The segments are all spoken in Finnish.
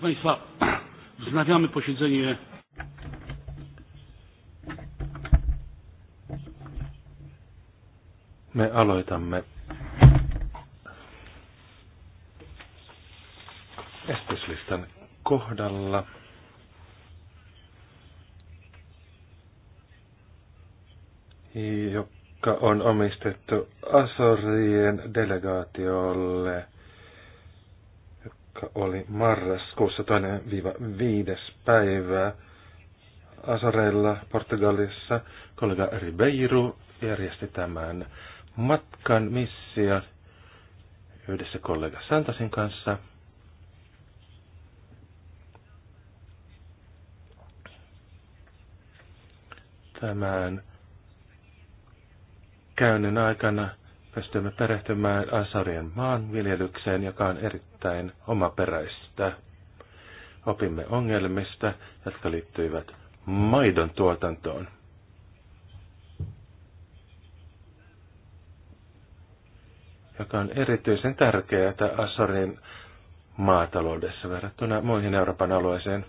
Proszę Państwa, wznawiamy posiedzenie. Me aloitamme esityslistan kohdalla. joka on omistettu Asorien delegaatiolle oli marraskuussa viiva viides päivää Asareilla Portugalissa. Kollega Ribeiro järjesti tämän matkan missia yhdessä kollega Santasin kanssa. Tämän käynnin aikana pystymme perehtymään Asarien maanviljelykseen, joka on erittäin omaperäistä. Opimme ongelmista, jotka liittyivät maidon tuotantoon. joka on erityisen tärkeää Assorin maataloudessa verrattuna muihin Euroopan alueisiin.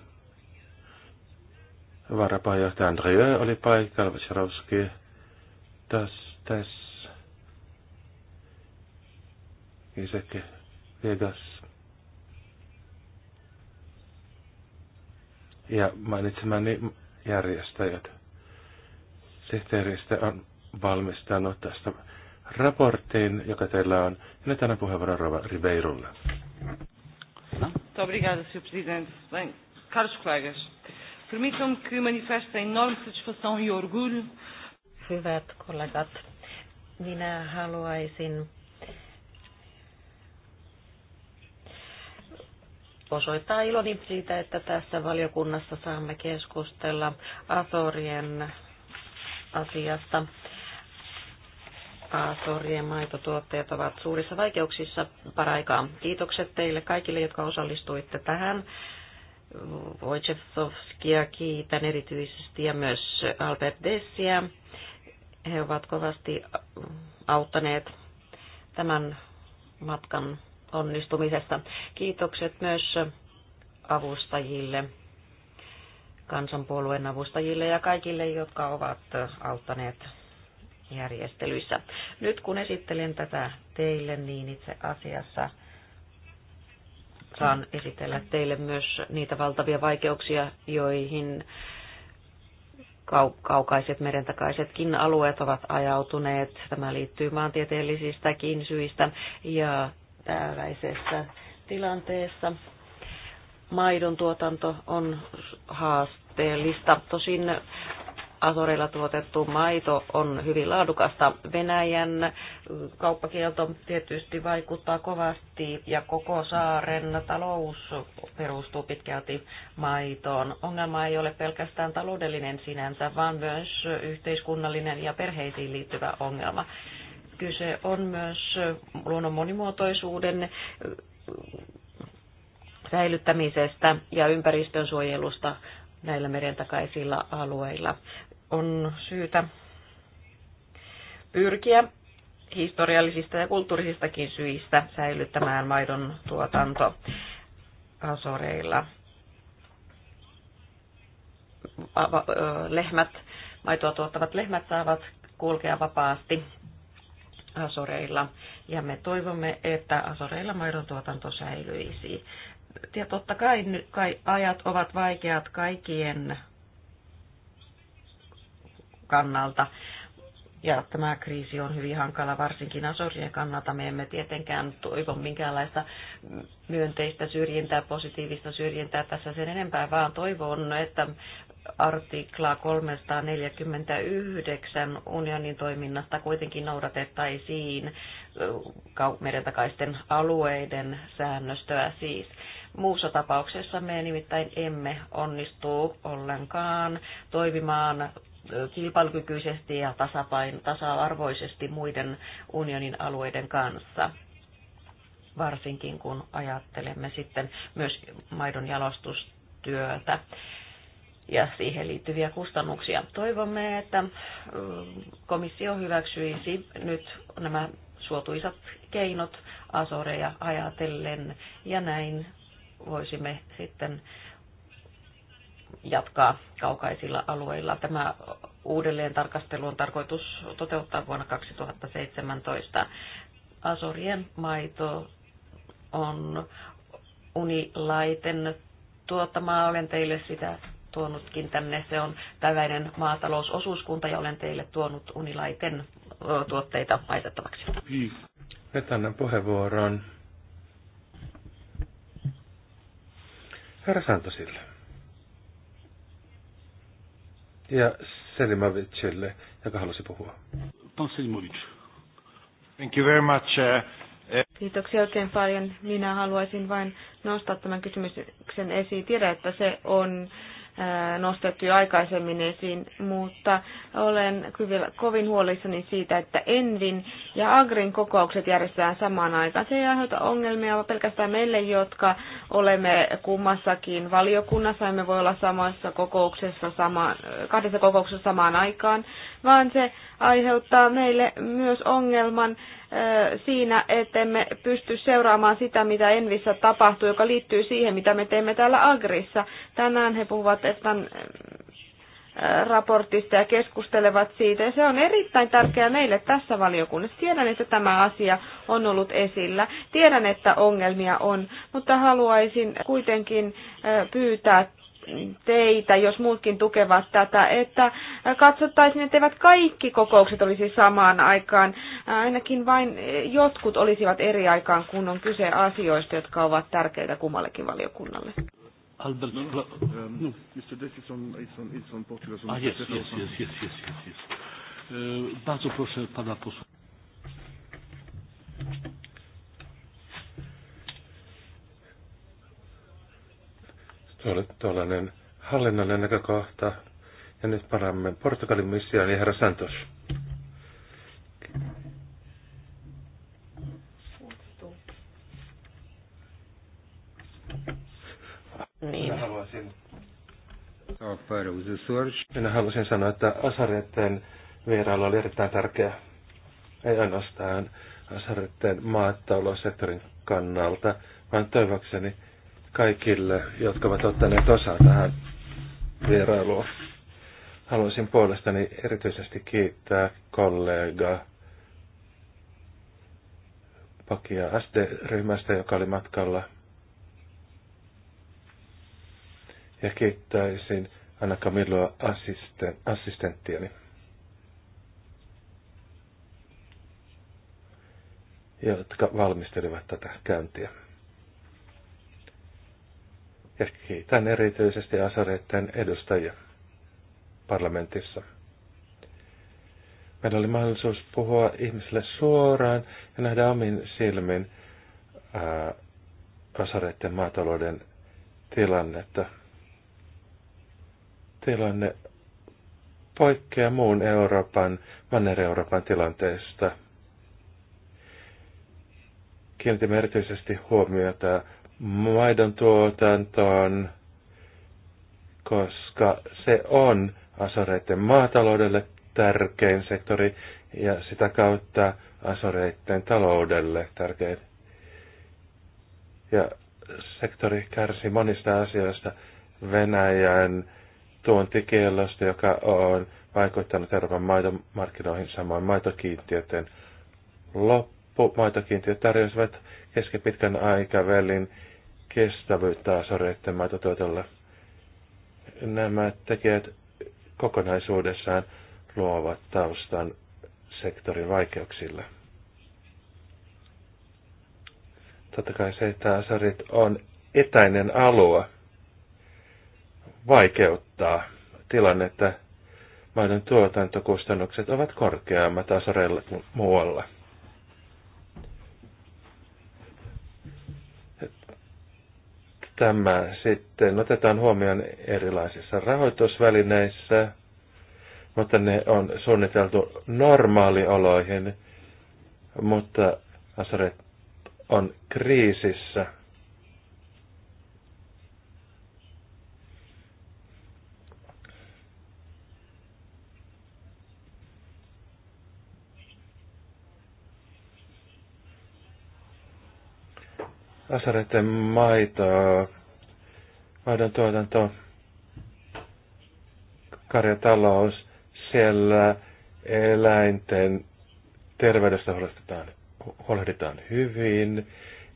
Varapuheenjohtaja Andrieu oli paikalla, Vacherovski tässä Iseke Vegas. Ja mainitsemani järjestäjät. Sihteeristä on valmistanut tästä raportin, joka teillä on. Ja nyt annan puheenvuoron Rova Ribeirulle. No, obrigada, Sr. Presidente. Bem, caros colegas, permitam-me que manifeste enorme satisfação e orgulho. Hyvät kollegat, minä haluaisin osoittaa iloni siitä, että tässä valiokunnassa saamme keskustella Azorien asiasta. Azorien maitotuotteet ovat suurissa vaikeuksissa paraikaa. Kiitokset teille kaikille, jotka osallistuitte tähän. Wojciechowskia kiitän erityisesti ja myös Albert Dessiä. He ovat kovasti auttaneet tämän matkan onnistumisesta. Kiitokset myös avustajille, kansanpuolueen avustajille ja kaikille, jotka ovat auttaneet järjestelyissä. Nyt kun esittelen tätä teille, niin itse asiassa saan esitellä teille myös niitä valtavia vaikeuksia, joihin kaukaiset merentakaisetkin alueet ovat ajautuneet. Tämä liittyy maantieteellisistäkin syistä ja tällaisessa tilanteessa. Maidon tuotanto on haasteellista. Tosin Asoreilla tuotettu maito on hyvin laadukasta. Venäjän kauppakielto tietysti vaikuttaa kovasti ja koko saaren talous perustuu pitkälti maitoon. Ongelma ei ole pelkästään taloudellinen sinänsä, vaan myös yhteiskunnallinen ja perheisiin liittyvä ongelma. Kyse on myös luonnon monimuotoisuuden säilyttämisestä ja ympäristön suojelusta näillä takaisilla alueilla. On syytä pyrkiä historiallisista ja kulttuurisistakin syistä säilyttämään maidon tuotanto Asoreilla. Lehmät, maitoa tuottavat lehmät saavat kulkea vapaasti Asoreilla. Ja me toivomme, että Asoreilla maidon tuotanto säilyisi. Ja totta kai, kai ajat ovat vaikeat kaikkien kannalta. Ja tämä kriisi on hyvin hankala, varsinkin asorien kannalta. Me emme tietenkään toivo minkäänlaista myönteistä syrjintää, positiivista syrjintää tässä sen enempää, vaan toivon, että artiklaa 349 unionin toiminnasta kuitenkin noudatettaisiin merentakaisten alueiden säännöstöä siis. Muussa tapauksessa me nimittäin emme onnistu ollenkaan toimimaan kilpailukykyisesti ja tasapain, tasa-arvoisesti muiden unionin alueiden kanssa varsinkin kun ajattelemme sitten myös maidon jalostustyötä ja siihen liittyviä kustannuksia. Toivomme, että komissio hyväksyisi nyt nämä suotuisat keinot Asoreja ajatellen ja näin voisimme sitten jatkaa kaukaisilla alueilla. Tämä uudelleen tarkastelu on tarkoitus toteuttaa vuonna 2017. Asorien maito on unilaiten tuottamaa. Olen teille sitä tuonutkin tänne. Se on tällainen maatalousosuuskunta ja olen teille tuonut unilaiten tuotteita maitettavaksi. Vetän puheenvuoron. Herra Santosille. Ja Selimovicille, joka halusi puhua. Thank you very much. Uh, uh, Kiitoksia oikein paljon. Minä haluaisin vain nostaa tämän kysymyksen esiin. Tiedän, että se on äh, nostettu jo aikaisemmin esiin, mutta olen kyllä kovin huolissani siitä, että Envin ja Agrin kokoukset järjestetään samaan aikaan. Se ei aiheuta ongelmia pelkästään meille, jotka olemme kummassakin valiokunnassa, emme voi olla samassa kokouksessa sama, kahdessa kokouksessa samaan aikaan, vaan se aiheuttaa meille myös ongelman siinä, ettemme pysty seuraamaan sitä, mitä Envissä tapahtuu, joka liittyy siihen, mitä me teemme täällä Agrissa. Tänään he puhuvat Estan raportista ja keskustelevat siitä. Ja se on erittäin tärkeää meille tässä valiokunnassa. Tiedän, että tämä asia on ollut esillä. Tiedän, että ongelmia on, mutta haluaisin kuitenkin pyytää teitä, jos muutkin tukevat tätä, että katsottaisiin, että eivät kaikki kokoukset olisi samaan aikaan, ainakin vain jotkut olisivat eri aikaan, kun on kyse asioista, jotka ovat tärkeitä kummallekin valiokunnalle. Albert, no, Mr. Uh, bardzo proszę pana posła. tuollainen hallinnollinen näkökohta. Ja nyt palaamme Portugalin missioon ja niin herra Santos. Niin. Minä haluaisin, Minä haluaisin sanoa, että Asaretten vierailu oli erittäin tärkeä. Ei ainoastaan Asaretten maattaloussektorin kannalta, vaan toivokseni kaikille, jotka ovat ottaneet osaa tähän vierailuun. Haluaisin puolestani erityisesti kiittää kollega Pakia SD-ryhmästä, joka oli matkalla. Ja kiittäisin Anna Camilloa assisten, assistenttiani. jotka valmistelivat tätä käyntiä. Ja kiitän erityisesti Asareiden edustajia parlamentissa. Meillä oli mahdollisuus puhua ihmisille suoraan ja nähdä omin silmin Asareiden maatalouden tilannetta. Tilanne poikkeaa muun Euroopan, Manner-Euroopan tilanteesta. Kiinnitimme erityisesti huomiota maidon tuotantoon, koska se on Asoreiden maataloudelle tärkein sektori ja sitä kautta Asoreiden taloudelle tärkein. Ja sektori kärsi monista asioista Venäjän tuontikielosta, joka on vaikuttanut Euroopan maitomarkkinoihin samoin maitokiintiöiden loppu. Maitokiintiöt tarjosivat keskipitkän aikavälin kestävyyttä Asoreiden toteutella. Nämä tekijät kokonaisuudessaan luovat taustan sektorin vaikeuksille. Totta kai se, että Asarit on etäinen alue, vaikeuttaa tilannetta. Maiden tuotantokustannukset ovat korkeammat Asareilla kuin muualla. tämä sitten otetaan huomioon erilaisissa rahoitusvälineissä, mutta ne on suunniteltu normaalioloihin, mutta Asaret on kriisissä – asareiden maito, maidon tuotanto, karjatalous, siellä eläinten terveydestä huolehditaan, huolehditaan hyvin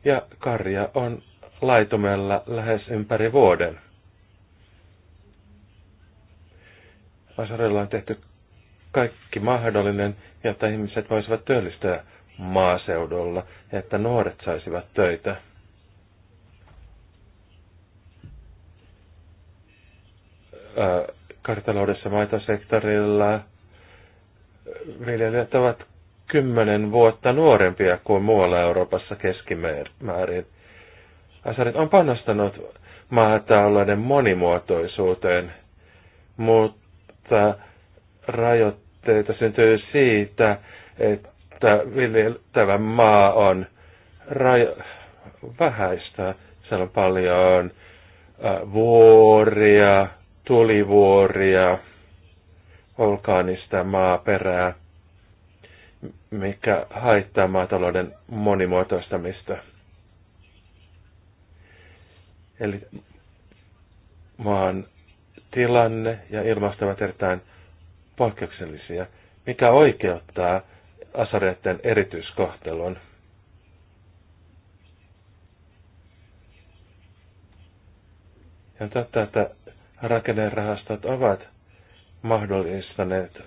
ja karja on laitumella lähes ympäri vuoden. Asarilla on tehty kaikki mahdollinen, jotta ihmiset voisivat työllistää maaseudulla että nuoret saisivat töitä. kartaloudessa maitosektorilla viljelijät ovat kymmenen vuotta nuorempia kuin muualla Euroopassa keskimäärin. Asarit on panostanut maatalouden monimuotoisuuteen, mutta rajoitteita syntyy siitä, että viljeltävä maa on rajo- vähäistä. Siellä on paljon vuoria, tulivuoria, olkaanista maaperää, mikä haittaa maatalouden monimuotoistamista. Eli maan tilanne ja ilmasto ovat erittäin poikkeuksellisia, mikä oikeuttaa asareiden erityiskohtelun. Ja on totta, että rakennerahastot ovat mahdollistaneet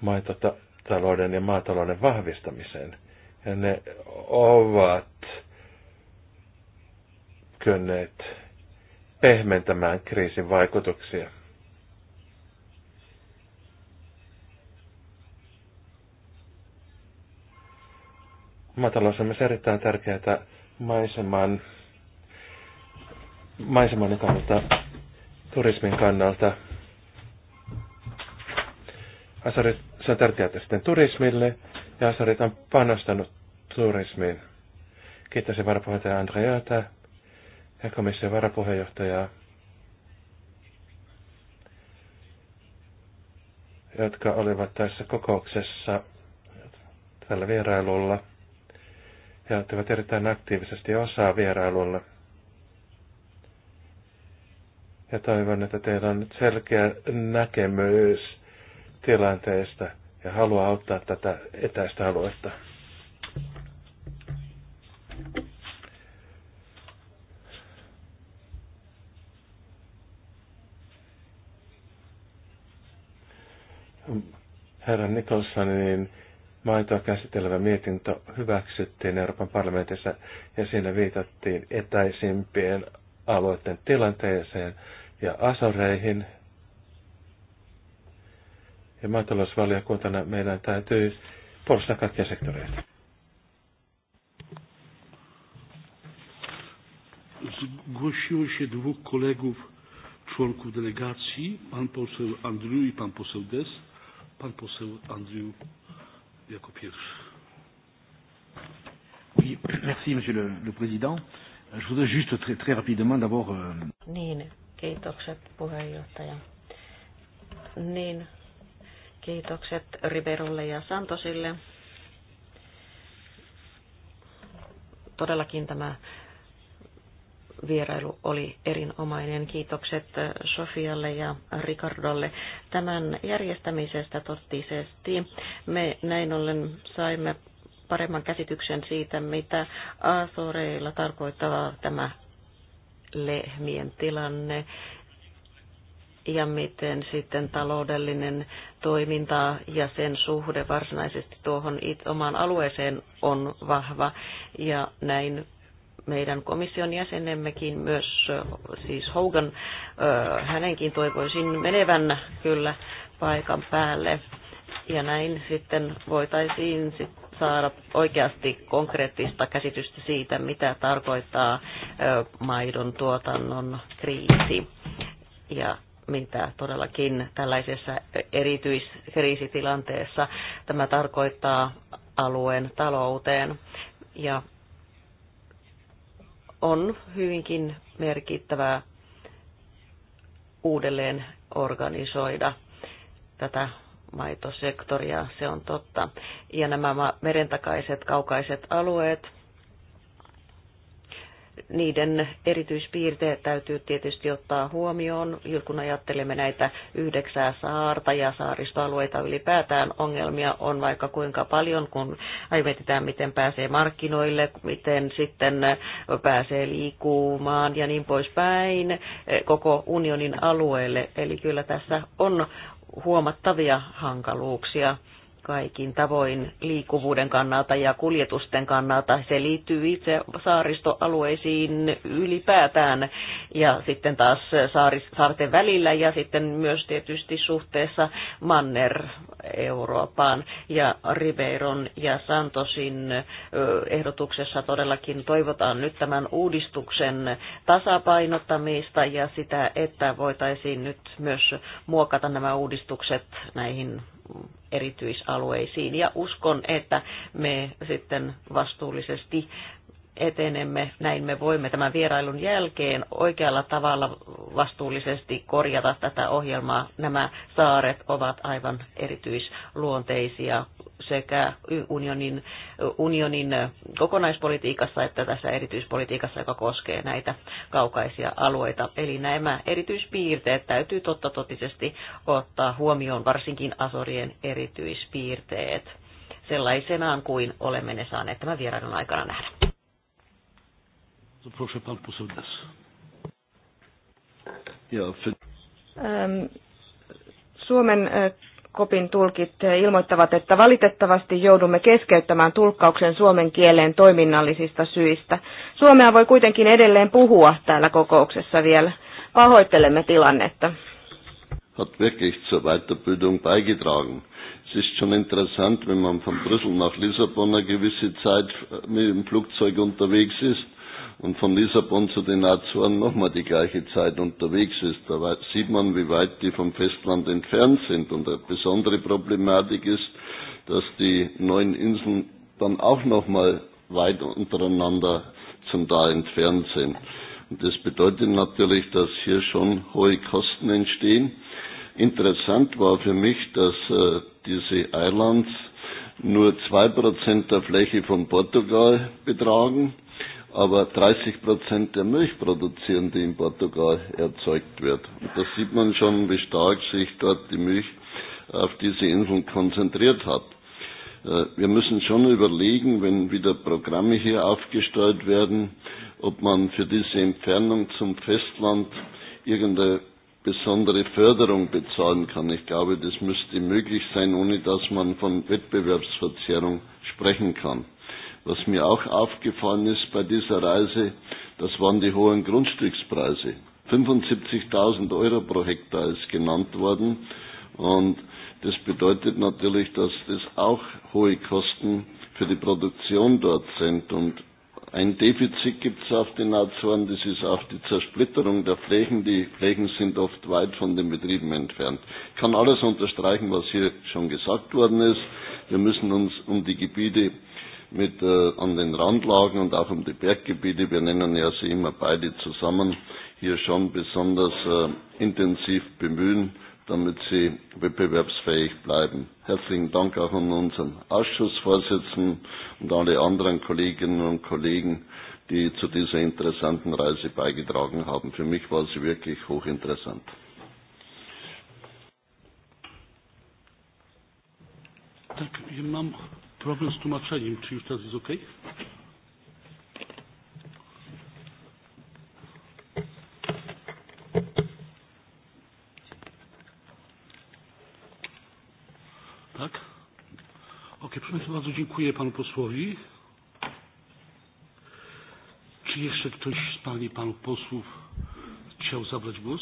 maitotalouden ja maatalouden vahvistamisen. Ja ne ovat kyenneet pehmentämään kriisin vaikutuksia. Maatalous on myös erittäin tärkeää maiseman, maiseman kannalta turismin kannalta. Asarit, se on tärkeää sitten turismille ja Asarit on panostanut turismiin. Kiittäisin varapuheenjohtaja Andreata ja komission varapuheenjohtajaa, jotka olivat tässä kokouksessa tällä vierailulla ja ottivat erittäin aktiivisesti osaa vierailulla. Ja toivon, että teillä on nyt selkeä näkemys tilanteesta ja haluaa auttaa tätä etäistä aluetta. Herra Nicholsonin maitoa käsittelevä mietintö hyväksyttiin Euroopan parlamentissa ja siinä viitattiin etäisimpien aloitteen tilanteeseen ja Asoreihin. Ja maatalousvaliokuntana meidän täytyy puolustaa kaikkia sektoreita. Zgłosiło się dwóch kolegów, członków delegacji, pan poseł Andrew i pan poseł Des. Pan poseł Andrew jako pierwszy. Oui, merci Monsieur le, le Président. Je voudrais juste très, très rapidement d'abord. Euh... Niin, Kiitokset puheenjohtaja. Niin, kiitokset Riverulle ja Santosille. Todellakin tämä vierailu oli erinomainen. Kiitokset Sofialle ja Ricardolle tämän järjestämisestä tottisesti. Me näin ollen saimme paremman käsityksen siitä, mitä Azoreilla tarkoittaa tämä lehmien tilanne ja miten sitten taloudellinen toiminta ja sen suhde varsinaisesti tuohon itse omaan alueeseen on vahva ja näin meidän komission jäsenemmekin myös, siis Hogan, hänenkin toivoisin menevän kyllä paikan päälle. Ja näin sitten voitaisiin sitten saada oikeasti konkreettista käsitystä siitä, mitä tarkoittaa maidon tuotannon kriisi ja mitä todellakin tällaisessa erityiskriisitilanteessa tämä tarkoittaa alueen talouteen. Ja on hyvinkin merkittävää uudelleen organisoida tätä maitosektoria, se on totta. Ja nämä merentakaiset, kaukaiset alueet, niiden erityispiirteet täytyy tietysti ottaa huomioon, kun ajattelemme näitä yhdeksää saarta ja saaristoalueita ylipäätään. Ongelmia on vaikka kuinka paljon, kun aivetetään, miten pääsee markkinoille, miten sitten pääsee liikkumaan ja niin poispäin eh, koko unionin alueelle. Eli kyllä tässä on huomattavia hankaluuksia kaikin tavoin liikkuvuuden kannalta ja kuljetusten kannalta. Se liittyy itse saaristoalueisiin ylipäätään ja sitten taas saaris, saarten välillä ja sitten myös tietysti suhteessa Manner-Eurooppaan. Ja Ribeiron ja Santosin ehdotuksessa todellakin toivotaan nyt tämän uudistuksen tasapainottamista ja sitä, että voitaisiin nyt myös muokata nämä uudistukset näihin erityisalueisiin. Ja uskon, että me sitten vastuullisesti etenemme, näin me voimme tämän vierailun jälkeen oikealla tavalla vastuullisesti korjata tätä ohjelmaa. Nämä saaret ovat aivan erityisluonteisia sekä unionin, unionin kokonaispolitiikassa että tässä erityispolitiikassa, joka koskee näitä kaukaisia alueita. Eli nämä erityispiirteet täytyy totta totisesti ottaa huomioon, varsinkin Asorien erityispiirteet sellaisenaan kuin olemme ne saaneet tämän vierailun aikana nähdä. To proszę pan poseł Des. Ja, för... Suomen e, kopin tulkit ilmoittavat, että valitettavasti joudumme keskeyttämään tulkkauksen suomen kieleen toiminnallisista syistä. Suomea voi kuitenkin edelleen puhua täällä kokouksessa vielä. Pahoittelemme tilannetta. Hat wirklich zur Weiterbildung beigetragen. Es ist schon interessant, wenn man von Brüssel nach Lissabon eine gewisse Zeit äh, mit dem Flugzeug unterwegs ist und von Lissabon zu den Azoren nochmal die gleiche Zeit unterwegs ist. Da sieht man, wie weit die vom Festland entfernt sind. Und eine besondere Problematik ist, dass die neuen Inseln dann auch nochmal weit untereinander zum Teil entfernt sind. Und das bedeutet natürlich, dass hier schon hohe Kosten entstehen. Interessant war für mich, dass äh, diese Islands nur 2% der Fläche von Portugal betragen aber 30 Prozent der Milch produzieren, die in Portugal erzeugt wird. Und da sieht man schon, wie stark sich dort die Milch auf diese Inseln konzentriert hat. Äh, wir müssen schon überlegen, wenn wieder Programme hier aufgestellt werden, ob man für diese Entfernung zum Festland irgendeine besondere Förderung bezahlen kann. Ich glaube, das müsste möglich sein, ohne dass man von Wettbewerbsverzerrung sprechen kann. Was mir auch aufgefallen ist bei dieser Reise, das waren die hohen Grundstückspreise. 75.000 Euro pro Hektar ist genannt worden. Und das bedeutet natürlich, dass das auch hohe Kosten für die Produktion dort sind. Und ein Defizit gibt es auf den Azoren, das ist auch die Zersplitterung der Flächen. Die Flächen sind oft weit von den Betrieben entfernt. Ich kann alles unterstreichen, was hier schon gesagt worden ist. Wir müssen uns um die Gebiete mit, äh, an den Randlagen und auch um die Berggebiete. Wir nennen ja sie immer beide zusammen, hier schon besonders äh, intensiv bemühen, damit sie wettbewerbsfähig bleiben. Herzlichen Dank auch an unseren Ausschussvorsitzenden und alle anderen Kolleginnen und Kollegen, die zu dieser interessanten Reise beigetragen haben. Für mich war sie wirklich hochinteressant. Tak, mam Problem z tłumaczeniem. Czy już teraz jest ok? Tak? Ok, proszę Państwa, bardzo dziękuję Panu posłowi. Czy jeszcze ktoś z Pani Panów posłów chciał zabrać głos?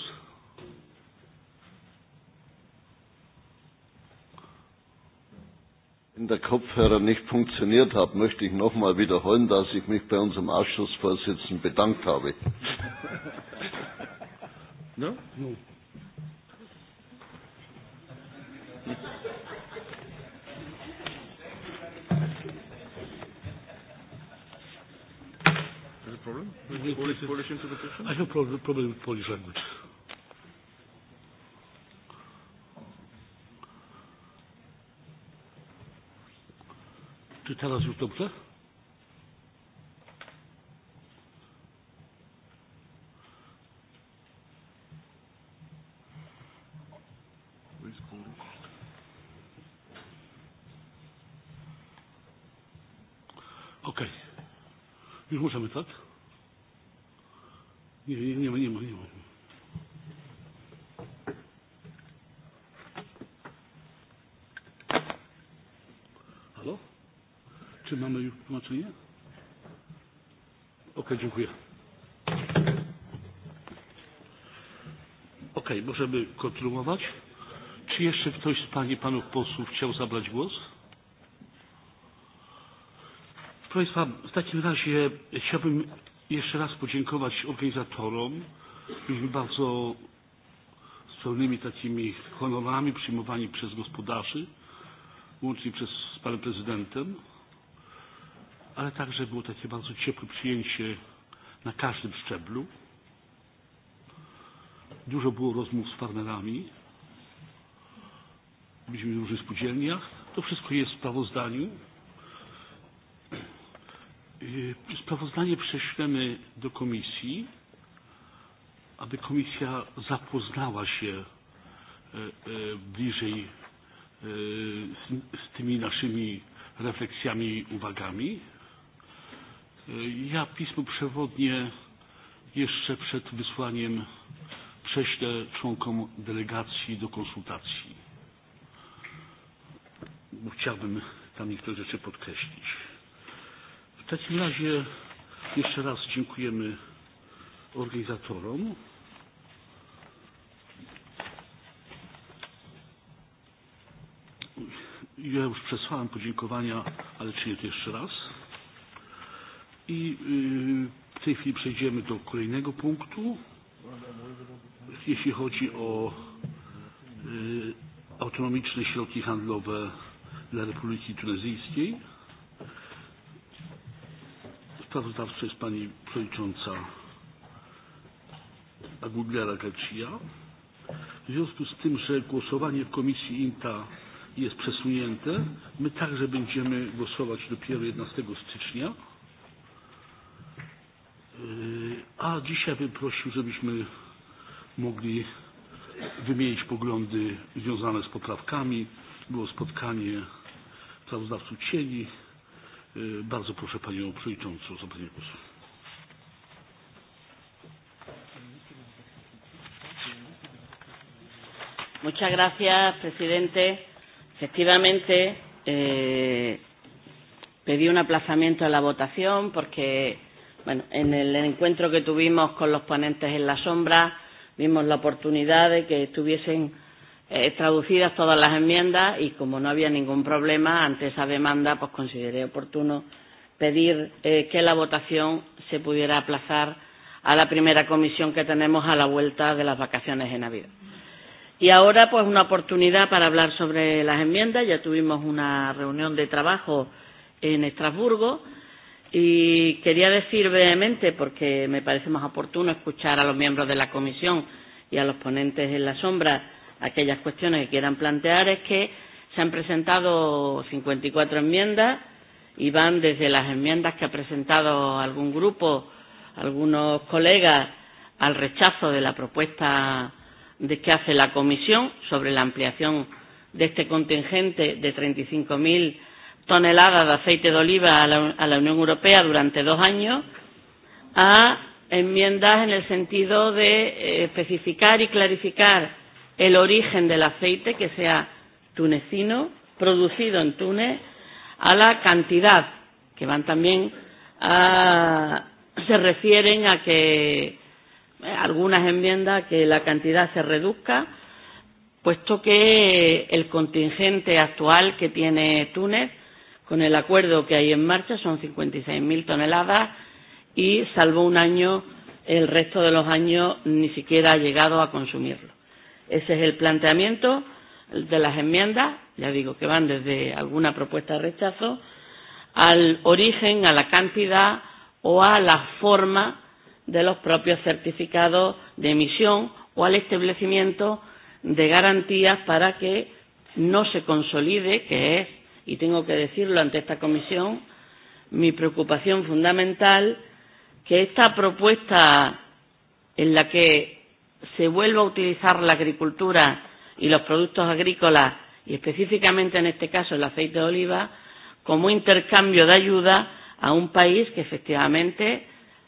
der Kopfhörer nicht funktioniert hat, möchte ich nochmal wiederholen, dass ich mich bei unserem Ausschussvorsitzenden bedankt habe. no? No. problem with Polish, Polish interpretation? I have no problem, problem with Polish language. teraz już dobrze? Czy ktoś z Pani Panów Posłów chciał zabrać głos? Proszę Państwa, w takim razie chciałbym jeszcze raz podziękować organizatorom. Byliśmy bardzo z pełnymi takimi honorami przyjmowani przez gospodarzy, łącznie przez z panem prezydentem, ale także było takie bardzo ciepłe przyjęcie na każdym szczeblu. Dużo było rozmów z farmerami, byliśmy w różnych spółdzielniach. To wszystko jest w sprawozdaniu. Sprawozdanie prześlemy do komisji, aby komisja zapoznała się e, e, bliżej e, z tymi naszymi refleksjami i uwagami. Ja pismo przewodnie jeszcze przed wysłaniem prześlę członkom delegacji do konsultacji bo chciałbym tam niektóre rzeczy podkreślić. W takim razie jeszcze raz dziękujemy organizatorom. Ja już przesłałem podziękowania, ale czynię to jeszcze raz. I w tej chwili przejdziemy do kolejnego punktu, jeśli chodzi o autonomiczne środki handlowe dla Republiki Tunezyjskiej. Sprawozdawcą jest pani przewodnicząca Agubiara Garcia. W związku z tym, że głosowanie w komisji INTA jest przesunięte, my także będziemy głosować dopiero 11 stycznia. A dzisiaj bym prosił, żebyśmy mogli wymienić poglądy związane z poprawkami. Było spotkanie sprawozdawców cieni. Bardzo proszę panią przewodniczącą o zabranie głosu. Muchas gracias, presidente. Efectivamente, eh, pedí un aplazamiento a la votación porque, bueno, en el encuentro que tuvimos con los ponentes en la sombra, vimos la oportunidad de que estuviesen eh, traducidas todas las enmiendas y como no había ningún problema ante esa demanda, pues consideré oportuno pedir eh, que la votación se pudiera aplazar a la primera comisión que tenemos a la vuelta de las vacaciones de Navidad. Y ahora, pues, una oportunidad para hablar sobre las enmiendas. Ya tuvimos una reunión de trabajo en Estrasburgo y quería decir brevemente, porque me parece más oportuno escuchar a los miembros de la comisión y a los ponentes en la sombra, aquellas cuestiones que quieran plantear es que se han presentado 54 enmiendas y van desde las enmiendas que ha presentado algún grupo, algunos colegas, al rechazo de la propuesta de que hace la Comisión sobre la ampliación de este contingente de 35.000 toneladas de aceite de oliva a la, a la Unión Europea durante dos años, a enmiendas en el sentido de eh, especificar y clarificar el origen del aceite, que sea tunecino, producido en Túnez, a la cantidad, que van también a, se refieren a que algunas enmiendas que la cantidad se reduzca, puesto que el contingente actual que tiene Túnez con el acuerdo que hay en marcha son 56.000 toneladas y salvo un año el resto de los años ni siquiera ha llegado a consumirlo. Ese es el planteamiento de las enmiendas, ya digo que van desde alguna propuesta de rechazo al origen, a la cantidad o a la forma de los propios certificados de emisión o al establecimiento de garantías para que no se consolide, que es, y tengo que decirlo ante esta comisión, mi preocupación fundamental, que esta propuesta en la que se vuelva a utilizar la agricultura y los productos agrícolas, y específicamente en este caso el aceite de oliva, como intercambio de ayuda a un país que efectivamente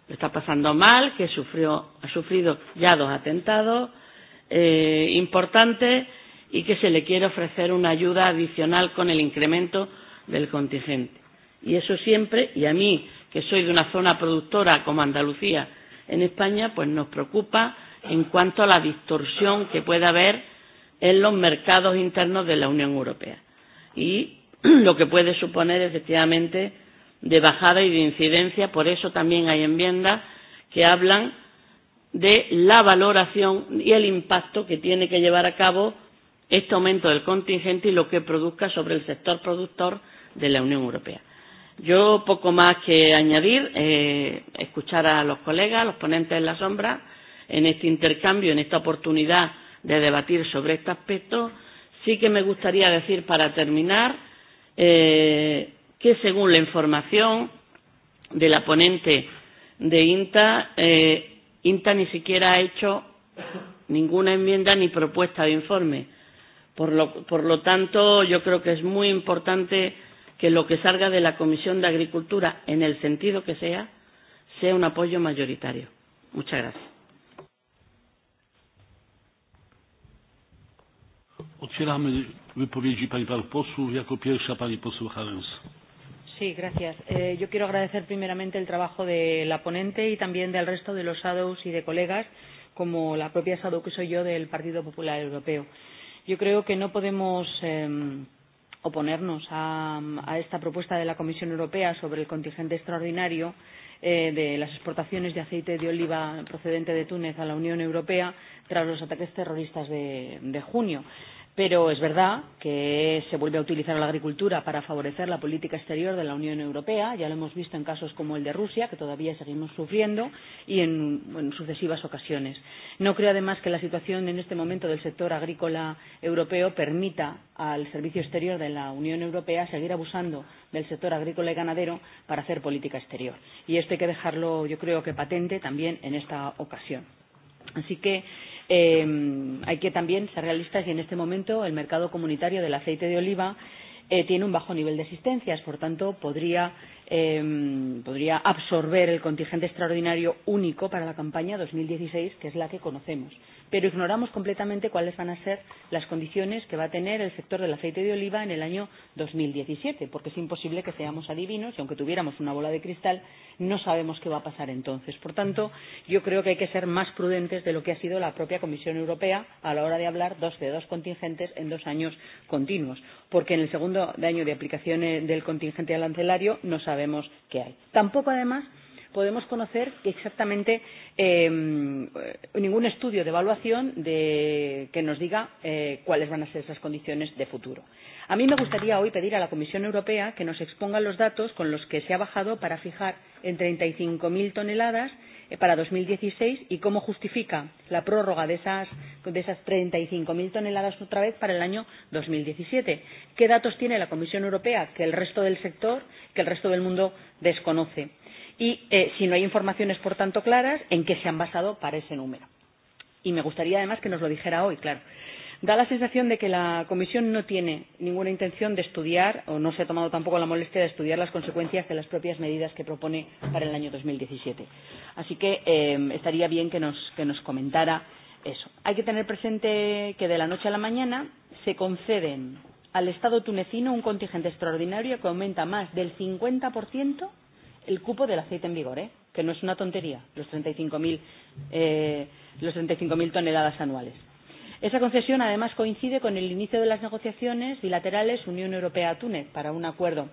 lo está pasando mal, que sufrió, ha sufrido ya dos atentados eh, importantes y que se le quiere ofrecer una ayuda adicional con el incremento del contingente. Y eso siempre, y a mí, que soy de una zona productora como Andalucía en España, pues nos preocupa en cuanto a la distorsión que pueda haber en los mercados internos de la Unión Europea y lo que puede suponer efectivamente de bajada y de incidencia. Por eso también hay enmiendas que hablan de la valoración y el impacto que tiene que llevar a cabo este aumento del contingente y lo que produzca sobre el sector productor de la Unión Europea. Yo poco más que añadir, eh, escuchar a los colegas, a los ponentes en la sombra en este intercambio, en esta oportunidad de debatir sobre este aspecto. Sí que me gustaría decir, para terminar, eh, que según la información de la ponente de INTA, eh, INTA ni siquiera ha hecho ninguna enmienda ni propuesta de informe. Por lo, por lo tanto, yo creo que es muy importante que lo que salga de la Comisión de Agricultura, en el sentido que sea, sea un apoyo mayoritario. Muchas gracias. Otwieramy wypowiedzi pani panów posłów. Jako pierwsza pani poseł Harens. Sí, gracias. Eh, yo quiero agradecer primeramente el trabajo de la ponente y también del resto de los shadows y de colegas, como la propia shadow que soy yo del Partido Popular Europeo. Yo creo que no podemos eh, oponernos a, a esta propuesta de la Comisión Europea sobre el contingente extraordinario eh, de las exportaciones de aceite de oliva procedente de Túnez a la Unión Europea tras los ataques terroristas de, de junio. Pero es verdad que se vuelve a utilizar la agricultura para favorecer la política exterior de la Unión Europea. Ya lo hemos visto en casos como el de Rusia, que todavía seguimos sufriendo, y en, en sucesivas ocasiones. No creo, además, que la situación en este momento del sector agrícola europeo permita al Servicio Exterior de la Unión Europea seguir abusando del sector agrícola y ganadero para hacer política exterior. Y esto hay que dejarlo, yo creo que patente también en esta ocasión. Así que Eh, hay que también ser realistas y en este momento el mercado comunitario del aceite de oliva eh, tiene un bajo nivel de existencias, por tanto podría eh, podría absorber el contingente extraordinario único para la campaña 2016, que es la que conocemos. Pero ignoramos completamente cuáles van a ser las condiciones que va a tener el sector del aceite de oliva en el año 2017, porque es imposible que seamos adivinos y aunque tuviéramos una bola de cristal, no sabemos qué va a pasar entonces. Por tanto, yo creo que hay que ser más prudentes de lo que ha sido la propia Comisión Europea a la hora de hablar dos de dos contingentes en dos años continuos, porque en el segundo año de aplicación eh, del contingente arancelario no sabemos sabemos que hay. Tampoco, además, podemos conocer exactamente eh, eh, ningún estudio de evaluación de, que nos diga eh, cuáles van a ser esas condiciones de futuro. A mí me gustaría hoy pedir a la Comisión Europea que nos exponga los datos con los que se ha bajado para fijar en 35.000 toneladas Eh, para 2016 y cómo justifica la prórroga de esas, de esas 35.000 toneladas otra vez para el año 2017. ¿Qué datos tiene la Comisión Europea que el resto del sector, que el resto del mundo desconoce? Y eh, si no hay informaciones, por tanto, claras, ¿en qué se han basado para ese número? Y me gustaría además que nos lo dijera hoy, claro, Da la sensación de que la Comisión no tiene ninguna intención de estudiar o no se ha tomado tampoco la molestia de estudiar las consecuencias de las propias medidas que propone para el año 2017. Así que eh, estaría bien que nos, que nos comentara eso. Hay que tener presente que de la noche a la mañana se conceden al Estado tunecino un contingente extraordinario que aumenta más del 50% el cupo del aceite en vigor, ¿eh? que no es una tontería, los 35.000 eh, 35 toneladas anuales. Esa concesión, además, coincide con el inicio de las negociaciones bilaterales Unión Europea-Túnez para un acuerdo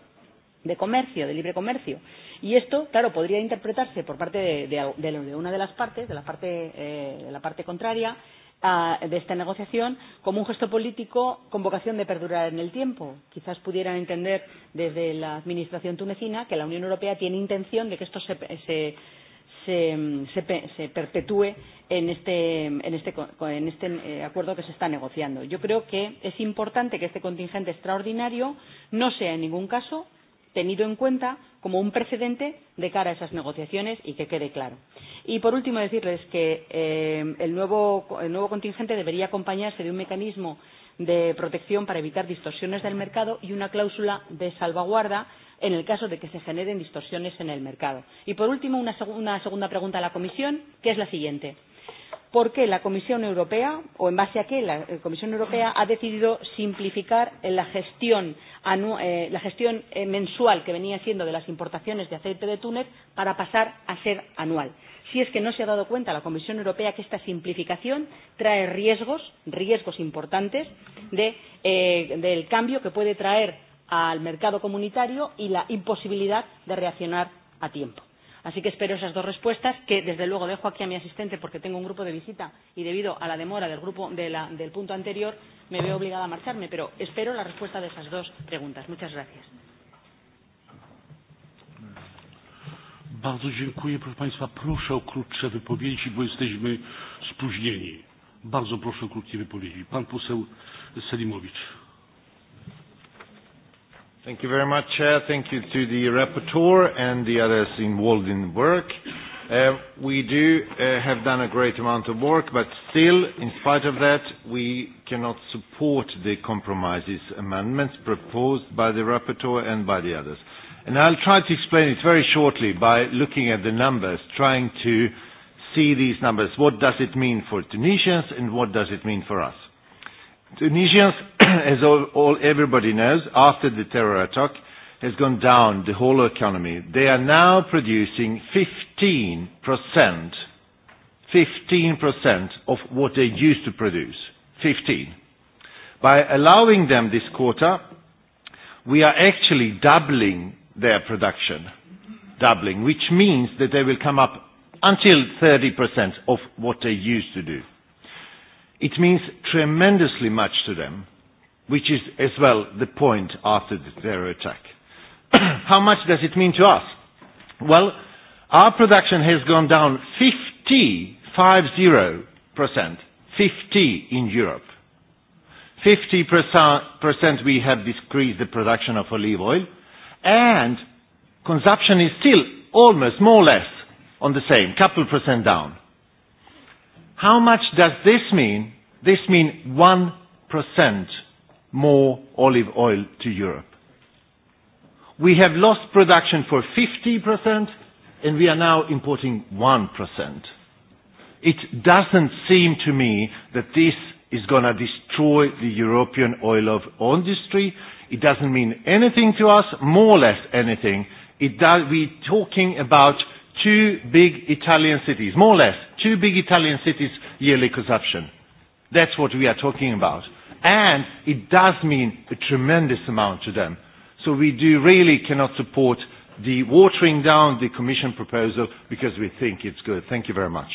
de comercio, de libre comercio. Y esto, claro, podría interpretarse por parte de, de, de, una de las partes, de la parte, eh, de la parte contraria, a, de esta negociación como un gesto político con vocación de perdurar en el tiempo. Quizás pudieran entender desde la Administración tunecina que la Unión Europea tiene intención de que esto se, se se, se, se perpetúe en este, en este, en este eh, acuerdo que se está negociando. Yo creo que es importante que este contingente extraordinario no sea en ningún caso tenido en cuenta como un precedente de cara a esas negociaciones y que quede claro. Y, por último, decirles que eh, el, nuevo, el nuevo contingente debería acompañarse de un mecanismo de protección para evitar distorsiones del mercado y una cláusula de salvaguarda en el caso de que se generen distorsiones en el mercado. Y, por último, una, seg una segunda pregunta a la Comisión, que es la siguiente. ¿Por qué la Comisión Europea, o en base a qué la eh, Comisión Europea ha decidido simplificar la gestión, anu eh, la gestión eh, mensual que venía siendo de las importaciones de aceite de Túnez para pasar a ser anual? si es que no se ha dado cuenta la Comisión Europea que esta simplificación trae riesgos, riesgos importantes de, eh, del cambio que puede traer al mercado comunitario y la imposibilidad de reaccionar a tiempo. Así que espero esas dos respuestas, que desde luego dejo aquí a mi asistente porque tengo un grupo de visita y debido a la demora del, grupo de la, del punto anterior me veo obligada a marcharme, pero espero la respuesta de esas dos preguntas. Muchas gracias. Bardzo dziękuję. Proszę Państwa, proszę o krótsze wypowiedzi, bo jesteśmy spóźnieni. Bardzo proszę o krótkie wypowiedzi. Pan poseł Selimowicz. Thank you very much, Chair. Thank you to the rapporteur and the others involved in work. Uh, we do uh, have done a great amount of work, but still, in spite of that, we cannot support the compromises amendments proposed by the rapporteur and by the others. And I'll try to explain it very shortly by looking at the numbers, trying to see these numbers. What does it mean for Tunisians and what does it mean for us? Tunisians, as all, all everybody knows, after the terror attack, has gone down the whole economy. They are now producing 15%, 15% of what they used to produce. 15. By allowing them this quota, we are actually doubling their production doubling, which means that they will come up until 30% of what they used to do. It means tremendously much to them, which is as well the point after the terror attack. How much does it mean to us? Well, our production has gone down 50, 50%, 50 in Europe. 50% we have decreased the production of olive oil, and consumption is still almost more or less on the same, couple percent down. How much does this mean? This means one percent more olive oil to Europe. We have lost production for 50%, and we are now importing one percent. It doesn't seem to me that this is going to destroy the European oil of industry It doesn't mean anything to us, more or less anything. It does, we're talking about two big Italian cities, more or less, two big Italian cities yearly consumption. That's what we are talking about. And it does mean a tremendous amount to them. So we do really cannot support the watering down the Commission proposal because we think it's good. Thank you very much.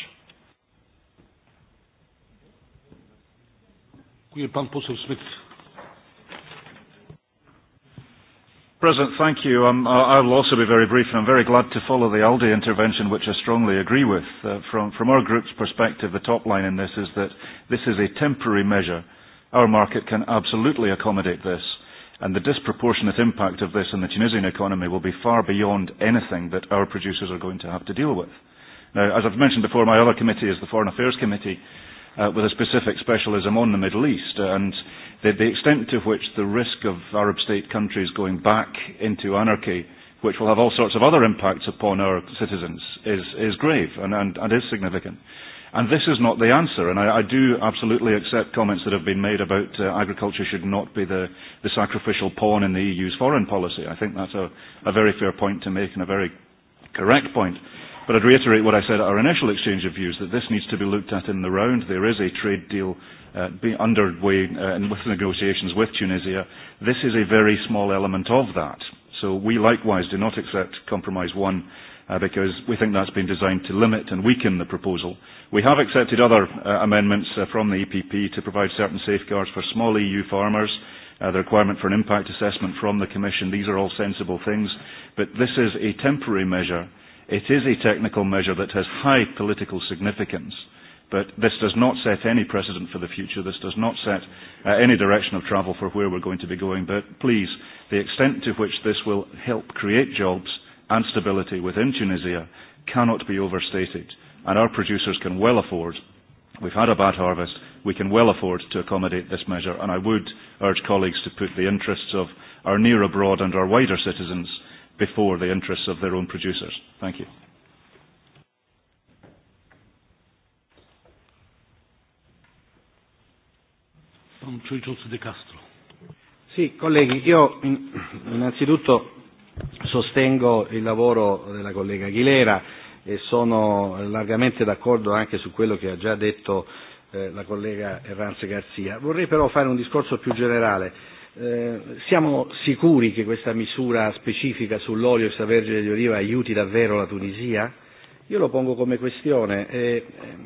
Dziękuję. Pan poseł Smith. President, thank you. Um, I will also be very brief, and I'm very glad to follow the ALDE intervention, which I strongly agree with. Uh, from, from our group's perspective, the top line in this is that this is a temporary measure. Our market can absolutely accommodate this, and the disproportionate impact of this in the Tunisian economy will be far beyond anything that our producers are going to have to deal with. Now, as I've mentioned before, my other committee is the Foreign Affairs Committee, uh, with a specific specialism on the Middle East, and the, the extent to which the risk of Arab state countries going back into anarchy, which will have all sorts of other impacts upon our citizens, is, is grave and, and, and is significant. And this is not the answer. And I, I do absolutely accept comments that have been made about uh, agriculture should not be the, the sacrificial pawn in the EU's foreign policy. I think that's a, a very fair point to make and a very correct point. But I'd reiterate what I said at our initial exchange of views, that this needs to be looked at in the round. There is a trade deal uh, underway uh, and with the negotiations with Tunisia, this is a very small element of that. So we likewise do not accept Compromise 1 uh, because we think that's been designed to limit and weaken the proposal. We have accepted other uh, amendments uh, from the EPP to provide certain safeguards for small EU farmers, uh, the requirement for an impact assessment from the Commission. These are all sensible things, but this is a temporary measure. It is a technical measure that has high political significance. Uh, But this does not set any precedent for the future. This does not set uh, any direction of travel for where we're going to be going. But please, the extent to which this will help create jobs and stability within Tunisia cannot be overstated. And our producers can well afford, we've had a bad harvest, we can well afford to accommodate this measure. And I would urge colleagues to put the interests of our near abroad and our wider citizens before the interests of their own producers. Thank you. De Castro. Sì, colleghi, io innanzitutto sostengo il lavoro della collega Aguilera e sono largamente d'accordo anche su quello che ha già detto eh, la collega Erranze Garzia. Vorrei però fare un discorso più generale. Eh, siamo sicuri che questa misura specifica sull'olio extravergine di oliva aiuti davvero la Tunisia? Io lo pongo come questione, eh,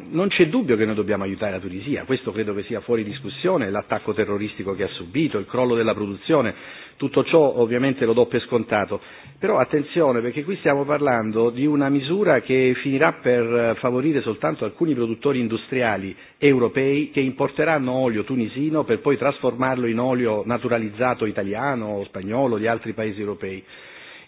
non c'è dubbio che noi dobbiamo aiutare la Tunisia, questo credo che sia fuori discussione, l'attacco terroristico che ha subito, il crollo della produzione, tutto ciò ovviamente lo do per scontato, però attenzione perché qui stiamo parlando di una misura che finirà per favorire soltanto alcuni produttori industriali europei che importeranno olio tunisino per poi trasformarlo in olio naturalizzato italiano o spagnolo di altri paesi europei.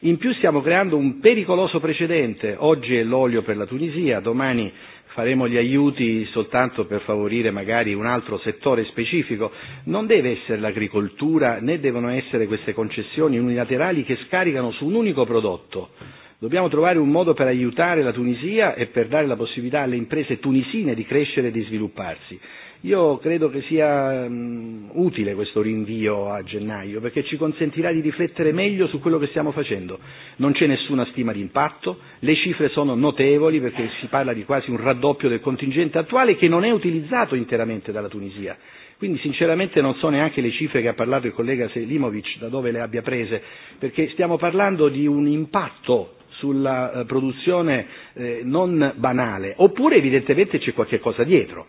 In più stiamo creando un pericoloso precedente, oggi è l'olio per la Tunisia, domani faremo gli aiuti soltanto per favorire magari un altro settore specifico, non deve essere l'agricoltura né devono essere queste concessioni unilaterali che scaricano su un unico prodotto. Dobbiamo trovare un modo per aiutare la Tunisia e per dare la possibilità alle imprese tunisine di crescere e di svilupparsi. Io credo che sia um, utile questo rinvio a gennaio perché ci consentirà di riflettere meglio su quello che stiamo facendo. Non c'è nessuna stima di impatto, le cifre sono notevoli perché si parla di quasi un raddoppio del contingente attuale che non è utilizzato interamente dalla Tunisia. Quindi sinceramente non so neanche le cifre che ha parlato il collega Selimovic da dove le abbia prese, perché stiamo parlando di un impatto sulla eh, produzione eh, non banale, oppure evidentemente c'è qualche cosa dietro.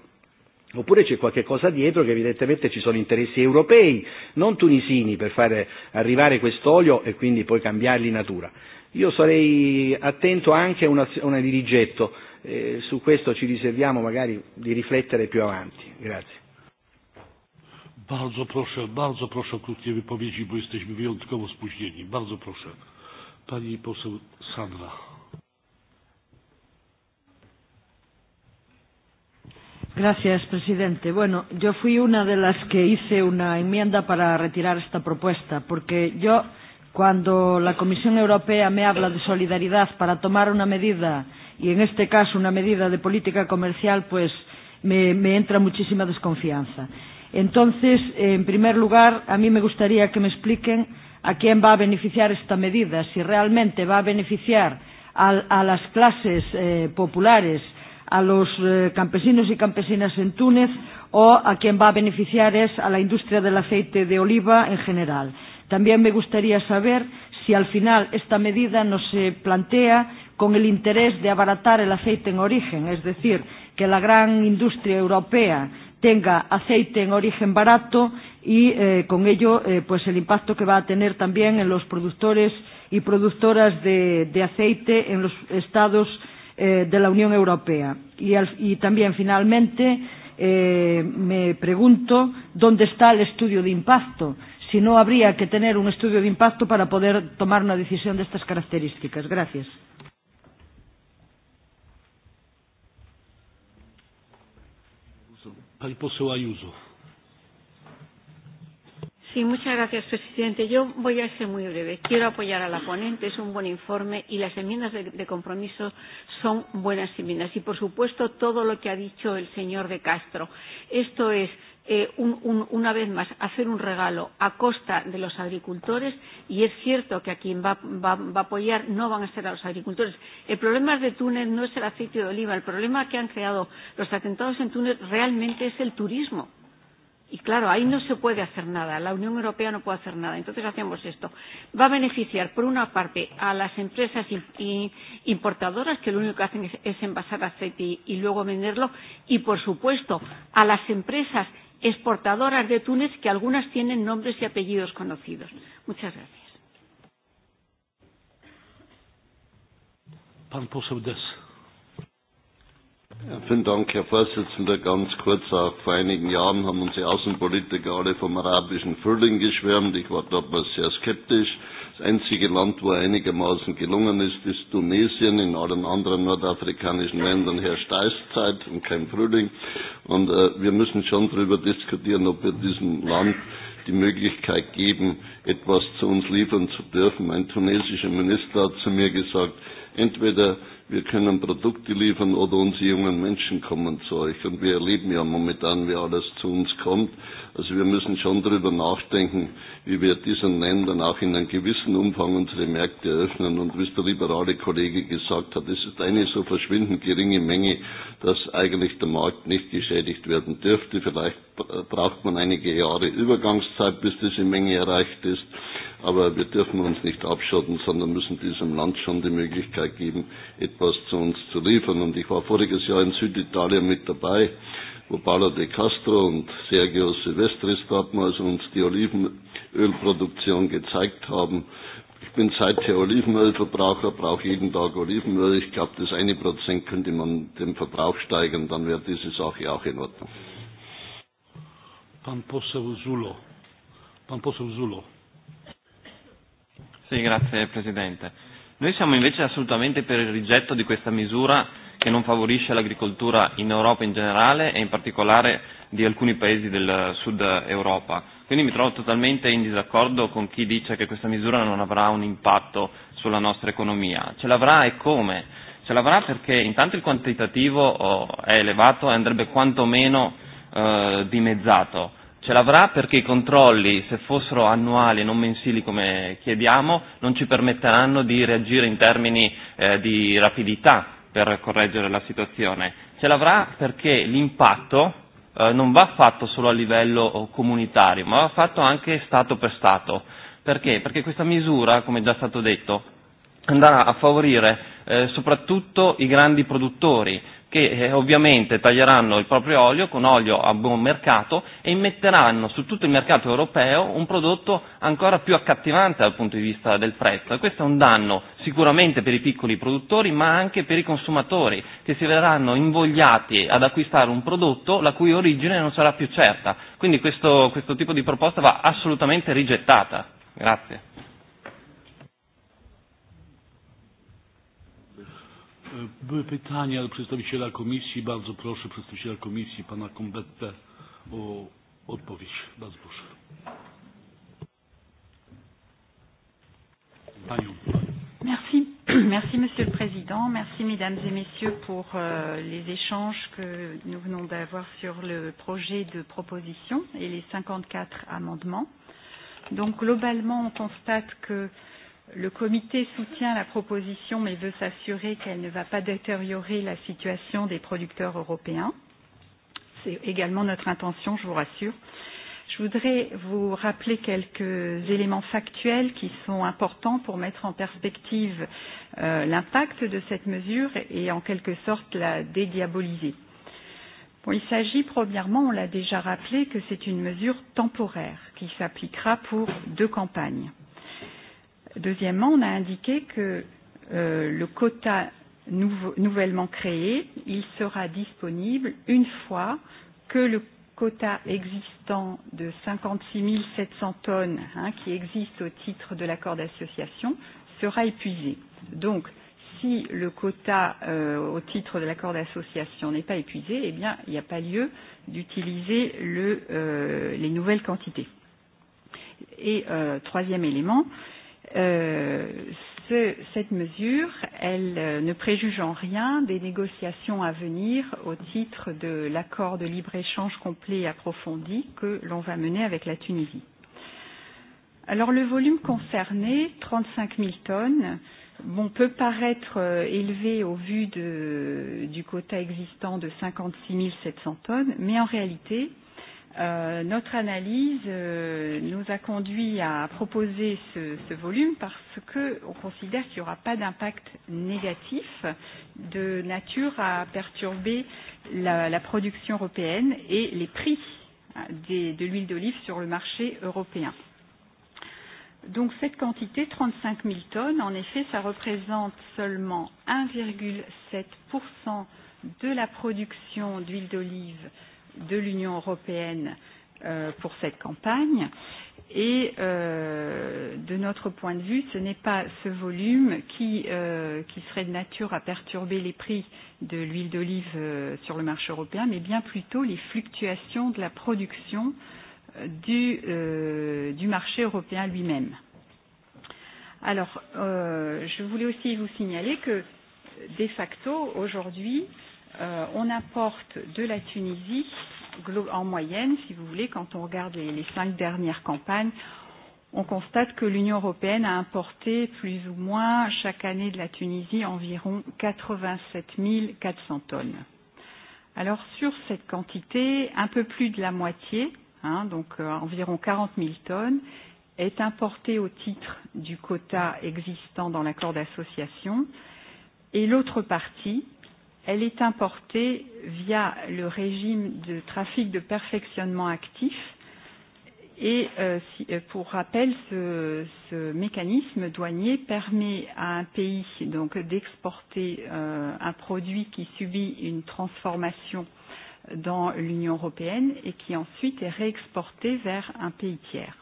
Oppure c'è qualche cosa dietro che evidentemente ci sono interessi europei, non tunisini, per fare arrivare quest'olio e quindi poi cambiargli natura. Io sarei attento anche a una, una dirigetto, eh, su questo ci riserviamo magari di riflettere più avanti. Grazie. Bardzo proszę, bardzo proszę o krótkie wypowiedzi, bo jesteśmy wyjątkowo spóźnieni. Bardzo proszę. Pani poseł Sandra. Gracias, presidente. Bueno, yo fui una de las que hice una enmienda para retirar esta propuesta, porque yo, cuando la Comisión Europea me habla de solidaridad para tomar una medida, y en este caso una medida de política comercial, pues me, me entra muchísima desconfianza. Entonces, en primer lugar, a mí me gustaría que me expliquen a quién va a beneficiar esta medida, si realmente va a beneficiar a, a las clases eh, populares, a los eh, campesinos y campesinas en Túnez o a quien va a beneficiar es a la industria del aceite de oliva en general. También me gustaría saber si al final esta medida no se plantea con el interés de abaratar el aceite en origen, es decir, que la gran industria europea tenga aceite en origen barato y eh, con ello eh, pues el impacto que va a tener también en los productores y productoras de, de aceite en los estados eh, de la Unión Europea. Y, al, y también, finalmente, eh, me pregunto dónde está el estudio de impacto, si no habría que tener un estudio de impacto para poder tomar una decisión de estas características. Gracias. Pani poseł Ayuso. Sí, muchas gracias, presidente. Yo voy a ser muy breve. Quiero apoyar a la ponente. Es un buen informe y las enmiendas de, de compromiso son buenas enmiendas. Y, por supuesto, todo lo que ha dicho el señor de Castro. Esto es eh, un, un, una vez más hacer un regalo a costa de los agricultores y es cierto que a quien va, va, va a apoyar no van a ser a los agricultores. El problema de Túnez no es el aceite de oliva, el problema que han creado los atentados en Túnez realmente es el turismo Y claro, ahí no se puede hacer nada, la Unión Europea no puede hacer nada. Entonces hacemos esto. Va a beneficiar, por una parte, a las empresas importadoras, que lo único que hacen es, es envasar aceite y, y luego venderlo, y, por supuesto, a las empresas exportadoras de Túnez, que algunas tienen nombres y apellidos conocidos. Muchas gracias. Pan poseł Des. Ja, vielen Dank, Herr Vorsitzender. Ganz kurz auch vor einigen Jahren haben unsere Außenpolitiker alle vom arabischen Frühling geschwärmt. Ich war damals sehr skeptisch. Das einzige Land, wo er einigermaßen gelungen ist, ist Tunesien. In allen anderen nordafrikanischen Ländern herrscht Eiszeit und kein Frühling. Und äh, wir müssen schon darüber diskutieren, ob wir diesem Land die Möglichkeit geben, etwas zu uns liefern zu dürfen. Ein tunesischer Minister hat zu mir gesagt, entweder wir können Produkte liefern oder unsere jungen Menschen kommen zu euch. Und wir erleben ja momentan, wie alles zu uns kommt. Also wir müssen schon darüber nachdenken, wie wir diesen Ländern auch in einem gewissen Umfang unsere Märkte eröffnen. Und wie es der liberale Kollege gesagt hat, es ist eine so verschwindend geringe Menge, dass eigentlich der Markt nicht geschädigt werden dürfte. Vielleicht braucht man einige Jahre Übergangszeit, bis diese Menge erreicht ist. Aber wir dürfen uns nicht abschotten, sondern müssen diesem Land schon die Möglichkeit geben, etwas zu uns zu liefern. Und ich war voriges Jahr in Süditalien mit dabei, wo Paolo de Castro und Sergio Silvestris damals uns die Olivenölproduktion gezeigt haben. Ich bin seither Olivenölverbraucher, brauche jeden Tag Olivenöl. Ich glaube, das eine Prozent könnte man den Verbrauch steigern, dann wäre diese Sache auch in Ordnung. Pan poseł Zulo. Pan poseł Zulo. Sì, grazie Presidente. Noi siamo invece assolutamente per il rigetto di questa misura che non favorisce l'agricoltura in Europa in generale e in particolare di alcuni paesi del sud Europa. Quindi mi trovo totalmente in disaccordo con chi dice che questa misura non avrà un impatto sulla nostra economia. Ce l'avrà e come? Ce l'avrà perché intanto il quantitativo oh, è elevato e andrebbe quantomeno eh, dimezzato ce l'avrà perché i controlli, se fossero annuali e non mensili come chiediamo, non ci permetteranno di reagire in termini eh, di rapidità per correggere la situazione. Ce l'avrà perché l'impatto eh, non va fatto solo a livello oh, comunitario, ma va fatto anche Stato per Stato. Perché? Perché questa misura, come è già stato detto, andrà a favorire eh, soprattutto i grandi produttori, che eh, ovviamente taglieranno il proprio olio con olio a buon mercato e immetteranno su tutto il mercato europeo un prodotto ancora più accattivante dal punto di vista del prezzo. E questo è un danno sicuramente per i piccoli produttori ma anche per i consumatori che si vedranno invogliati ad acquistare un prodotto la cui origine non sarà più certa. Quindi questo, questo tipo di proposta va assolutamente rigettata. Grazie. Były pytania do przedstawiciela komisji. Bardzo proszę przedstawiciela komisji, pana Kombetę, o odpowiedź. Bardzo proszę. Panią. Merci. Merci, Monsieur le Président. Merci, Mesdames et Messieurs, pour euh, les échanges que nous venons d'avoir sur le projet de proposition et les 54 amendements. Donc, globalement, on constate que euh, Le comité soutient la proposition mais veut s'assurer qu'elle ne va pas détériorer la situation des producteurs européens. C'est également notre intention, je vous rassure. Je voudrais vous rappeler quelques éléments factuels qui sont importants pour mettre en perspective euh, l'impact de cette mesure et en quelque sorte la dédiaboliser. Bon, il s'agit premièrement, on l'a déjà rappelé, que c'est une mesure temporaire qui s'appliquera pour deux campagnes. Deuxièmement, on a indiqué que euh, le quota nouveau, nouvellement créé, il sera disponible une fois que le quota existant de 56 700 tonnes hein, qui existe au titre de l'accord d'association sera épuisé. Donc, si le quota euh, au titre de l'accord d'association n'est pas épuisé, eh bien, il n'y a pas lieu d'utiliser le, euh, les nouvelles quantités. Et euh, troisième élément, euh, Euh, ce, cette mesure, elle euh, ne préjuge en rien des négociations à venir au titre de l'accord de libre-échange complet et approfondi que l'on va mener avec la Tunisie. Alors le volume concerné, 35 000 tonnes, bon, peut paraître euh, élevé au vu de, du quota existant de 56 700 tonnes, mais en réalité, Euh, notre analyse euh, nous a conduit à proposer ce, ce volume parce qu'on considère qu'il n'y aura pas d'impact négatif de nature à perturber la, la production européenne et les prix hein, des, de l'huile d'olive sur le marché européen. Donc cette quantité, 35 000 tonnes, en effet, ça représente seulement 1,7% de la production d'huile d'olive euh, de l'Union européenne euh, pour cette campagne. Et euh, de notre point de vue, ce n'est pas ce volume qui, euh, qui serait de nature à perturber les prix de l'huile d'olive euh, sur le marché européen, mais bien plutôt les fluctuations de la production euh, du, euh, du marché européen lui-même. Alors, euh, je voulais aussi vous signaler que, de facto, aujourd'hui, euh, euh, on importe de la Tunisie, en moyenne, si vous voulez, quand on regarde les, les cinq dernières campagnes, on constate que l'Union européenne a importé plus ou moins chaque année de la Tunisie environ 87 400 tonnes. Alors sur cette quantité, un peu plus de la moitié, hein, donc euh, environ 40 000 tonnes, est importée au titre du quota existant dans l'accord d'association et l'autre partie, elle est importée via le régime de trafic de perfectionnement actif. Et euh, si, euh, pour rappel, ce, ce mécanisme douanier permet à un pays donc d'exporter euh, un produit qui subit une transformation dans l'Union européenne et qui ensuite est réexporté vers un pays tiers.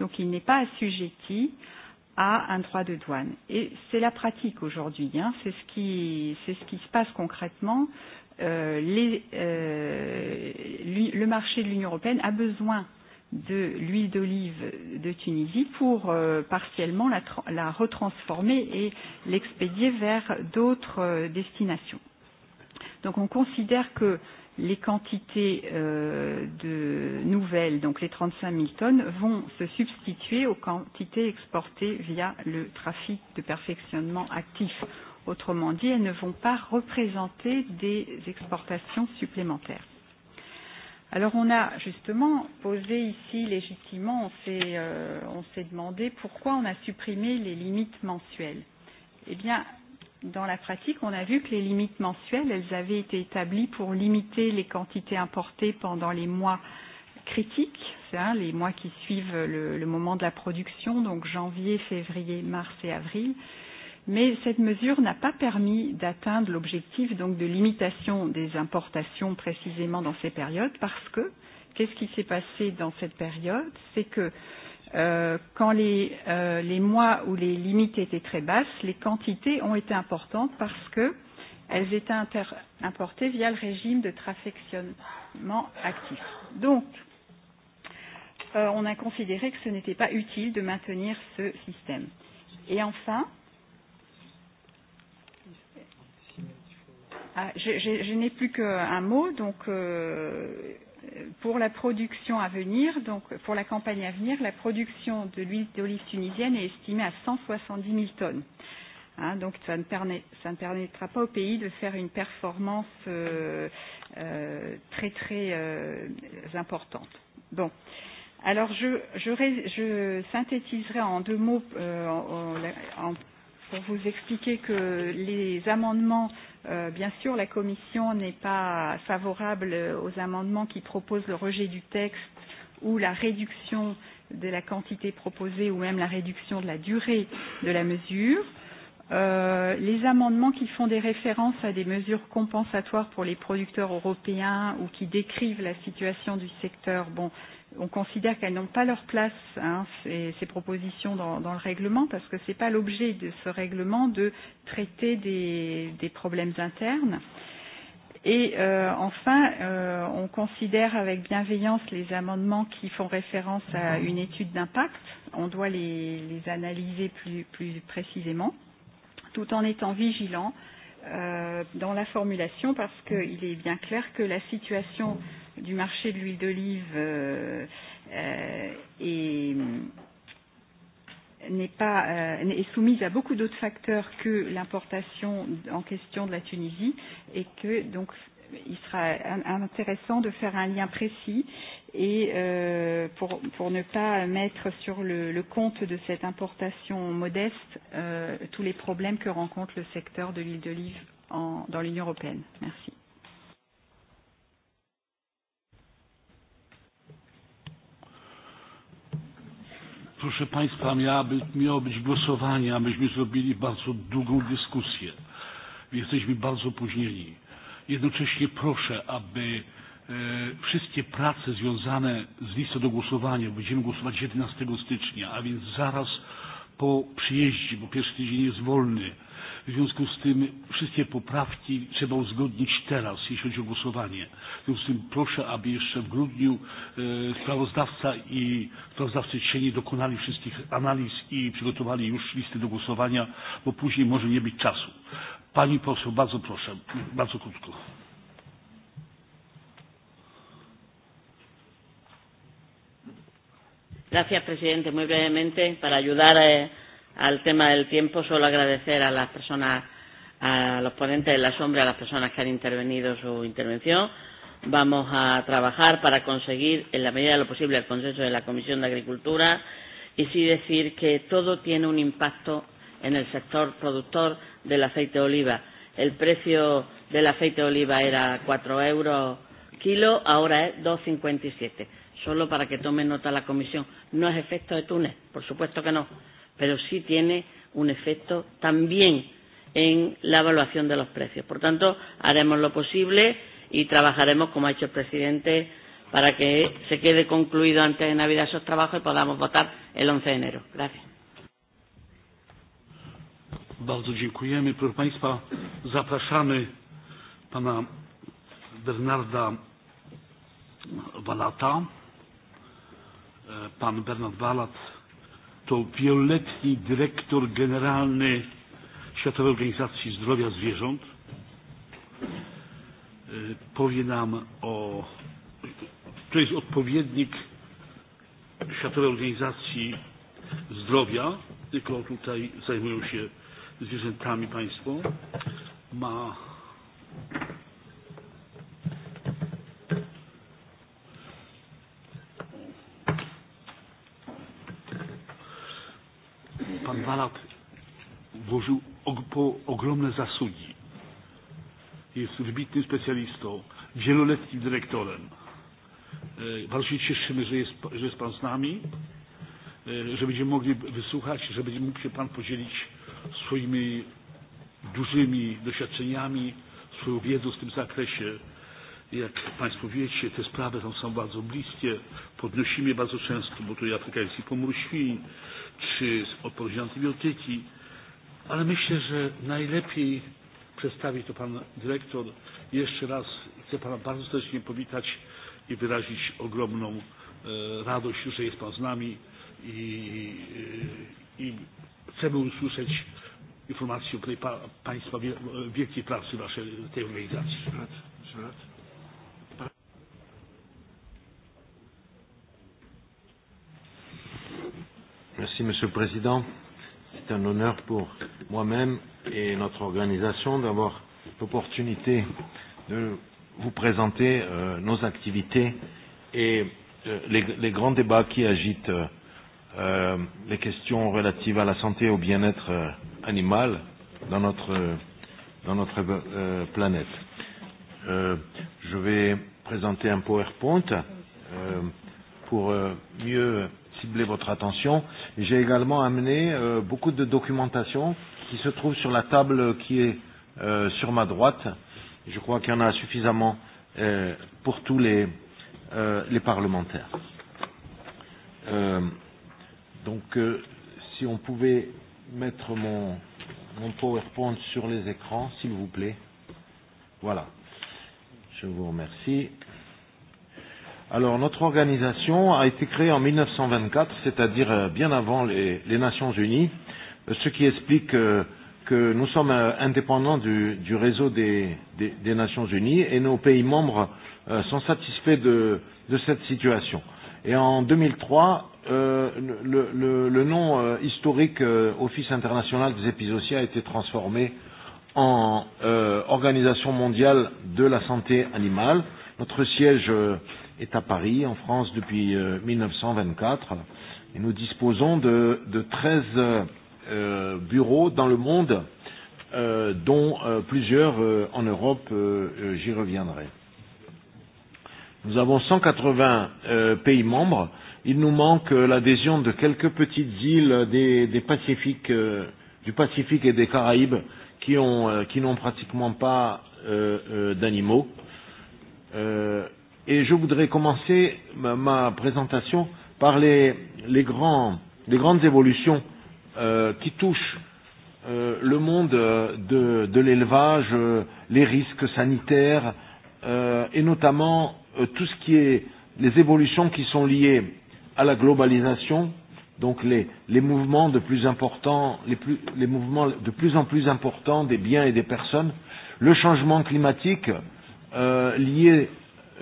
Donc il n'est pas assujetti euh, à un droit de douane. Et c'est la pratique aujourd'hui, hein, c'est ce, qui, ce qui se passe concrètement. Euh, les, euh, le marché de l'Union européenne a besoin de l'huile d'olive de Tunisie pour euh, partiellement la, la retransformer et l'expédier vers d'autres euh, destinations. Donc on considère que euh, les quantités euh, de nouvelles, donc les 35 000 tonnes, vont se substituer aux quantités exportées via le trafic de perfectionnement actif. Autrement dit, elles ne vont pas représenter des exportations supplémentaires. Alors on a justement posé ici légitimement, on s'est euh, demandé pourquoi on a supprimé les limites mensuelles. Eh bien, dans la pratique, on a vu que les limites mensuelles, elles avaient été établies pour limiter les quantités importées pendant les mois critiques, hein, les mois qui suivent le, le moment de la production, donc janvier, février, mars et avril. Mais cette mesure n'a pas permis d'atteindre l'objectif donc de limitation des importations précisément dans ces périodes parce que qu'est-ce qui s'est passé dans cette période C'est que euh, Euh, quand les, euh, les mois où les limites étaient très basses, les quantités ont été importantes parce qu'elles étaient inter importées via le régime de trafectionnement actif. Donc, euh, on a considéré que ce n'était pas utile de maintenir ce système. Et enfin, ah, je, je, je n'ai plus qu'un mot, donc euh, pour la production à venir, donc pour la campagne à venir, la production de l'huile d'olive tunisienne est estimée à 170 000 tonnes. Hein, donc ça ne, permet, ça ne permettra pas au pays de faire une performance euh, euh, très très euh, importante. Bon. Alors je, je, je synthétiserai en deux mots euh, en, en, en pour vous expliquer que les amendements, euh, bien sûr, la Commission n'est pas favorable aux amendements qui proposent le rejet du texte ou la réduction de la quantité proposée ou même la réduction de la durée de la mesure. Euh, les amendements qui font des références à des mesures compensatoires pour les producteurs européens ou qui décrivent la situation du secteur, bon, euh, on considère qu'elles n'ont pas leur place, hein, ces, ces propositions dans, dans le règlement, parce que ce n'est pas l'objet de ce règlement de traiter des, des problèmes internes. Et euh, enfin, euh, on considère avec bienveillance les amendements qui font référence à mhm. une étude d'impact. On doit les, les analyser plus, plus précisément, tout en étant vigilant euh, dans la formulation, parce qu'il mhm. est bien clair que la situation euh, du marché de l'huile d'olive euh, euh, est euh, n'est pas euh, est soumise à beaucoup d'autres facteurs que l'importation en question de la Tunisie et que donc il sera intéressant de faire un lien précis et euh, pour, pour ne pas mettre sur le, le compte de cette importation modeste euh, tous les problèmes que rencontre le secteur de l'huile d'olive dans l'Union européenne. Merci. Proszę Państwa, miałaby, miało być głosowanie, a myśmy zrobili bardzo długą dyskusję. Jesteśmy bardzo opóźnieni. Jednocześnie proszę, aby e, wszystkie prace związane z listą do głosowania, będziemy głosować 11 stycznia, a więc zaraz po przyjeździe, bo pierwszy tydzień jest wolny, W związku z tym wszystkie poprawki trzeba uzgodnić teraz, jeśli chodzi o głosowanie. W związku z tym proszę, aby jeszcze w grudniu e, sprawozdawca i sprawozdawcy cieni dokonali wszystkich analiz i przygotowali już listy do głosowania, bo później może nie być czasu. Pani poseł, bardzo proszę, bardzo krótko. Gracias, presidente. Muy brevemente, para ayudar a eh, al tema del tiempo, solo agradecer a las personas, a los ponentes de la sombra, a las personas que han intervenido su intervención. Vamos a trabajar para conseguir, en la medida de lo posible, el consenso de la Comisión de Agricultura y sí decir que todo tiene un impacto en el sector productor del aceite de oliva. El precio del aceite de oliva era 4 euros kilo, ahora es 2,57. Solo para que tome nota la comisión. No es efecto de túnel, por supuesto que no pero sí tiene un efecto también en la evaluación de los precios. Por tanto, haremos lo posible y trabajaremos, como ha hecho el presidente, para que se quede concluido antes de Navidad esos trabajos y podamos votar el 11 de enero. Gracias. Bardzo dziękujemy. Proszę Państwa, zapraszamy Pana Bernarda Walata. E, pan Bernard Walat to wieloletni dyrektor generalny Światowej Organizacji Zdrowia Zwierząt. E, powie nam o. To jest odpowiednik Światowej Organizacji Zdrowia, tylko tutaj zajmują się zwierzętami państwo. Ma dwa lat włożył po ogromne zasługi. Jest wybitnym specjalistą, wieloletnim dyrektorem. E, bardzo się cieszymy, że jest, że jest Pan z nami, e, że będziemy mogli wysłuchać, że będzie mógł się Pan podzielić swoimi dużymi doświadczeniami, swoją wiedzą w tym zakresie jak Państwo wiecie, te sprawy tam są bardzo bliskie. Podnosimy je bardzo często, bo to i afrykański pomór świń, czy odpowiedzi antybiotyki. Ale myślę, że najlepiej przedstawi to Pan Dyrektor. Jeszcze raz chcę Pana bardzo serdecznie powitać i wyrazić ogromną e, radość, że jest Pan z nami i, i, i chcemy usłyszeć informację o tej pa, Państwa wielkiej pracy Waszej tej organizacji. Pracy, Merci, Monsieur le Président. C'est un honneur pour moi-même et notre organisation d'avoir l'opportunité de vous présenter euh, nos activités et euh, les, les grands débats qui agitent euh, les questions relatives à la santé et au bien-être euh, animal dans notre, dans notre euh, planète. Euh, je vais présenter un PowerPoint euh, pour euh, mieux cibler votre attention. J'ai également amené euh, beaucoup de documentation qui se trouve sur la table qui est euh, sur ma droite. Je crois qu'il y en a suffisamment euh, pour tous les, euh, les parlementaires. Euh, donc, euh, si on pouvait mettre mon, mon PowerPoint sur les écrans, s'il vous plaît. Voilà. Je vous remercie. Alors, notre organisation a été créée en 1924, c'est-à-dire euh, bien avant les, les Nations Unies, euh, ce qui explique que, euh, que nous sommes indépendants du, du réseau des, des, des Nations Unies et nos pays membres sont satisfaits de, de cette situation. Et en 2003, euh, le, le, le nom historique Office international des épizooties a été transformé en euh, Organisation mondiale de la santé animale. Notre siège euh, est à Paris, en France, depuis euh, 1924. Et nous disposons de, de 13 euh, bureaux dans le monde, euh, dont euh, plusieurs euh, en Europe, euh, euh, j'y reviendrai. Nous avons 180 euh, pays membres. Il nous manque euh, l'adhésion de quelques petites îles euh, des, des Pacifiques, euh, du Pacifique et des Caraïbes qui euh, n'ont euh, pratiquement pas euh, euh, d'animaux. Euh, et je voudrais commencer ma, ma présentation par les, les, grands, les grandes évolutions euh, qui touchent euh, le monde euh, de, de l'élevage, euh, les risques sanitaires euh, et notamment euh, tout ce qui est les évolutions qui sont liées à la globalisation, donc les, les mouvements de plus importants, les, plus, les mouvements de plus en plus importants des biens et des personnes, le changement climatique euh, lié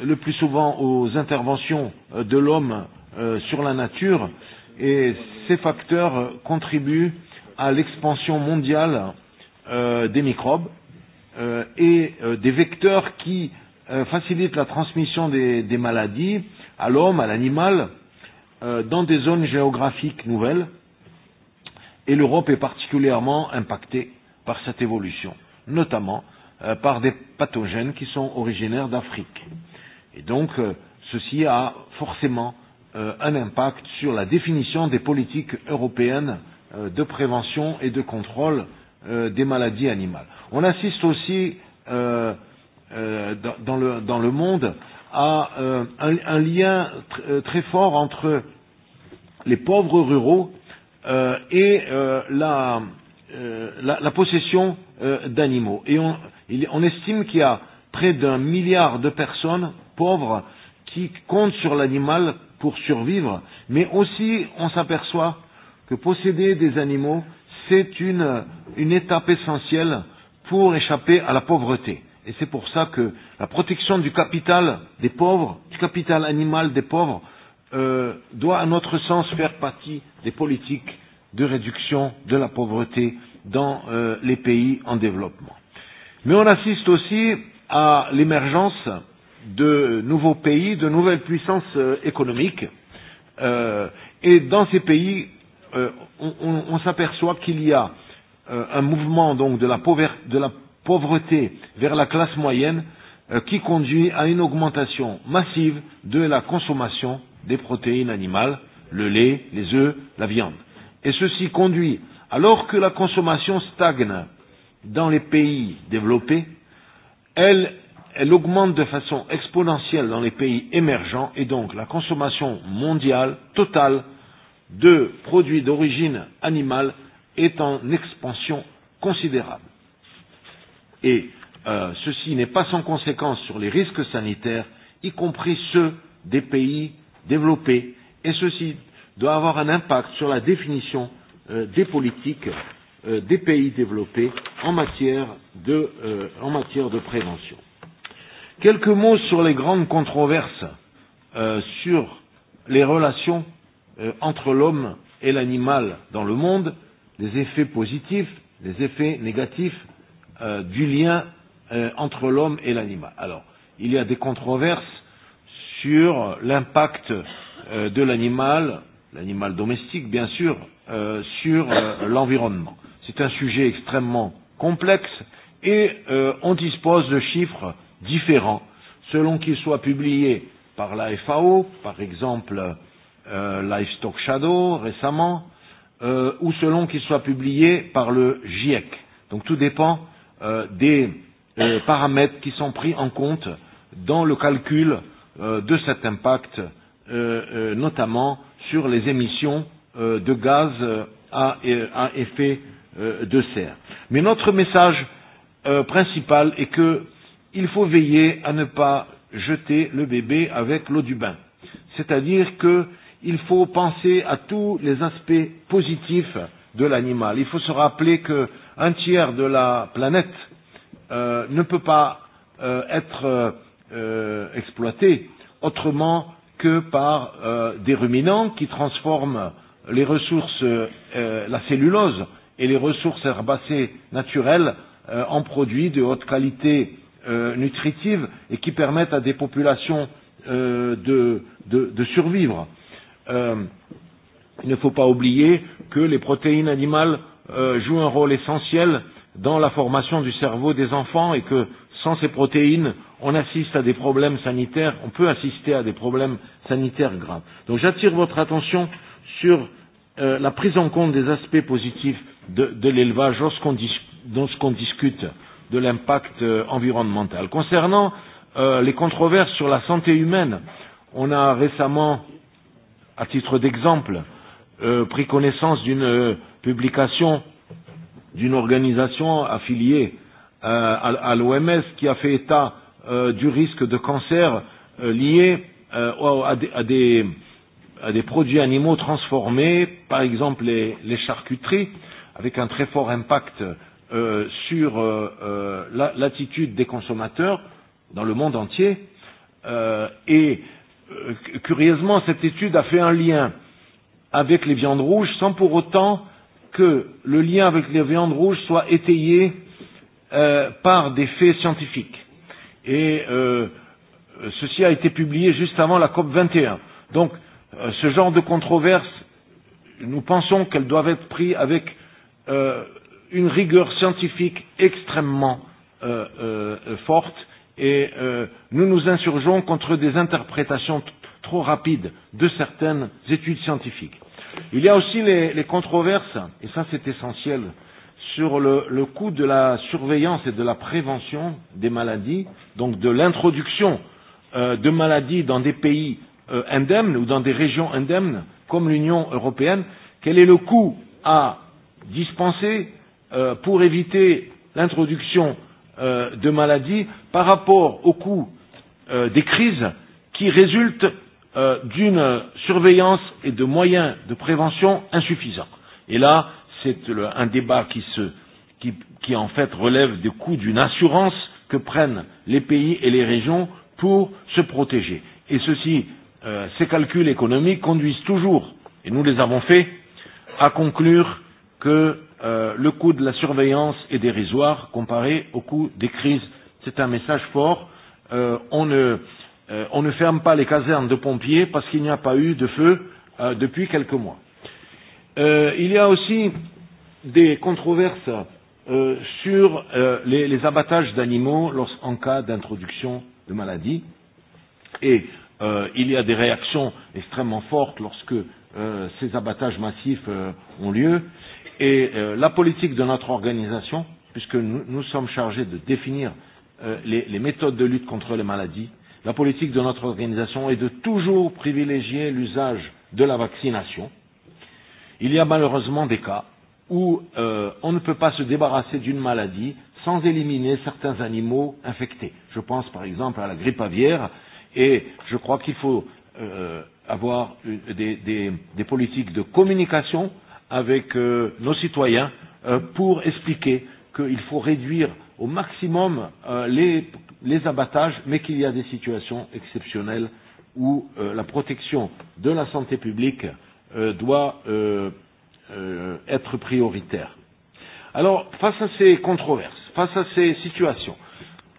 le plus souvent aux interventions euh, de l'homme euh, sur la nature et ces facteurs contribuent à l'expansion mondiale euh, des microbes et des vecteurs qui facilitent la transmission des, des maladies à l'homme, à l'animal, dans des zones géographiques nouvelles. Et l'Europe est particulièrement impactée par cette évolution, notamment par des pathogènes qui sont originaires d'Afrique. Euh, et donc, euh, ceci a forcément euh, un impact sur la définition des politiques européennes euh, de prévention et de contrôle euh, des maladies animales. On assiste aussi euh, euh, dans, le, dans le monde à euh, un, un lien tr euh, très fort entre les pauvres ruraux euh, et euh, la, euh, la, la possession euh, d'animaux. Et on, il, on estime qu'il y a près d'un milliard de personnes pauvre qui compte sur l'animal pour survivre, mais aussi on s'aperçoit que posséder des animaux, c'est une, une étape essentielle pour échapper à la pauvreté. Et c'est pour ça que la protection du capital des pauvres, du capital animal des pauvres, euh, doit à notre sens faire partie des politiques de réduction de la pauvreté dans euh, les pays en développement. Mais on assiste aussi à l'émergence de nouveaux pays, de nouvelles puissances euh, économiques. Euh, et dans ces pays, euh, on, on, on s'aperçoit qu'il y a euh, un mouvement donc de la, pauvre, de la pauvreté vers la classe moyenne euh, qui conduit à une augmentation massive de la consommation des protéines animales, le lait, les œufs, la viande. Et ceci conduit, alors que la consommation stagne dans les pays développés, elle elle augmente de façon exponentielle dans les pays émergents et donc la consommation mondiale totale de produits d'origine animale est en expansion considérable. Et euh, ceci n'est pas sans conséquence sur les risques sanitaires, y compris ceux des pays développés, et ceci doit avoir un impact sur la définition euh, des politiques euh, des pays développés en matière de, euh, en matière de prévention. Quelques mots sur les grandes controverses euh, sur les relations euh, entre l'homme et l'animal dans le monde, les effets positifs, les effets négatifs euh, du lien euh, entre l'homme et l'animal. Alors, il y a des controverses sur l'impact euh, de l'animal, l'animal domestique bien sûr, euh, sur euh, l'environnement. C'est un sujet extrêmement complexe et euh, on dispose de chiffres différents selon qu'ils soient publiés par la FAO, par exemple euh, Livestock Shadow récemment, euh, ou selon qu'ils soient publiés par le GIEC. Donc tout dépend euh, des euh, paramètres qui sont pris en compte dans le calcul euh, de cet impact, euh, euh, notamment sur les émissions euh, de gaz euh, à, euh, à effet euh, de serre. Mais notre message euh, principal est que il faut veiller à ne pas jeter le bébé avec l'eau du bain. C'est-à-dire qu'il faut penser à tous les aspects positifs de l'animal. Il faut se rappeler qu'un tiers de la planète euh, ne peut pas euh, être euh, exploité autrement que par euh, des ruminants qui transforment les ressources, euh, la cellulose et les ressources herbacées naturelles euh, en produits de haute qualité euh, euh, nutritives et qui permettent à des populations euh, de, de, de survivre. Euh, il ne faut pas oublier que les protéines animales euh, jouent un rôle essentiel dans la formation du cerveau des enfants et que sans ces protéines, on assiste à des problèmes sanitaires, on peut assister à des problèmes sanitaires graves. Donc j'attire votre attention sur euh, la prise en compte des aspects positifs de, de l'élevage lorsqu'on dis, lorsqu discute de l'impact euh, environnemental. Concernant euh, les controverses sur la santé humaine, on a récemment, à titre d'exemple, euh, pris connaissance d'une euh, publication d'une organisation affiliée euh, à, à l'OMS qui a fait état euh, du risque de cancer euh, lié euh, à, des, à, des, à des produits animaux transformés, par exemple les, les charcuteries, avec un très fort impact euh, Euh, sur euh, euh l'attitude la, des consommateurs dans le monde entier. Euh, et euh, curieusement, cette étude a fait un lien avec les viandes rouges sans pour autant que le lien avec les viandes rouges soit étayé euh, par des faits scientifiques. Et euh, ceci a été publié juste avant la COP 21. Donc, euh, ce genre de controverses, nous pensons qu'elles doivent être prises avec euh, une rigueur scientifique extrêmement euh, euh, euh, forte et euh, nous nous insurgeons contre des interprétations trop rapides de certaines études scientifiques. Il y a aussi les, les controverses, et ça c'est essentiel, sur le, le coût de la surveillance et de la prévention des maladies, donc de l'introduction euh, de maladies dans des pays euh, indemnes ou dans des régions indemnes comme l'Union européenne, quel est le coût à dispenser Euh, pour éviter l'introduction euh, de maladies par rapport au coût euh, des crises qui résultent euh, d'une surveillance et de moyens de prévention insuffisants. Et là, c'est un débat qui, se, qui, qui en fait relève des coûts d'une assurance que prennent les pays et les régions pour se protéger. Et ceci, euh, ces calculs économiques conduisent toujours, et nous les avons faits, à conclure que Euh, le coût de la surveillance est dérisoire comparé au coût des crises. C'est un message fort. Euh, on, ne, euh, on ne ferme pas les casernes de pompiers parce qu'il n'y a pas eu de feu euh, depuis quelques mois. Euh, il y a aussi des controverses euh, sur euh, les, les abattages d'animaux en cas d'introduction de maladies. Et euh, il y a des réactions extrêmement fortes lorsque euh, ces abattages massifs euh, ont lieu. Euh, et euh, la politique de notre organisation, puisque nous, nous sommes chargés de définir euh, les, les méthodes de lutte contre les maladies, la politique de notre organisation est de toujours privilégier l'usage de la vaccination. Il y a malheureusement des cas où euh, on ne peut pas se débarrasser d'une maladie sans éliminer certains animaux infectés. Je pense par exemple à la grippe aviaire et je crois qu'il faut euh, avoir euh, des, des, des politiques de communication euh, avec euh, nos citoyens euh, pour expliquer qu'il faut réduire au maximum euh, les, les abattages, mais qu'il y a des situations exceptionnelles où euh, la protection de la santé publique euh, doit euh, euh, être prioritaire. Alors, face à ces controverses, face à ces situations,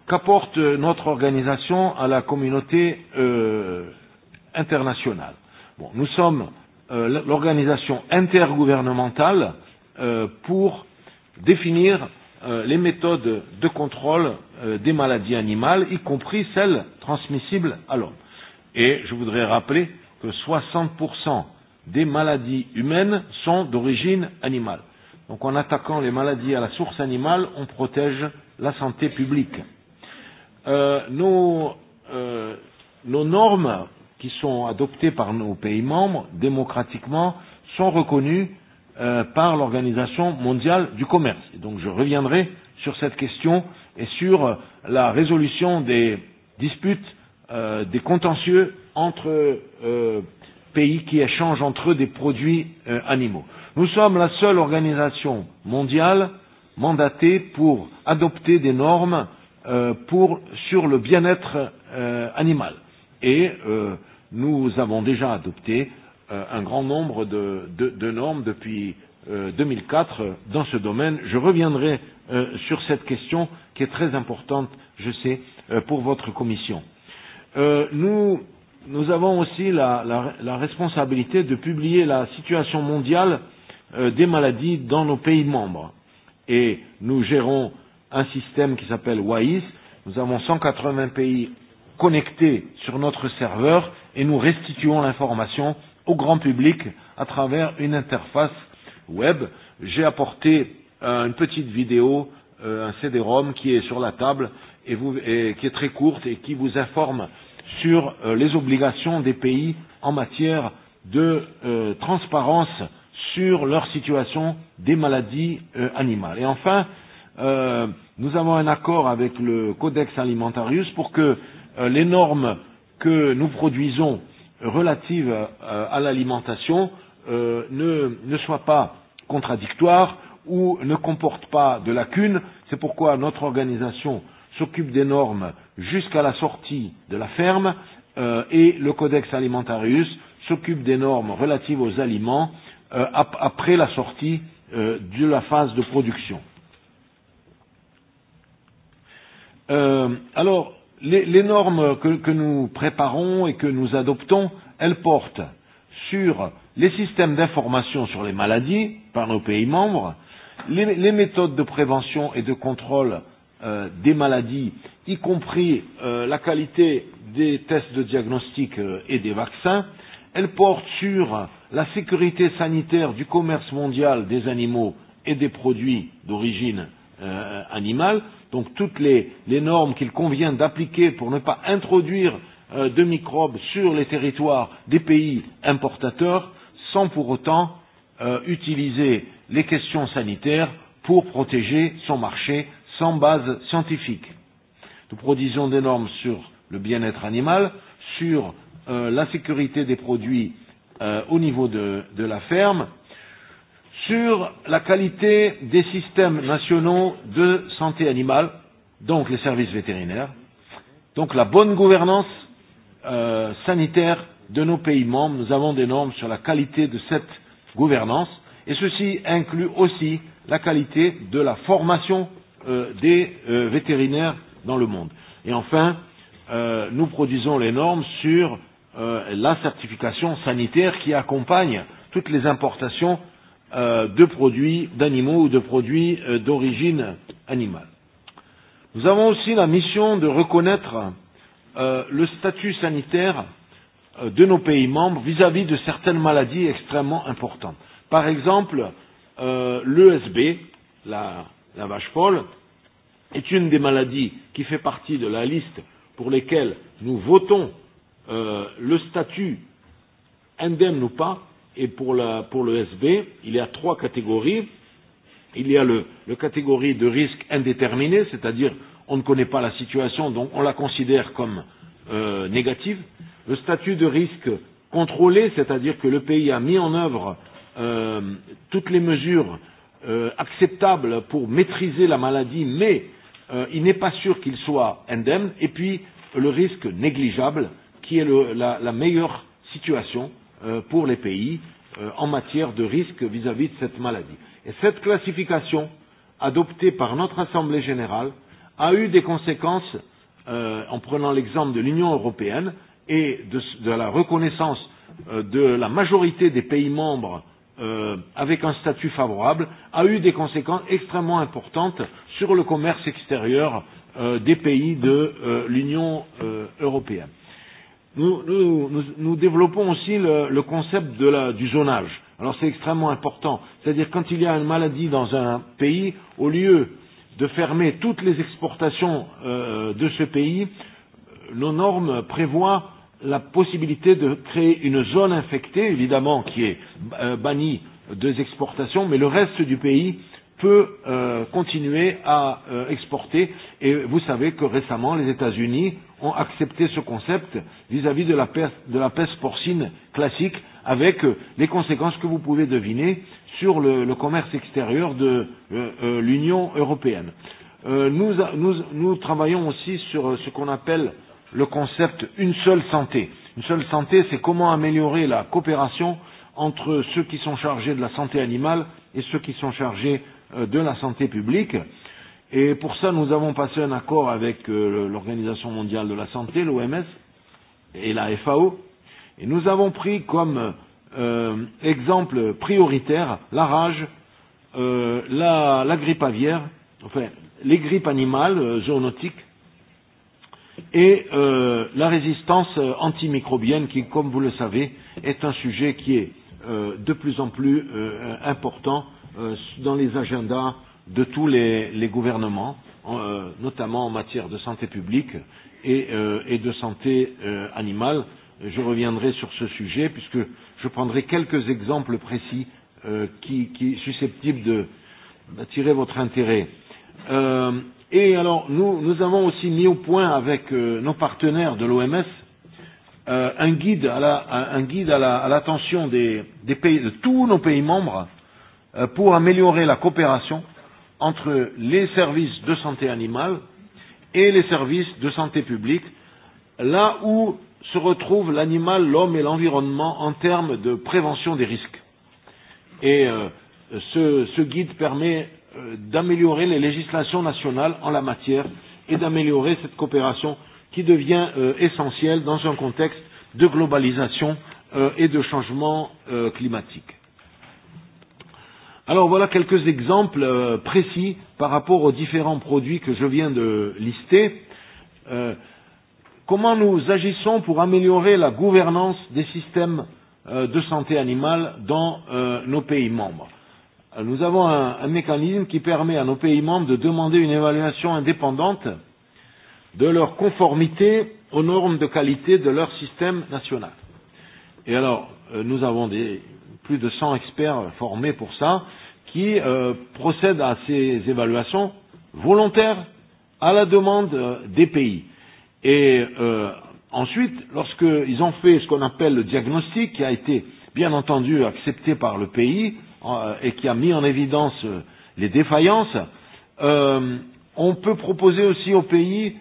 qu'apporte euh, notre organisation à la communauté euh, internationale bon, Nous sommes Euh, l'organisation intergouvernementale euh, pour définir euh, les méthodes de contrôle euh, des maladies animales, y compris celles transmissibles à l'homme. Et je voudrais rappeler que 60% des maladies humaines sont d'origine animale. Donc en attaquant les maladies à la source animale, on protège la santé publique. Euh, nos, euh, nos normes qui sont adoptées par nos pays membres démocratiquement sont reconnues euh, par l'Organisation mondiale du commerce. Et donc je reviendrai sur cette question et sur euh, la résolution des disputes, euh, des contentieux entre euh, pays qui échangent entre eux des produits euh, animaux. Nous sommes la seule organisation mondiale mandatée pour adopter des normes euh, pour, sur le bien-être euh, animal. Et euh, nous avons déjà adopté euh, un grand nombre de, de, de normes depuis euh, 2004 dans ce domaine. Je reviendrai euh, sur cette question qui est très importante, je sais, euh, pour votre commission. Euh, nous, nous avons aussi la, la, la responsabilité de publier la situation mondiale euh, des maladies dans nos pays membres. Et nous gérons un système qui s'appelle WAIS. Nous avons 180 pays connectés sur notre serveur et nous restituons l'information au grand public à travers une interface web. J'ai apporté euh, une petite vidéo, euh, un CD-ROM qui est sur la table et, vous, et qui est très courte et qui vous informe sur euh, les obligations des pays en matière de euh, transparence sur leur situation des maladies euh, animales. Et enfin, euh, nous avons un accord avec le Codex Alimentarius pour que euh, les normes que nous produisons relative euh, à l'alimentation euh, ne, ne soit pas contradictoire ou ne comporte pas de lacunes. C'est pourquoi notre organisation s'occupe des normes jusqu'à la sortie de la ferme euh, et le Codex Alimentarius s'occupe des normes relatives aux aliments euh, ap après la sortie euh, de la phase de production. Euh, alors, les, les normes que, que nous préparons et que nous adoptons, elles portent sur les systèmes d'information sur les maladies par nos pays membres, les, les méthodes de prévention et de contrôle euh, des maladies, y compris euh, la qualité des tests de diagnostic euh, et des vaccins. elles portent sur la sécurité sanitaire du commerce mondial des animaux et des produits d'origine euh, animale donc toutes les, les normes qu'il convient d'appliquer pour ne pas introduire euh, de microbes sur les territoires des pays importateurs, sans pour autant euh, utiliser les questions sanitaires pour protéger son marché sans base scientifique. Nous produisons des normes sur le bien-être animal, sur euh, la sécurité des produits euh, au niveau de, de la ferme, sur la qualité des systèmes nationaux de santé animale, donc les services vétérinaires, donc la bonne gouvernance euh, sanitaire de nos pays membres. Nous avons des normes sur la qualité de cette gouvernance et ceci inclut aussi la qualité de la formation euh, des euh, vétérinaires dans le monde. Et enfin, euh, nous produisons les normes sur euh, la certification sanitaire qui accompagne toutes les importations euh, de produits d'animaux ou de produits euh, d'origine animale. Nous avons aussi la mission de reconnaître euh, le statut sanitaire euh, de nos pays membres vis-à-vis -vis de certaines maladies extrêmement importantes. Par exemple, euh, l'ESB, la, la vache folle, est une des maladies qui fait partie de la liste pour lesquelles nous votons euh, le statut indemne ou pas et pour, la, pour le SB, il y a trois catégories. Il y a le, le catégorie de risque indéterminé, c'est-à-dire on ne connaît pas la situation, donc on la considère comme euh, négative. Le statut de risque contrôlé, c'est-à-dire que le pays a mis en œuvre euh, toutes les mesures euh, acceptables pour maîtriser la maladie, mais euh, il n'est pas sûr qu'il soit indemne. Et puis le risque négligeable, qui est le, la, la meilleure situation Euh, pour les pays euh, en matière de risque vis-à-vis -vis de cette maladie. Et cette classification adoptée par notre Assemblée générale a eu des conséquences euh, en prenant l'exemple de l'Union européenne et de, de la reconnaissance euh, de la majorité des pays membres euh, avec un statut favorable, a eu des conséquences extrêmement importantes sur le commerce extérieur euh, des pays de euh, l'Union euh, européenne nous, nous, nous, nous développons aussi le, le concept de la, du zonage. Alors c'est extrêmement important. C'est-à-dire quand il y a une maladie dans un pays, au lieu de fermer toutes les exportations euh, de ce pays, nos normes prévoient la possibilité de créer une zone infectée, évidemment, qui est euh, bannie des exportations, mais le reste du pays peut euh, continuer à euh, exporter. Et vous savez que récemment, les États-Unis ont accepté ce concept vis-à-vis -vis de, de la peste porcine classique, avec euh, les conséquences que vous pouvez deviner sur le, le commerce extérieur de euh, euh, l'Union européenne. Euh, nous, nous, nous travaillons aussi sur euh, ce qu'on appelle le concept une seule santé. Une seule santé, c'est comment améliorer la coopération entre ceux qui sont chargés de la santé animale et ceux qui sont chargés Euh, de la santé publique. Et pour ça, nous avons passé un accord avec euh, l'Organisation mondiale de la santé, l'OMS et la FAO. Et nous avons pris comme euh, exemple prioritaire la rage, euh, la, la grippe aviaire, enfin les grippes animales euh, zoonotiques et euh, la résistance euh, antimicrobienne qui, comme vous le savez, est un sujet qui est euh, de plus en plus euh, important euh, euh, dans les agendas de tous les, les gouvernements, euh, notamment en matière de santé publique et, euh, et de santé euh, animale. Je reviendrai sur ce sujet puisque je prendrai quelques exemples précis euh, qui, qui susceptibles d'attirer votre intérêt. Euh, et alors, nous, nous avons aussi mis au point avec euh, nos partenaires de l'OMS euh, un guide à l'attention la, à à des, des de tous nos pays membres Euh, pour améliorer la coopération entre les services de santé animale et les services de santé publique, là où se retrouvent l'animal, l'homme et l'environnement en termes de prévention des risques. Et euh, ce, ce guide permet euh, d'améliorer les législations nationales en la matière et d'améliorer cette coopération qui devient euh, essentielle dans un contexte de globalisation euh, et de changement euh, climatique. Alors voilà quelques exemples euh, précis par rapport aux différents produits que je viens de lister. Euh, comment nous agissons pour améliorer la gouvernance des systèmes euh, de santé animale dans euh, nos pays membres euh, Nous avons un, un mécanisme qui permet à nos pays membres de demander une évaluation indépendante de leur conformité aux normes de qualité de leur système national. Et alors, euh, nous avons des plus de 100 experts formés pour ça, qui euh, procèdent à ces évaluations volontaires à la demande euh, des pays. Et euh, ensuite, lorsqu'ils ont fait ce qu'on appelle le diagnostic, qui a été bien entendu accepté par le pays euh, et qui a mis en évidence euh, les défaillances, euh, on peut proposer aussi au pays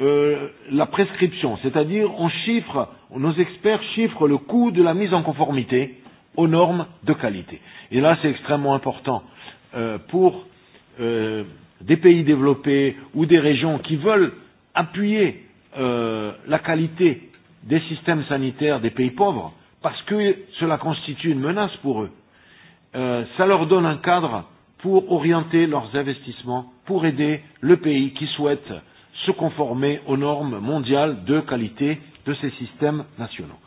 euh, la prescription, c'est-à-dire on chiffre, nos experts chiffrent le coût de la mise en conformité aux normes de qualité. Et là, c'est extrêmement important euh, pour euh, des pays développés ou des régions qui veulent appuyer euh, la qualité des systèmes sanitaires des pays pauvres, parce que cela constitue une menace pour eux. Euh, ça leur donne un cadre pour orienter leurs investissements, pour aider le pays qui souhaite se conformer aux normes mondiales de qualité de ces systèmes nationaux.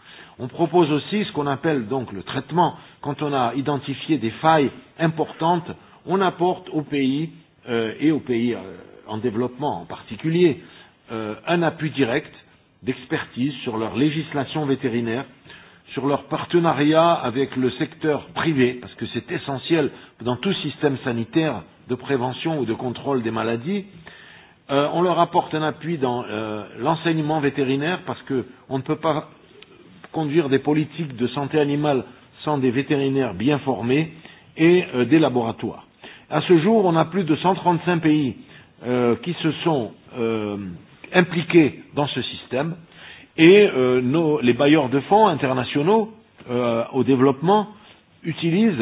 On propose aussi ce qu'on appelle donc le traitement. Quand on a identifié des failles importantes, on apporte aux pays euh, et aux pays euh, en développement en particulier euh, un appui direct d'expertise sur leur législation vétérinaire, sur leur partenariat avec le secteur privé, parce que c'est essentiel dans tout système sanitaire de prévention ou de contrôle des maladies. Euh, on leur apporte un appui dans euh, l'enseignement vétérinaire parce qu'on ne peut pas conduire des politiques de santé animale sans des vétérinaires bien formés et euh, des laboratoires. À ce jour, on a plus de 135 pays euh, qui se sont euh, impliqués dans ce système et euh, nos, les bailleurs de fonds internationaux euh, au développement utilisent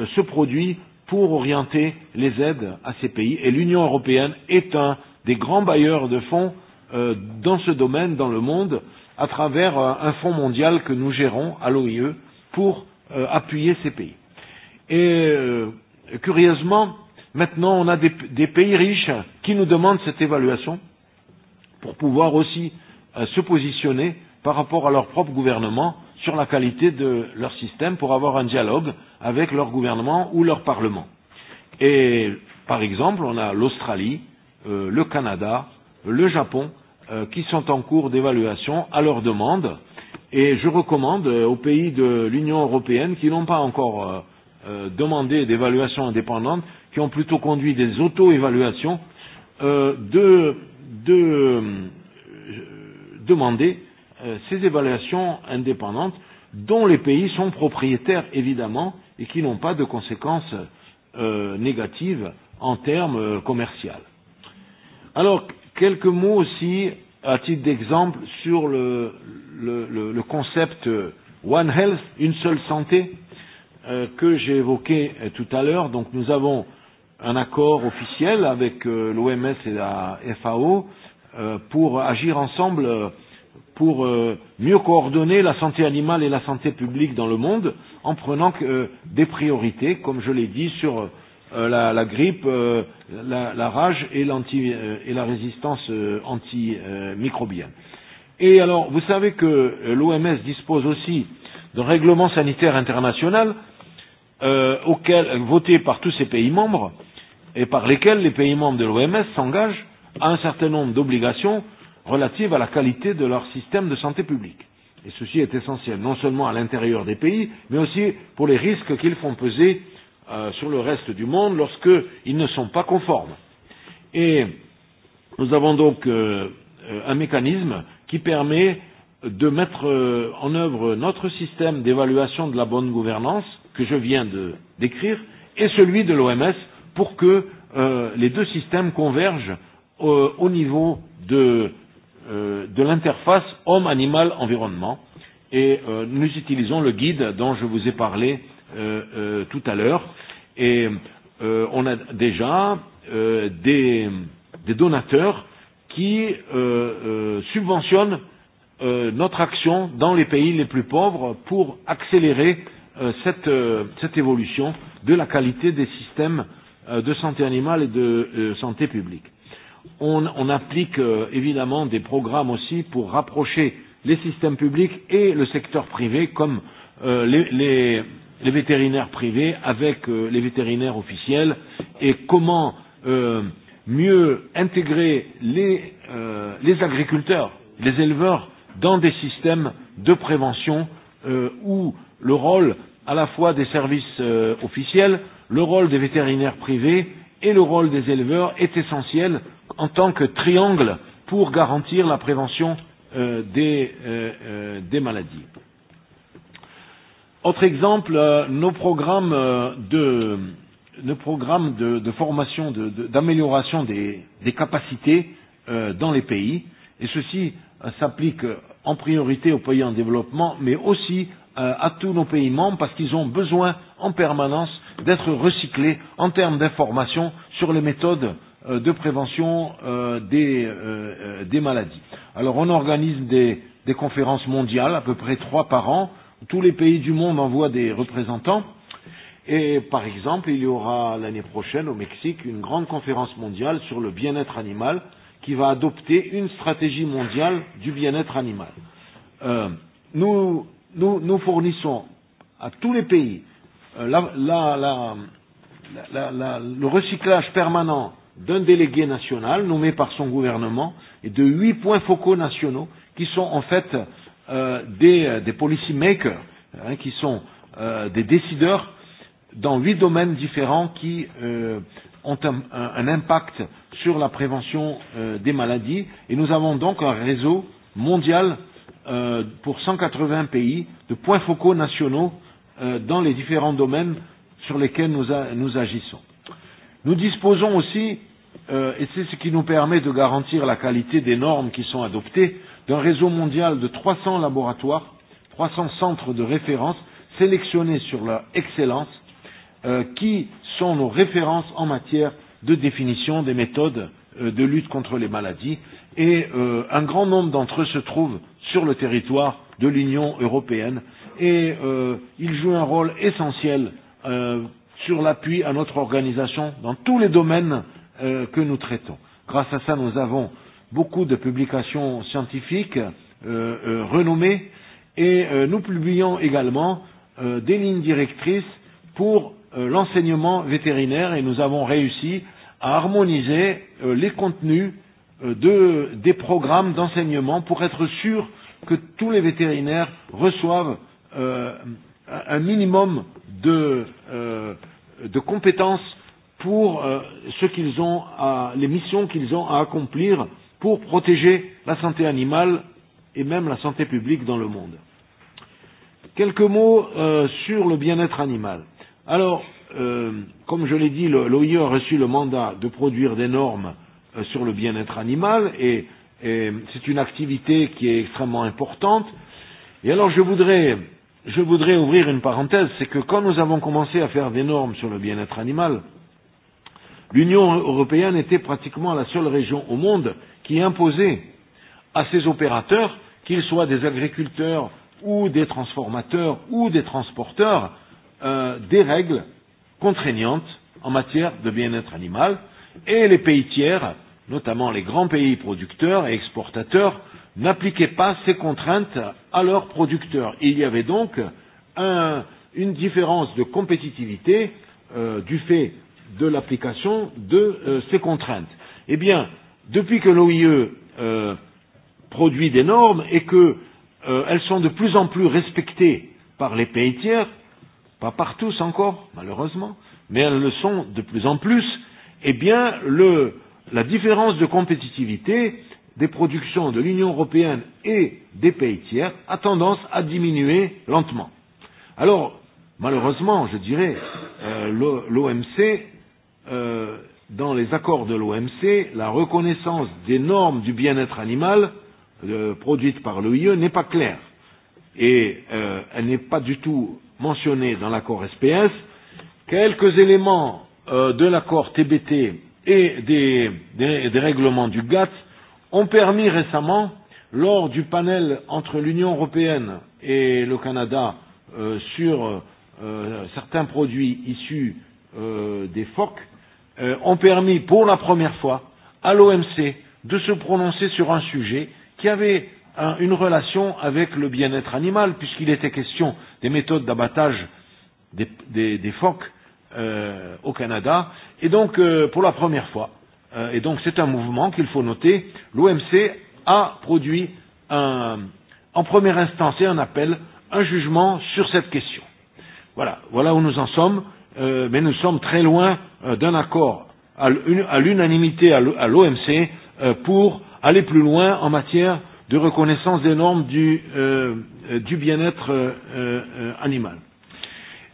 euh, ce produit pour orienter les aides à ces pays et l'Union européenne est un des grands bailleurs de fonds euh, dans ce domaine dans le monde à travers euh, un fonds mondial que nous gérons à l'OIE pour euh, appuyer ces pays. Et euh, curieusement, maintenant on a des, des pays riches qui nous demandent cette évaluation pour pouvoir aussi euh, se positionner par rapport à leur propre gouvernement sur la qualité de leur système pour avoir un dialogue avec leur gouvernement ou leur parlement. Et par exemple, on a l'Australie, euh, le Canada, le Japon euh, qui sont en cours d'évaluation à leur demande. Et je recommande euh, aux pays de l'Union européenne qui n'ont pas encore euh, euh, demandé d'évaluation indépendante, qui ont plutôt conduit des auto-évaluations, euh, de, de euh, demander euh, ces évaluations indépendantes dont les pays sont propriétaires évidemment et qui n'ont pas de conséquences euh, négatives en termes euh, commerciaux. Alors, Quelques mots aussi, à titre d'exemple, sur le, le, le, le concept euh, One Health, une seule santé, euh, que j'ai évoqué euh, tout à l'heure. Donc nous avons un accord officiel avec euh, l'OMS et la FAO euh, pour agir ensemble euh, pour euh, mieux coordonner la santé animale et la santé publique dans le monde en prenant euh, des priorités, comme je l'ai dit, sur Euh, euh, la, la grippe, euh, la, la rage et, euh, et la résistance euh, antimicrobienne. Euh, et alors, vous savez que euh, l'OMS dispose aussi d'un règlement sanitaire international euh, auquel, voté par tous ces pays membres et par lesquels les pays membres de l'OMS s'engagent à un certain nombre d'obligations relatives à la qualité de leur système de santé publique. Et ceci est essentiel, non seulement à l'intérieur des pays, mais aussi pour les risques qu'ils font peser euh, euh, sur le reste du monde lorsqu'ils ne sont pas conformes. Et nous avons donc euh, euh un mécanisme qui permet de mettre euh, en œuvre notre système d'évaluation de la bonne gouvernance que je viens de décrire et celui de l'OMS pour que euh, les deux systèmes convergent euh, au niveau de, euh, de l'interface homme-animal-environnement. Et euh, nous utilisons le guide dont je vous ai parlé euh, euh, euh, tout à l'heure. Et euh, on a déjà euh, des, des donateurs qui euh, euh, subventionnent euh, notre action dans les pays les plus pauvres pour accélérer euh, cette, euh, cette évolution de la qualité des systèmes euh, de santé animale et de euh, santé publique. On, on applique euh, évidemment des programmes aussi pour rapprocher les systèmes publics et le secteur privé comme euh, les, les, les vétérinaires privés avec euh, les vétérinaires officiels et comment euh, mieux intégrer les, euh, les agriculteurs, les éleveurs dans des systèmes de prévention euh, où le rôle à la fois des services euh, officiels, le rôle des vétérinaires privés et le rôle des éleveurs est essentiel en tant que triangle pour garantir la prévention euh, des, euh, euh, des maladies. Autre exemple, euh, nos programmes euh, de, nos programmes de, de formation, d'amélioration de, de, des, des capacités euh, dans les pays, et ceci euh, s'applique euh, en priorité aux pays en développement, mais aussi euh, à tous nos pays membres, parce qu'ils ont besoin en permanence d'être recyclés en termes d'informations sur les méthodes euh, de prévention euh, des, euh, euh des maladies. Alors on organise des, des conférences mondiales, à peu près trois par an, euh, Tous les pays du monde envoient des représentants. Et par exemple, il y aura l'année prochaine au Mexique une grande conférence mondiale sur le bien-être animal qui va adopter une stratégie mondiale du bien-être animal. Euh, nous, nous, nous fournissons à tous les pays euh, la, la, la, la, la, le recyclage permanent d'un délégué national nommé par son gouvernement et de huit points focaux nationaux qui sont en fait euh, euh, des, euh, des policy makers, hein, qui sont euh, des décideurs dans huit domaines différents qui euh, ont un, un, un impact sur la prévention euh, des maladies. Et nous avons donc un réseau mondial euh, pour 180 pays de points focaux nationaux euh, dans les différents domaines sur lesquels nous, a, nous agissons. Nous disposons aussi, euh, et c'est ce qui nous permet de garantir la qualité des normes qui sont adoptées, d'un réseau mondial de 300 laboratoires, 300 centres de référence sélectionnés sur leur excellence, euh, qui sont nos références en matière de définition des méthodes euh, de lutte contre les maladies. Et euh, un grand nombre d'entre eux se trouvent sur le territoire de l'Union européenne et euh, ils jouent un rôle essentiel euh, sur l'appui à notre organisation dans tous les domaines euh, que nous traitons. Grâce à ça, nous avons beaucoup de publications scientifiques euh, euh, renommées et euh, nous publions également euh, des lignes directrices pour euh, l'enseignement vétérinaire et nous avons réussi à harmoniser euh, les contenus euh, de, des programmes d'enseignement pour être sûr que tous les vétérinaires reçoivent euh, un minimum de, euh, de compétences pour euh, ce qu'ils ont à, les missions qu'ils ont à accomplir euh, pour protéger la santé animale et même la santé publique dans le monde. Quelques mots euh, sur le bien-être animal. Alors, euh, comme je l'ai dit, l'OIE a reçu le mandat de produire des normes euh, sur le bien-être animal et, et c'est une activité qui est extrêmement importante. Et alors, je voudrais, je voudrais ouvrir une parenthèse, c'est que quand nous avons commencé à faire des normes sur le bien-être animal, l'Union européenne était pratiquement la seule région au monde qui imposait à ces opérateurs, qu'ils soient des agriculteurs ou des transformateurs ou des transporteurs, euh, des règles contraignantes en matière de bien-être animal et les pays tiers, notamment les grands pays producteurs et exportateurs, n'appliquaient pas ces contraintes à leurs producteurs. Il y avait donc un, une différence de compétitivité euh, du fait de l'application de euh, ces contraintes. Eh bien, depuis que l'OIE euh, produit des normes et qu'elles euh, sont de plus en plus respectées par les pays tiers, pas par tous encore, malheureusement, mais elles le sont de plus en plus, eh bien, le, la différence de compétitivité des productions de l'Union européenne et des pays tiers a tendance à diminuer lentement. Alors, malheureusement, je dirais, euh, l'OMC euh, dans les accords de l'OMC, la reconnaissance des normes du bien-être animal euh, produites par l'OIE n'est pas claire et euh, elle n'est pas du tout mentionnée dans l'accord SPS. Quelques éléments euh, de l'accord TBT et des, des, des règlements du GATT ont permis récemment, lors du panel entre l'Union européenne et le Canada euh, sur euh, certains produits issus euh, des phoques, euh, ont permis pour la première fois à l'OMC de se prononcer sur un sujet qui avait un, une relation avec le bien-être animal, puisqu'il était question des méthodes d'abattage des, des, des phoques euh, au Canada. Et donc, euh, pour la première fois, euh, et donc c'est un mouvement qu'il faut noter, l'OMC a produit un, en première instance et un appel, un jugement sur cette question. Voilà, voilà où nous en sommes euh, mais nous sommes très loin euh, d'un accord à l'unanimité à l'OMC euh, pour aller plus loin en matière de reconnaissance des normes du, euh, euh, du bien-être euh, euh, animal.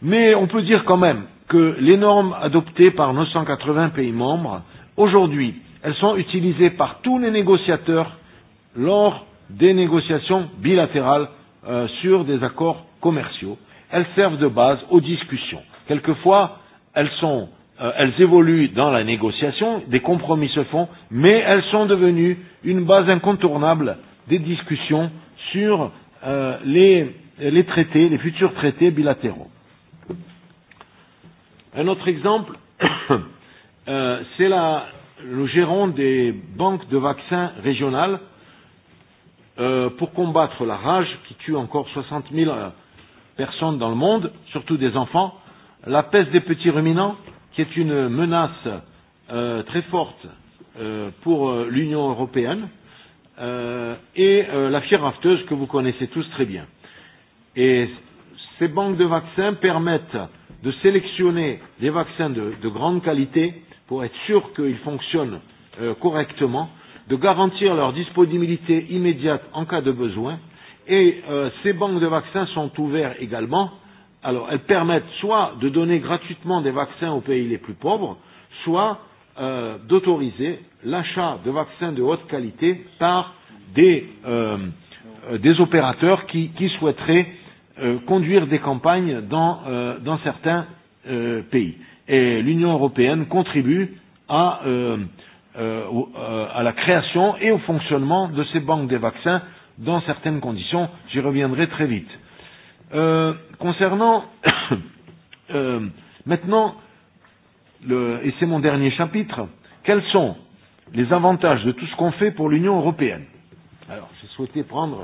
Mais on peut dire quand même que les normes adoptées par 980 pays membres, aujourd'hui, elles sont utilisées par tous les négociateurs lors des négociations bilatérales euh, sur des accords commerciaux. Elles servent de base aux discussions. Quelquefois, elles sont, euh, elles évoluent dans la négociation, des compromis se font, mais elles sont devenues une base incontournable des discussions sur euh, les, les traités, les futurs traités bilatéraux. Un autre exemple, euh, c'est la, le gérant des banques de vaccins régionales euh, pour combattre la rage qui tue encore 60 000 euh, personnes dans le monde, surtout des enfants la peste des petits ruminants, qui est une menace euh, très forte euh, pour euh, l'Union européenne, euh, et euh, la fièvre afteuse que vous connaissez tous très bien. Et ces banques de vaccins permettent de sélectionner des vaccins de, de grande qualité pour être sûr qu'ils fonctionnent euh, correctement, de garantir leur disponibilité immédiate en cas de besoin. Et euh, ces banques de vaccins sont ouvertes également alors elles permettent soit de donner gratuitement des vaccins aux pays les plus pauvres, soit euh, d'autoriser l'achat de vaccins de haute qualité par des, euh, euh des opérateurs qui, qui souhaiteraient euh, conduire des campagnes dans, euh, dans certains euh, pays. Et l'Union européenne contribue à, euh, euh, euh à la création et au fonctionnement de ces banques des vaccins dans certaines conditions. J'y reviendrai très vite. Euh, concernant euh, maintenant, le, et c'est mon dernier chapitre, quels sont les avantages de tout ce qu'on fait pour l'Union européenne Alors, j'ai souhaité prendre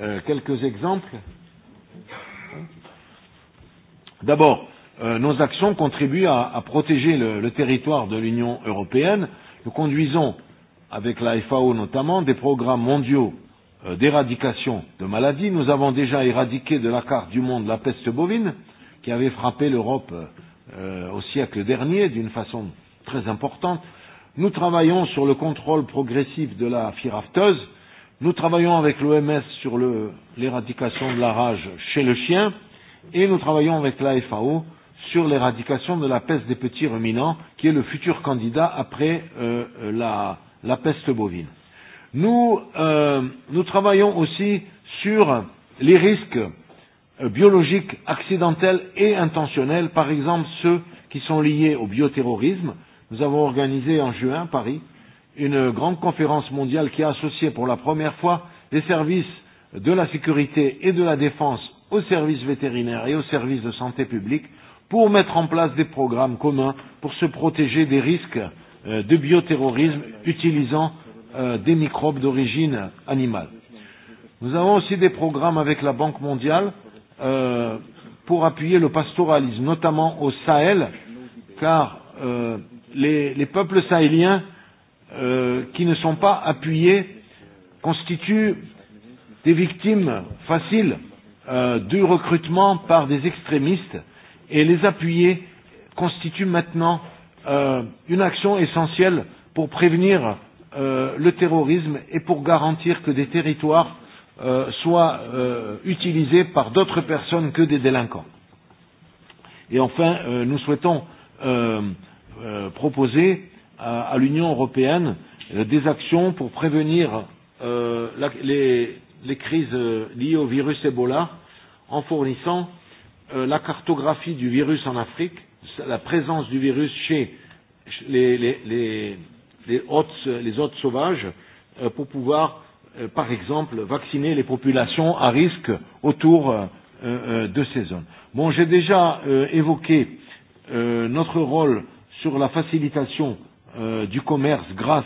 euh, quelques exemples. D'abord, euh, nos actions contribuent à, à protéger le, le territoire de l'Union européenne. Nous conduisons, avec la FAO notamment, des programmes mondiaux Euh, d'éradication de maladies. Nous avons déjà éradiqué de la carte du monde la peste bovine qui avait frappé l'Europe euh, au siècle dernier d'une façon très importante. Nous travaillons sur le contrôle progressif de la firafteuse. Nous travaillons avec l'OMS sur l'éradication de la rage chez le chien et nous travaillons avec la FAO sur l'éradication de la peste des petits ruminants qui est le futur candidat après euh, la, la peste bovine. Nous, euh, nous travaillons aussi sur les risques euh, biologiques accidentels et intentionnels, par exemple ceux qui sont liés au bioterrorisme. Nous avons organisé en juin à Paris une grande conférence mondiale qui a associé pour la première fois les services de la sécurité et de la défense aux services vétérinaires et aux services de santé publique pour mettre en place des programmes communs pour se protéger des risques euh, de bioterrorisme utilisant euh, des microbes d'origine animale. Nous avons aussi des programmes avec la Banque mondiale euh, pour appuyer le pastoralisme, notamment au Sahel, car euh, les, les peuples sahéliens euh, qui ne sont pas appuyés constituent des victimes faciles euh, du recrutement par des extrémistes et les appuyer constitue maintenant euh, une action essentielle pour prévenir Euh, le terrorisme et pour garantir que des territoires euh, soient euh, utilisés par d'autres personnes que des délinquants. Et enfin, euh, nous souhaitons euh, euh, proposer à, à l'Union européenne euh, des actions pour prévenir euh, la, les, les crises euh, liées au virus Ebola en fournissant euh, la cartographie du virus en Afrique, la présence du virus chez les, les, les, les hôtes, les hôtes sauvages euh, pour pouvoir, euh, par exemple, vacciner les populations à risque autour euh, euh, de ces zones. Bon, j'ai déjà euh, évoqué euh, notre rôle sur la facilitation euh, du commerce grâce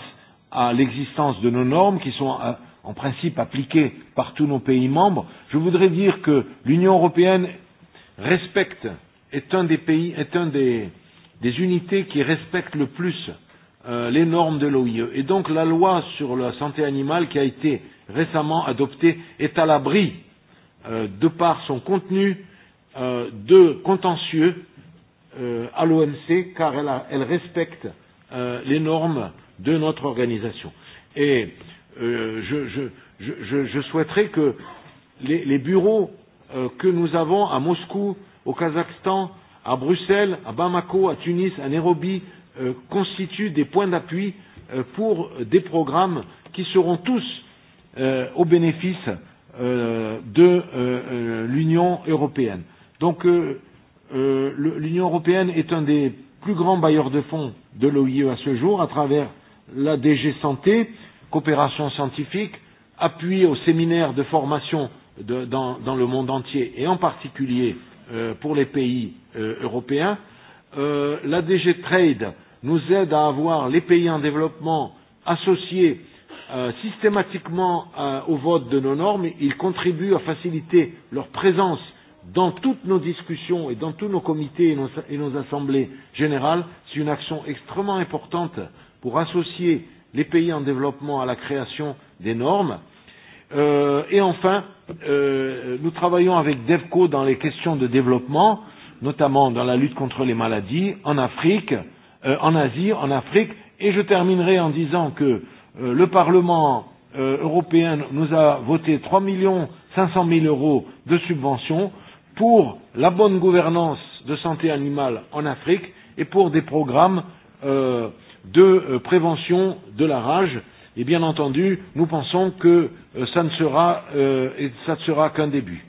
à l'existence de nos normes qui sont euh, en principe appliquées par tous nos pays membres. Je voudrais dire que l'Union européenne respecte, est un des pays, est un des, des unités qui respecte le plus euh, Euh, les normes de l'OIE. Et donc la loi sur la santé animale qui a été récemment adoptée est à l'abri, euh, de par son contenu, euh, de contentieux euh, à l'OMC, car elle, a, elle respecte euh, les normes de notre organisation. Et euh, je, je, je, je souhaiterais que les, les bureaux euh, que nous avons à Moscou, au Kazakhstan, à Bruxelles, à Bamako, à Tunis, à Nairobi, Euh, constituent des points d'appui euh, pour euh, des programmes qui seront tous euh, au bénéfice euh, de euh, l'Union européenne. Donc euh, euh, l'Union européenne est un des plus grands bailleurs de fonds de l'OIE à ce jour à travers la DG Santé, coopération scientifique, appui aux séminaires de formation de, dans, dans le monde entier et en particulier euh, pour les pays euh, européens. Euh, la DG Trade euh, nous aide à avoir les pays en développement associés euh, systématiquement euh, au vote de nos normes, il contribue à faciliter leur présence dans toutes nos discussions et dans tous nos comités et nos, et nos assemblées générales. C'est une action extrêmement importante pour associer les pays en développement à la création des normes. Euh, et enfin, euh, nous travaillons avec DEVCO dans les questions de développement, notamment dans la lutte contre les maladies en Afrique euh, en Asie, en Afrique. Et je terminerai en disant que euh, le Parlement euh, européen nous a voté 3 500 000 euros de subventions pour la bonne gouvernance de santé animale en Afrique et pour des programmes euh, de euh, prévention de la rage. Et bien entendu, nous pensons que euh, ça ne sera, euh, sera qu'un début.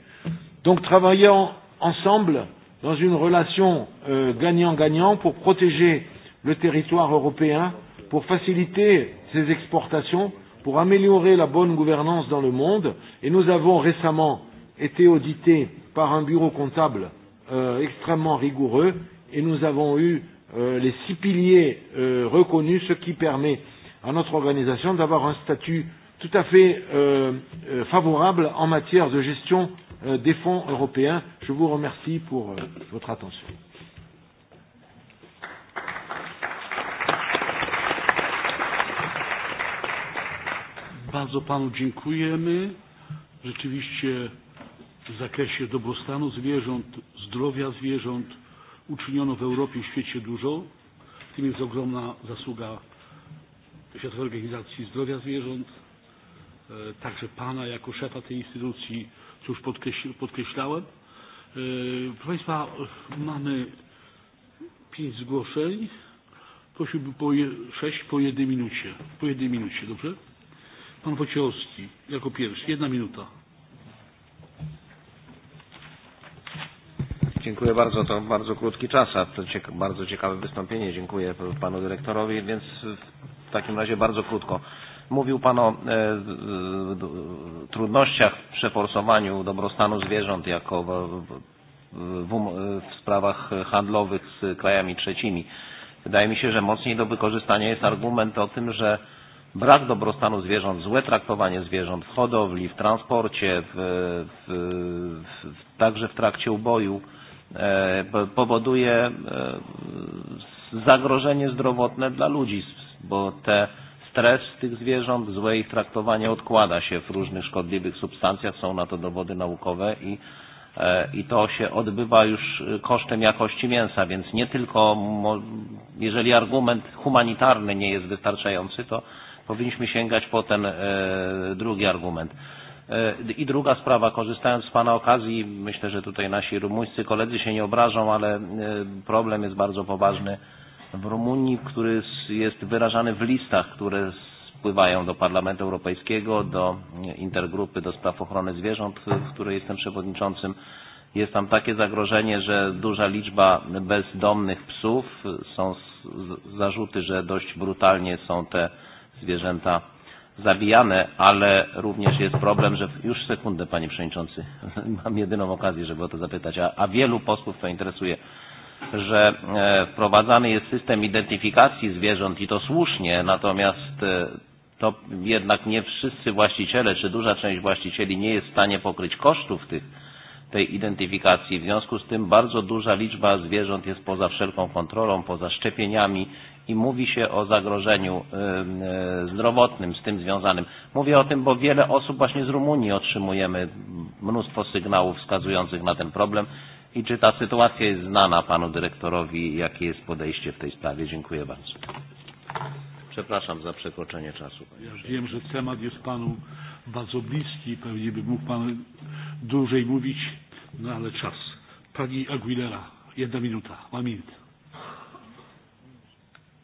Donc, travaillons ensemble dans une relation euh, gagnant-gagnant euh, pour protéger euh, le territoire européen pour faciliter ses exportations, pour améliorer la bonne gouvernance dans le monde. Et nous avons récemment été audités par un bureau comptable euh, extrêmement rigoureux et nous avons eu euh, les six piliers euh, reconnus, ce qui permet à notre organisation d'avoir un statut tout à fait euh, euh favorable en matière de gestion euh, des fonds européens. Je vous remercie pour euh, votre attention. Bardzo Panu dziękujemy. Rzeczywiście w zakresie dobrostanu zwierząt, zdrowia zwierząt uczyniono w Europie i świecie dużo. W tym jest ogromna zasługa Światowej Organizacji Zdrowia Zwierząt, e, także Pana jako szefa tej instytucji, co już podkreślałem. E, proszę Państwa, mamy pięć zgłoszeń. Prosiłbym po je, sześć po jednej minucie. Po jednej minucie, dobrze? Pan Wojciechowski jako pierwszy. Jedna minuta. Dziękuję bardzo. To bardzo krótki czas, a to cieka bardzo ciekawe wystąpienie. Dziękuję panu dyrektorowi, więc w takim razie bardzo krótko. Mówił pan o e, e, trudnościach w przeforsowaniu dobrostanu zwierząt jako w, w, w, um, w sprawach handlowych z krajami trzecimi. Wydaje mi się, że mocniej do wykorzystania jest argument o tym, że brak dobrostanu zwierząt, złe traktowanie zwierząt w hodowli, w transporcie, w, w, w, także w trakcie uboju e, powoduje e, zagrożenie zdrowotne dla ludzi, bo te stres tych zwierząt, złe ich traktowanie odkłada się w różnych szkodliwych substancjach, są na to dowody naukowe i e, i to się odbywa już kosztem jakości mięsa, więc nie tylko, jeżeli argument humanitarny nie jest wystarczający, to powinniśmy sięgać po ten e, drugi argument. E, I druga sprawa, korzystając z Pana okazji, myślę, że tutaj nasi rumuńscy koledzy się nie obrażą, ale e, problem jest bardzo poważny w Rumunii, który jest wyrażany w listach, które spływają do Parlamentu Europejskiego, do e, intergrupy do spraw ochrony zwierząt, w której jestem przewodniczącym. Jest tam takie zagrożenie, że duża liczba bezdomnych psów, e, są zarzuty, że dość brutalnie są te zwierzęta zabijane, ale również jest problem, że już sekundę Panie Przewodniczący, mam jedyną okazję, żeby o to zapytać, a, a wielu posłów to interesuje, że e, wprowadzany jest system identyfikacji zwierząt i to słusznie, natomiast e, to jednak nie wszyscy właściciele, czy duża część właścicieli nie jest w stanie pokryć kosztów tych, tej identyfikacji. W związku z tym bardzo duża liczba zwierząt jest poza wszelką kontrolą, poza szczepieniami i mówi się o zagrożeniu e, zdrowotnym z tym związanym. Mówię o tym, bo wiele osób właśnie z Rumunii otrzymujemy mnóstwo sygnałów wskazujących na ten problem. I czy ta sytuacja jest znana panu dyrektorowi? Jakie jest podejście w tej sprawie? Dziękuję bardzo. Przepraszam za przekroczenie czasu. Ja wiem, że temat jest panu bardzo bliski. Pewnie by mógł pan dłużej mówić, no ale czas. Pani Aguilera, jedna minuta, ma minutę.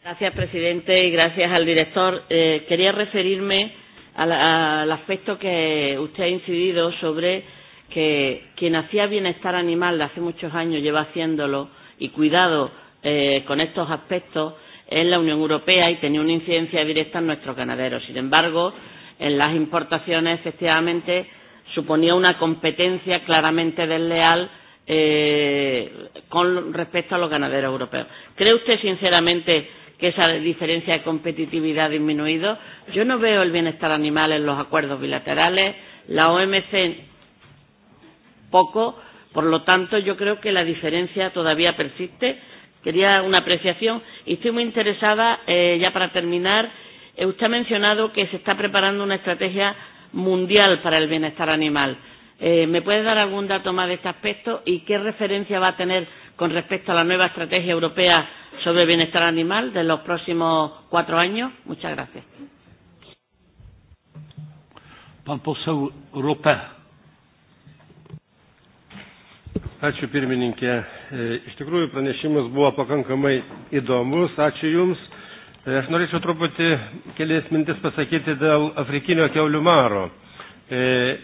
Gracias, presidente, y gracias al director. Eh, quería referirme al, al aspecto que usted ha incidido sobre que quien hacía bienestar animal de hace muchos años lleva haciéndolo y cuidado eh, con estos aspectos en la Unión Europea y tenía una incidencia directa en nuestros ganaderos. Sin embargo, en las importaciones efectivamente suponía una competencia claramente desleal eh, con respecto a los ganaderos europeos. ¿Cree usted sinceramente que esa diferencia de competitividad ha disminuido. Yo no veo el bienestar animal en los acuerdos bilaterales, la OMC poco, por lo tanto yo creo que la diferencia todavía persiste. Quería una apreciación y estoy muy interesada, eh, ya para terminar, eh, usted ha mencionado que se está preparando una estrategia mundial para el bienestar animal. Eh, ¿Me puede dar algún dato más de este aspecto y qué referencia va a tener con respecto a la nueva estrategia europea sobre bienestar animal de los próximos cuatro años? Muchas gracias. Pan poseł Rupe. Ačiū pirmininkė. E, iš tikrųjų pranešimas buvo pakankamai įdomus. Ačiū Jums. E, aš norėčiau truputį kelias mintis pasakyti dėl afrikinio keulių maro. E,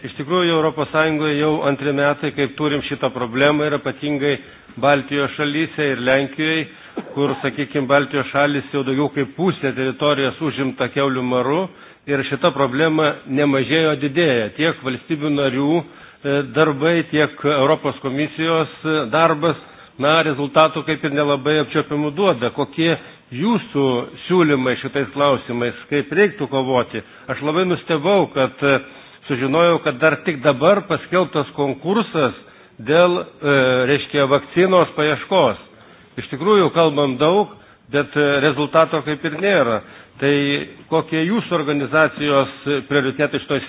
iš tikrųjų, Sąjungoje jau antrį metai, kaip turim šitą problemą yra ypatingai Baltijos šalyse ir Lenkijoje, kur, sakykime, Baltijos šalis jau daugiau kaip pusė teritorijos užimta keulių maru ir šita problema nemažėjo didėja tiek valstybių narių e, darbai, tiek Europos komisijos e, darbas, na, rezultatų kaip ir nelabai apčiopimų duoda. Kokie jūsų siūlymai šitais klausimais, kaip reiktų kovoti? Aš labai nustebau, kad sužinojau, kad dar tik dabar paskelbtas konkursas dėl, e, reiškia, vakcinos paieškos. Iš tikrųjų, kalbam daug, bet e, rezultato kaip ir nėra. Tai kokie jūsų organizacijos prioritetai iš to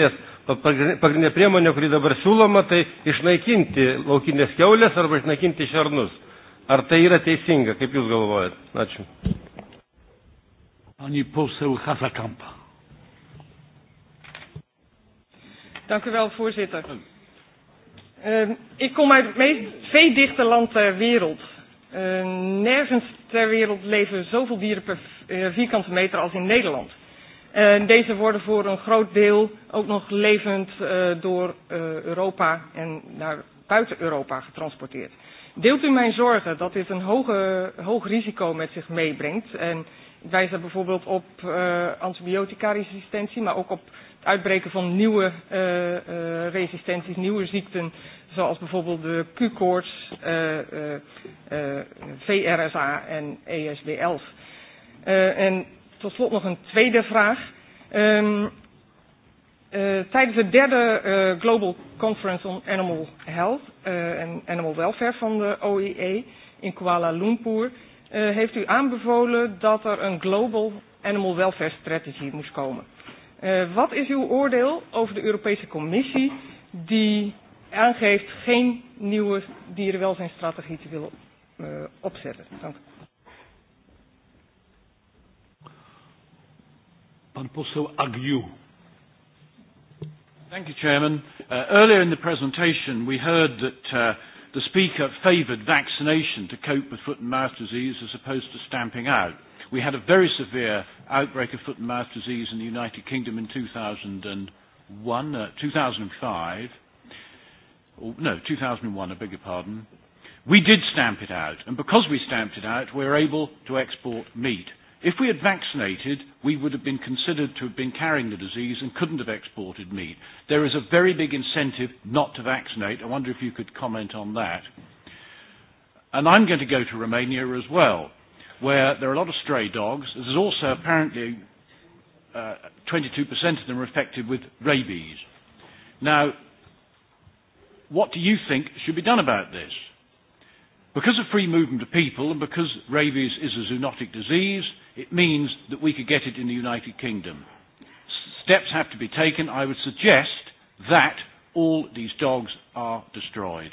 nes pagrindinė priemonė, kurį dabar siūloma, tai išnaikinti laukinės keulės arba išnaikinti šernus. Ar tai yra teisinga, kaip jūs galvojate? Ačiū. Ani poseu Hazakampa. Dank u wel, voorzitter. Uh, ik kom uit het meest veedichte land ter wereld. Uh, nergens ter wereld leven zoveel dieren per uh, vierkante meter als in Nederland. Uh, deze worden voor een groot deel ook nog levend uh, door uh, Europa en naar buiten Europa getransporteerd. Deelt u mijn zorgen dat dit een hoge, hoog risico met zich meebrengt? En ik wijs daar er bijvoorbeeld op uh, antibiotica-resistentie, maar ook op het uitbreken van nieuwe uh, uh, resistenties, nieuwe ziekten, zoals bijvoorbeeld de Q-koorts, uh, eh, uh, uh, VRSA en ESBL. Uh, en tot slot nog een tweede vraag. Um, uh, tijdens de derde uh, Global Conference on Animal Health en uh, Animal Welfare van de OIE in Kuala Lumpur uh, heeft u aanbevolen dat er een Global Animal Welfare Strategy moest komen. Uh, wat is uw oordeel over de Europese Commissie die aangeeft geen nieuwe dierenwelzijnstrategie te willen uh, opzetten? Dank u. Pan poseł Agnew. Thank you, Chairman. Uh, earlier in the presentation, we heard that uh, the speaker favoured vaccination to cope with foot and mouth disease as opposed to stamping out. We had a very severe outbreak of foot and mouth disease in the United Kingdom in 2001, uh, 2005. Or, no, 2001, I beg your pardon. We did stamp it out, and because we stamped it out, we were able to export meat. If we had vaccinated, we would have been considered to have been carrying the disease and couldn't have exported meat. There is a very big incentive not to vaccinate. I wonder if you could comment on that. And I'm going to go to Romania as well where there are a lot of stray dogs. There's also apparently uh, 22% of them are affected with rabies. Now, what do you think should be done about this? Because of free movement of people and because rabies is a zoonotic disease, it means that we could get it in the United Kingdom. Steps have to be taken. I would suggest that all these dogs are destroyed.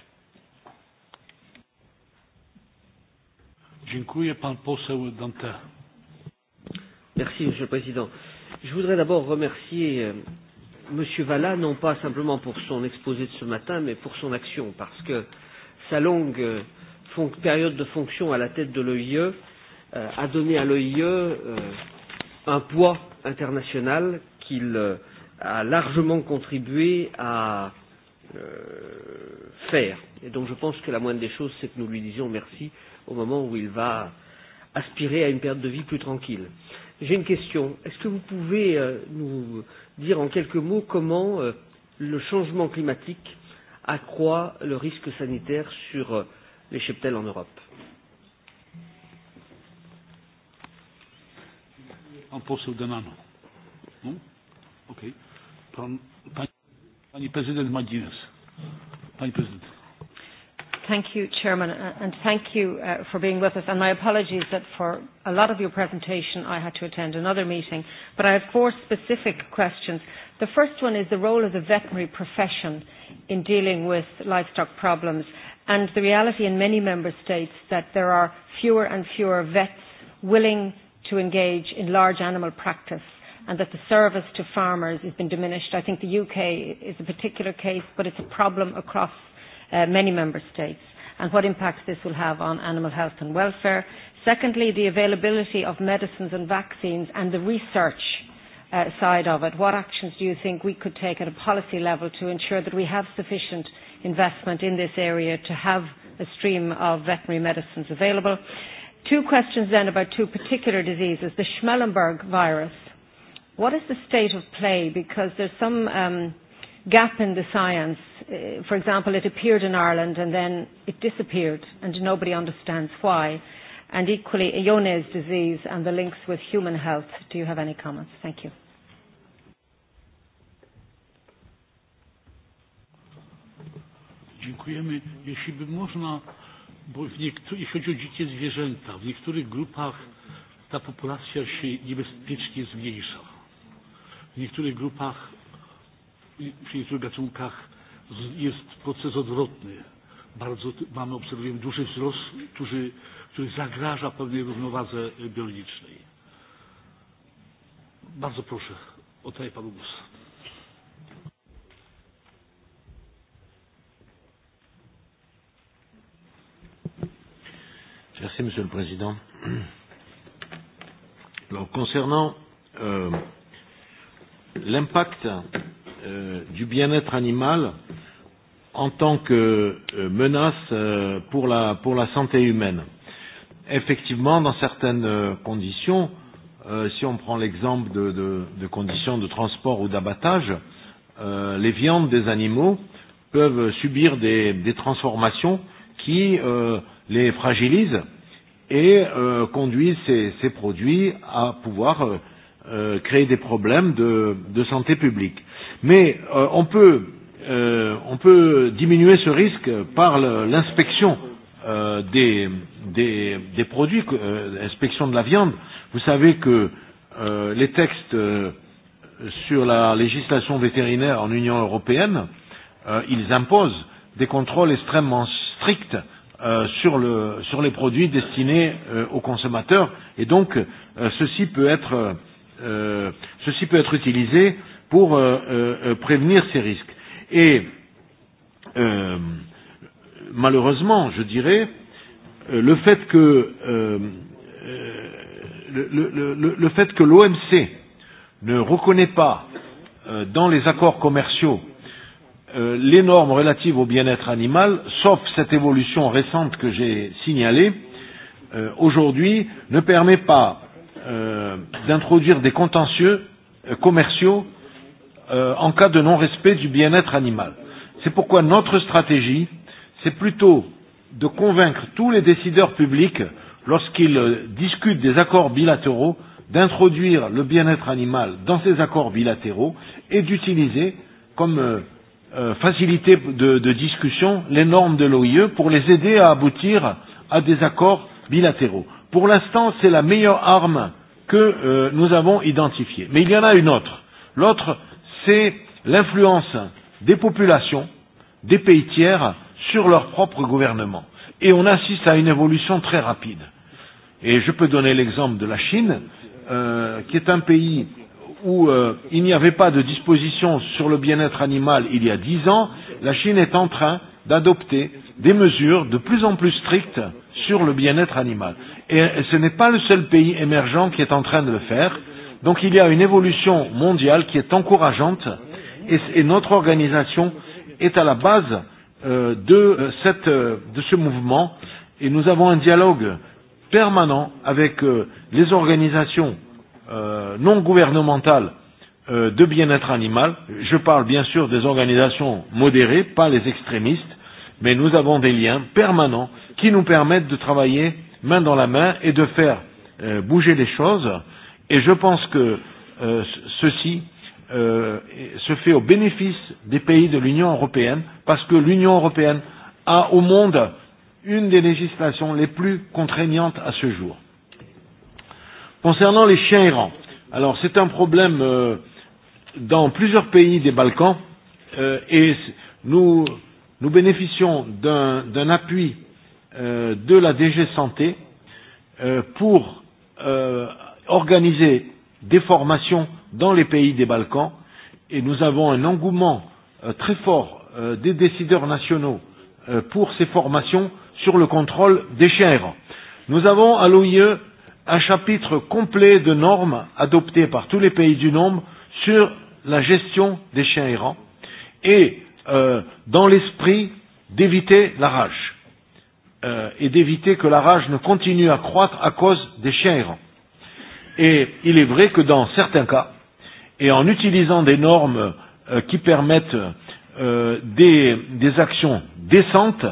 Dziękuję pan poseł Dante. Merci, Monsieur le Président. Je voudrais d'abord remercier euh, Monsieur Valla, non pas simplement pour son exposé de ce matin, mais pour son action, parce que sa longue euh, période de fonction à la tête de l'OIE euh, a donné à l'OIE euh, un poids international qu'il euh, a largement contribué à euh, faire. Et donc je pense que la moindre des choses, c'est que nous lui disions merci euh, au moment où il va aspirer à une période de vie plus tranquille. J'ai une question. Est-ce que vous pouvez euh, nous dire en quelques mots comment euh, le changement climatique accroît le risque sanitaire sur euh, les cheptels en Europe Pan poseł Denano. No? Non Okay. Pan, pani, pani prezydent Madines. Pani prezydent. Thank you, Chairman, and thank you uh, for being with us. And my apologies that for a lot of your presentation I had to attend another meeting, but I have four specific questions. The first one is the role of the veterinary profession in dealing with livestock problems and the reality in many member states that there are fewer and fewer vets willing to engage in large animal practice and that the service to farmers has been diminished. I think the UK is a particular case, but it's a problem across uh, many member states and what impacts this will have on animal health and welfare. Secondly, the availability of medicines and vaccines and the research uh, side of it. What actions do you think we could take at a policy level to ensure that we have sufficient investment in this area to have a stream of veterinary medicines available? Two questions then about two particular diseases. The Schmellenberg virus. What is the state of play? Because there's some um, gap in the science. Uh, for example, it appeared in Ireland and then it disappeared and nobody understands why. And equally, Ione's disease and the links with human health. Do you have any comments? Thank you. Dziękujemy. Jeśli by można, bo w niektórych, jeśli chodzi o dzikie zwierzęta, w niektórych grupach ta populacja się niebezpiecznie zmniejsza. W niektórych grupach w niektórych gatunkach jest proces odwrotny. Bardzo mamy, obserwujemy duży wzrost, który, który zagraża pewnej równowadze biologicznej. Bardzo proszę, oddaję panu głos. Merci, Monsieur le Président. Alors, concernant euh, l'impact Euh, du bien-être animal en tant que euh, menace euh, pour, la, pour la santé humaine. Effectivement, dans certaines euh, conditions, euh, si on prend l'exemple de, de, de conditions de transport ou d'abattage, euh, les viandes des animaux peuvent subir des, des transformations qui euh, les fragilisent et euh, conduisent ces, ces produits à pouvoir euh, euh créer des problèmes de, de santé publique. Mais euh, on, peut, euh, on peut diminuer ce risque par l'inspection euh, des, des, des produits, euh, inspection de la viande. Vous savez que euh, les textes euh, sur la législation vétérinaire en Union européenne, euh, ils imposent des contrôles extrêmement stricts euh, sur, le, sur les produits destinés euh, aux consommateurs et donc euh, ceci peut être euh, ceci peut être utilisé euh, pour euh, euh, euh, prévenir ces risques. Et euh, malheureusement, je dirais, euh, le fait que euh, euh, le, le, le, le l'OMC ne reconnaît pas euh, dans les accords commerciaux euh, les normes relatives au bien-être animal, sauf cette évolution récente que j'ai signalée, euh, aujourd'hui ne permet pas euh, d'introduire des contentieux euh, commerciaux euh, euh, en cas de non-respect du bien-être animal. C'est pourquoi notre stratégie, c'est plutôt de convaincre tous les décideurs publics, lorsqu'ils euh, discutent des accords bilatéraux, d'introduire le bien-être animal dans ces accords bilatéraux et d'utiliser comme euh, euh, facilité de, de discussion les normes de l'OIE pour les aider à aboutir à des accords bilatéraux. Pour l'instant, c'est la meilleure arme que euh, nous avons identifiée. Mais il y en a une autre. L'autre, c'est l'influence des populations des pays tiers sur leur propre gouvernement. Et on assiste à une évolution très rapide. Et je peux donner l'exemple de la Chine, euh, qui est un pays où euh, il n'y avait pas de disposition sur le bien-être animal il y a dix ans, la Chine est en train d'adopter des mesures de plus en plus strictes sur le bien-être animal. Et ce n'est pas le seul pays émergent qui est en train de le faire. Euh, Donc il y a une évolution mondiale qui est encourageante et, et notre organisation est à la base euh, de, euh, cette, euh, de ce mouvement et nous avons un dialogue permanent avec euh, les organisations euh, non gouvernementales euh, de bien-être animal. Je parle bien sûr des organisations modérées, pas les extrémistes, mais nous avons des liens permanents qui nous permettent de travailler main dans la main et de faire euh, bouger les choses. Et je pense que euh, ceci euh, se fait au bénéfice des pays de l'Union européenne, parce que l'Union européenne a au monde une des législations les plus contraignantes à ce jour. Concernant les chiens errants, alors c'est un problème euh, dans plusieurs pays des Balkans euh, et nous, nous bénéficions d'un appui euh, de la DG Santé euh, pour euh, organisé des formations dans les pays des Balkans et nous avons un engouement euh, très fort euh, des décideurs nationaux euh, pour ces formations sur le contrôle des chèvres. Nous avons à l'OIE un chapitre complet de normes adoptées par tous les pays du nombre sur la gestion des chiens errants et euh, dans l'esprit d'éviter la rage euh, et d'éviter que la rage ne continue à croître à cause des chiens errants. Et il est vrai que dans certains cas, et en utilisant des normes euh, qui permettent euh, des, des actions décentes,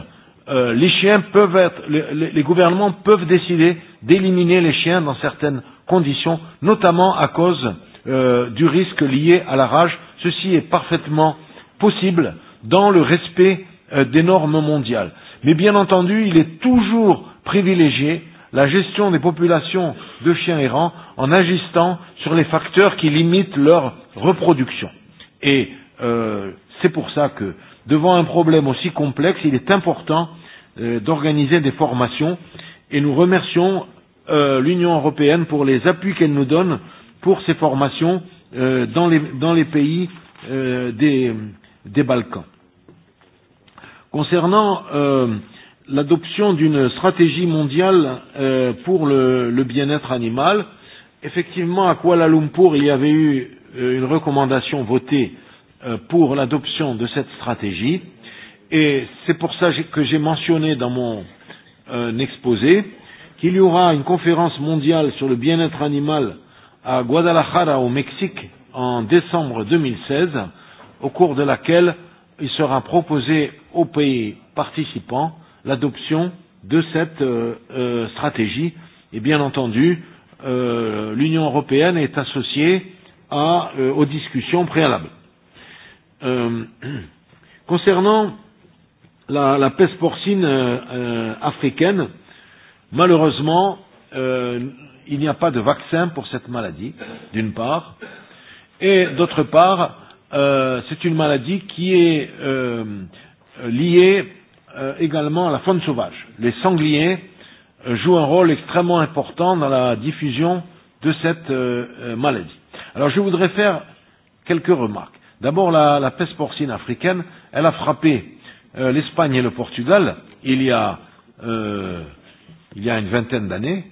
euh, les chiens peuvent être, les, les gouvernements peuvent décider d'éliminer les chiens dans certaines conditions, notamment à cause euh, du risque lié à la rage. Ceci est parfaitement possible dans le respect euh, des normes mondiales. Mais bien entendu, il est toujours privilégié la gestion des populations de chiens errants en agissant sur les facteurs qui limitent leur reproduction. Et euh, c'est pour ça que, devant un problème aussi complexe, il est important euh, d'organiser des formations et nous remercions euh, l'Union européenne pour les appuis qu'elle nous donne pour ces formations euh, dans, les, dans les pays euh, des, des Balkans. Concernant euh, l'adoption d'une stratégie mondiale euh, pour le, le bien-être animal, euh, Effectivement, à Kuala Lumpur, il y avait eu euh, une recommandation votée euh, pour l'adoption de cette stratégie. Et c'est pour ça que j'ai mentionné dans mon euh, exposé qu'il y aura une conférence mondiale sur le bien-être animal à Guadalajara, au Mexique, en décembre 2016, au cours de laquelle il sera proposé aux pays participants l'adoption de cette euh, euh, stratégie. Et bien entendu, euh, Euh, l'Union européenne est associée à, euh, aux discussions préalables. Euh, concernant la, la peste porcine euh, euh, africaine, malheureusement, euh, il n'y a pas de vaccin pour cette maladie, d'une part, et d'autre part, euh, c'est une maladie qui est euh, liée euh, également à la faune sauvage. Les sangliers joue un rôle extrêmement important dans la diffusion de cette euh, euh, maladie. Alors je voudrais faire quelques remarques. D'abord, la, la peste porcine africaine, elle a frappé euh, l'Espagne et le Portugal il y a, euh, il y a une vingtaine d'années,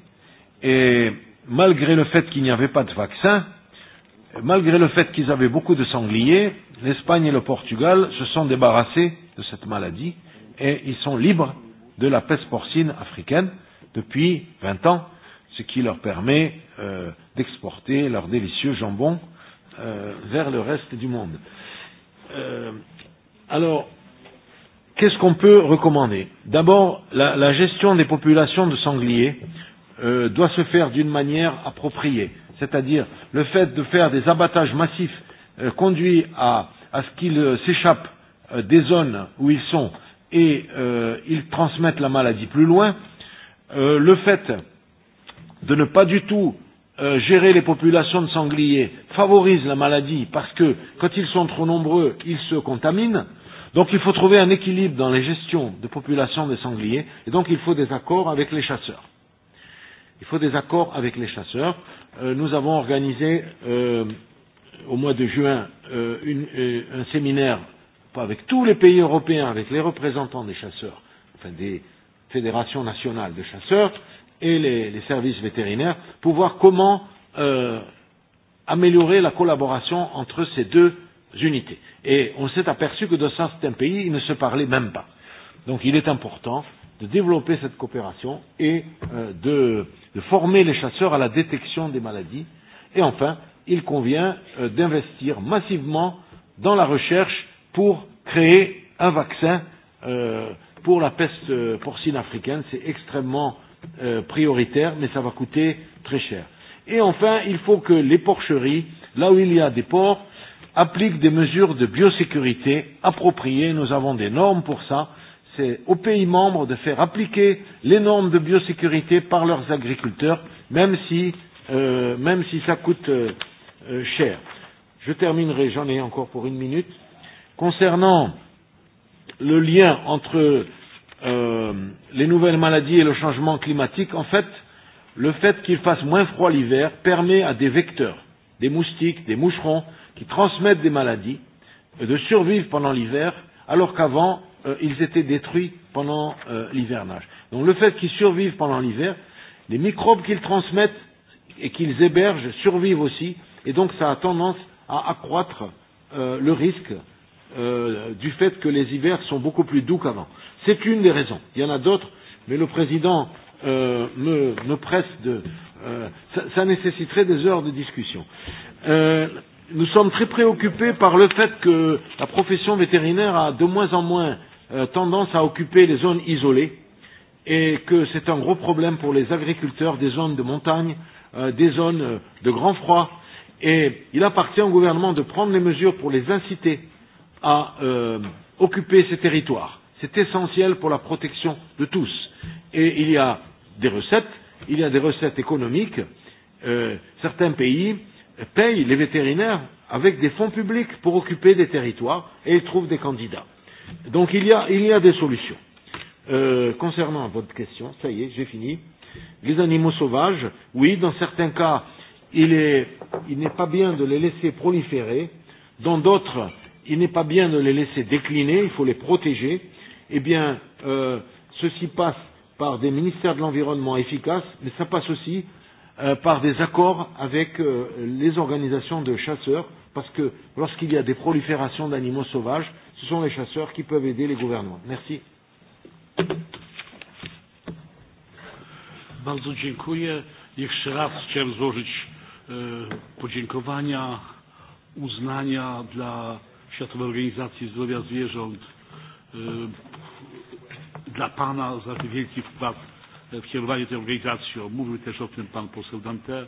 et malgré le fait qu'il n'y avait pas de vaccin, malgré le fait qu'ils avaient beaucoup de sangliers, l'Espagne et le Portugal se sont débarrassés de cette maladie et ils sont libres de la peste porcine africaine. Euh, depuis 20 ans, ce qui leur permet euh, d'exporter leur délicieux jambon euh, vers le reste du monde. Euh, alors, qu'est-ce qu'on peut recommander D'abord, la, la gestion des populations de sangliers euh, doit se faire d'une manière appropriée, c'est-à-dire le fait de faire des abattages massifs euh, conduit à, à ce qu'ils euh, s'échappent euh, des zones où ils sont et euh, ils transmettent la maladie plus loin, euh, Euh, le fait de ne pas du tout euh, gérer les populations de sangliers favorise la maladie parce que quand ils sont trop nombreux, ils se contaminent. Donc il faut trouver un équilibre dans les gestions de populations des sangliers et donc il faut des accords avec les chasseurs. Il faut des accords avec les chasseurs. Euh, nous avons organisé euh, au mois de juin euh, une, euh, un séminaire avec tous les pays européens, avec les représentants des chasseurs, enfin des, Fédération nationale de chasseurs et les, les services vétérinaires pour voir comment euh, améliorer la collaboration entre ces deux unités. Et on s'est aperçu que dans certains pays, ils ne se parlaient même pas. Donc il est important de développer cette coopération et euh, de, de former les chasseurs à la détection des maladies. Et enfin, il convient euh, d'investir massivement dans la recherche pour créer un vaccin euh, pour la peste euh, porcine africaine, c'est extrêmement euh, prioritaire, mais ça va coûter très cher. Et enfin, il faut que les porcheries, là où il y a des porcs, appliquent des mesures de biosécurité appropriées. Nous avons des normes pour ça. C'est aux pays membres de faire appliquer les normes de biosécurité par leurs agriculteurs, même si, euh, même si ça coûte euh, euh, cher. Je terminerai, j'en ai encore pour une minute. Concernant le lien entre euh, les nouvelles maladies et le changement climatique, en fait, le fait qu'il fasse moins froid l'hiver permet à des vecteurs, des moustiques, des moucherons, qui transmettent des maladies, euh, de survivre pendant l'hiver, alors qu'avant, euh, ils étaient détruits pendant euh, l'hivernage. Donc le fait qu'ils survivent pendant l'hiver, les microbes qu'ils transmettent et qu'ils hébergent survivent aussi, et donc ça a tendance à accroître euh, le risque Euh, du fait que les hivers sont beaucoup plus doux qu'avant. C'est une des raisons. Il y en a d'autres, mais le président euh, me, me presse de. Euh, ça, ça nécessiterait des heures de discussion. Euh, nous sommes très préoccupés par le fait que la profession vétérinaire a de moins en moins euh, tendance à occuper les zones isolées et que c'est un gros problème pour les agriculteurs des zones de montagne, euh, des zones euh, de grand froid. Et il appartient au gouvernement de prendre les mesures pour les inciter à euh, occuper ces territoires. C'est essentiel pour la protection de tous. Et il y a des recettes, il y a des recettes économiques. Euh, certains pays payent les vétérinaires avec des fonds publics pour occuper des territoires et ils trouvent des candidats. Donc il y a, il y a des solutions. Euh, concernant votre question, ça y est, j'ai fini. Les animaux sauvages, oui, dans certains cas, il n'est il pas bien de les laisser proliférer. Dans d'autres, il n'est pas bien de les laisser décliner, il faut les protéger. Eh bien, euh, ceci passe par des ministères de l'environnement efficaces, mais ça passe aussi euh, par des accords avec euh, les organisations de chasseurs, parce que lorsqu'il y a des proliférations d'animaux sauvages, ce sont les chasseurs qui peuvent aider les gouvernements. Merci. Bardzo dziękuję. Jeszcze raz chciałem złożyć e, podziękowania, uznania dla Światowej Organizacji Zdrowia Zwierząt e, dla Pana za ten wielki wkład w kierowanie tej organizacją. Mówił też o tym Pan poseł Dante. E,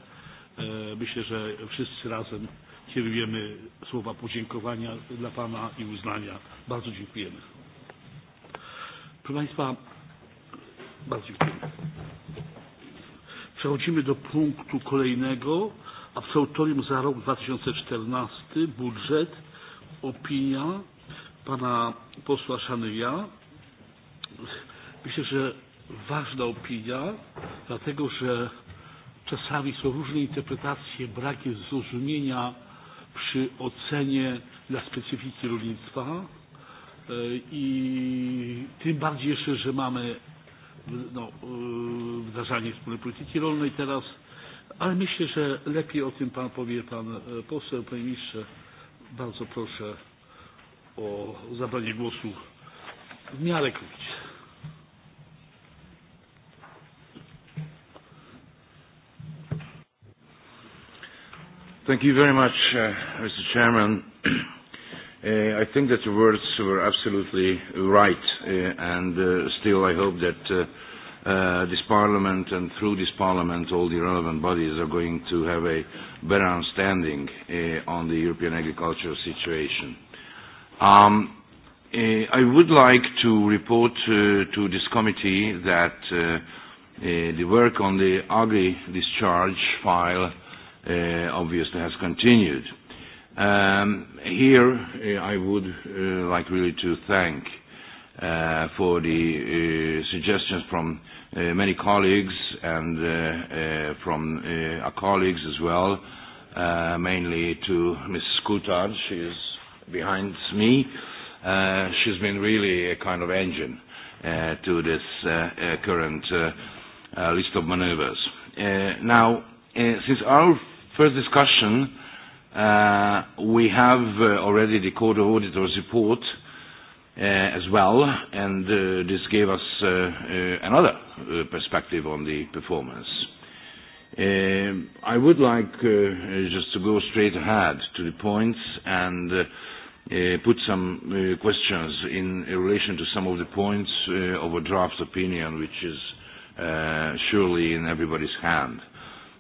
myślę, że wszyscy razem kierujemy słowa podziękowania dla Pana i uznania. Bardzo dziękujemy. Proszę Państwa, bardzo dziękujemy. Przechodzimy do punktu kolejnego. Absolutorium za rok 2014, budżet opinia pana posła Szanyja. Myślę, że ważna opinia, dlatego że czasami są różne interpretacje, brak jest zrozumienia przy ocenie dla specyfiki rolnictwa e, i tym bardziej jeszcze, że mamy no, e, wdrażanie wspólnej polityki rolnej teraz, ale myślę, że lepiej o tym Pan powie, Pan e, poseł, Panie Ministrze Bardzo proszę o zabranie głosu w miarę krótkie. Thank you very much, uh, Mr. Chairman. uh, I think that the words were absolutely right, uh, and uh, still I hope that uh, uh, this parliament and through this parliament all the relevant bodies are going to have a better understanding uh, on the European agricultural situation. Um, uh, I would like to report uh, to this committee that uh, uh, the work on the agri discharge file uh, obviously has continued. Um, here uh, I would uh, like really to thank uh, uh, for the uh, suggestions from uh, many colleagues and uh, uh, from uh, our colleagues as well, uh, mainly to Ms. Coulthard. She is behind me. Uh, she's been really a kind of engine uh, to this uh, uh, current uh, uh, list of maneuvers. Uh, now, uh, since our first discussion, uh, we have uh, already the Court of Auditors report uh, uh, as well, and uh, this gave us uh, uh, another uh, perspective on the performance. Uh, I would like uh, uh, just to go straight ahead to the points and uh, uh, put some uh, questions in relation to some of the points uh, of a draft opinion, which is uh, surely in everybody's hand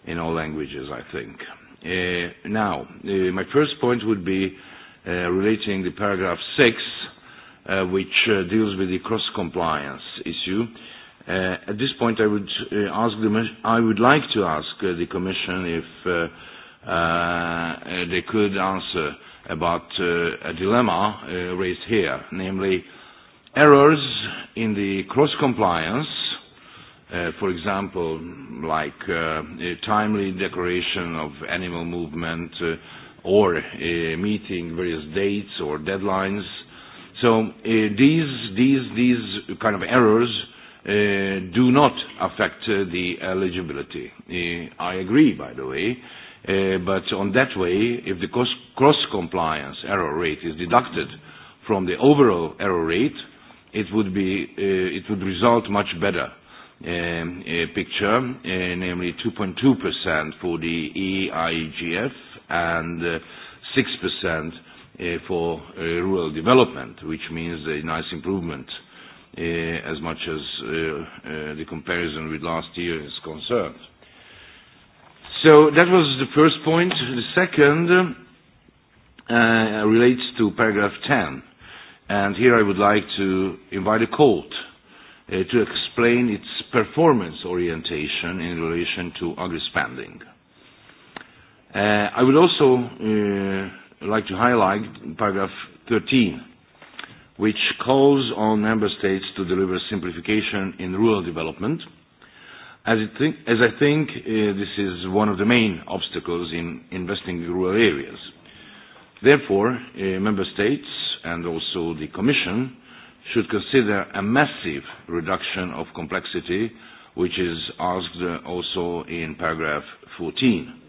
in all languages, I think. Uh, now, uh, my first point would be uh, relating the paragraph 6 uh, which uh, deals with the cross-compliance issue. Uh, at this point, I would uh, ask the, I would like to ask uh, the Commission if uh, uh, they could answer about uh, a dilemma uh, raised here, namely errors in the cross-compliance, uh, for example, like uh, a timely declaration of animal movement uh, or uh, meeting various dates or deadlines, So uh, these, these, these kind of errors uh, do not affect uh, the eligibility. Uh, I agree, by the way, uh, but on that way, if the cross-compliance error rate is deducted from the overall error rate, it would, be, uh, it would result much better um, picture, uh, namely 2.2% for the EIGF and uh, 6% uh, for uh, rural development, which means a nice improvement uh, as much as uh, uh, the comparison with last year is concerned. So that was the first point. The second uh, relates to paragraph 10. And here I would like to invite a court uh, to explain its performance orientation in relation to agri-spending. Uh, I would also uh, like to highlight paragraph 13, which calls on member states to deliver simplification in rural development, as, it think, as I think uh, this is one of the main obstacles in investing in rural areas. Therefore, uh, member states and also the Commission should consider a massive reduction of complexity, which is asked uh, also in paragraph 14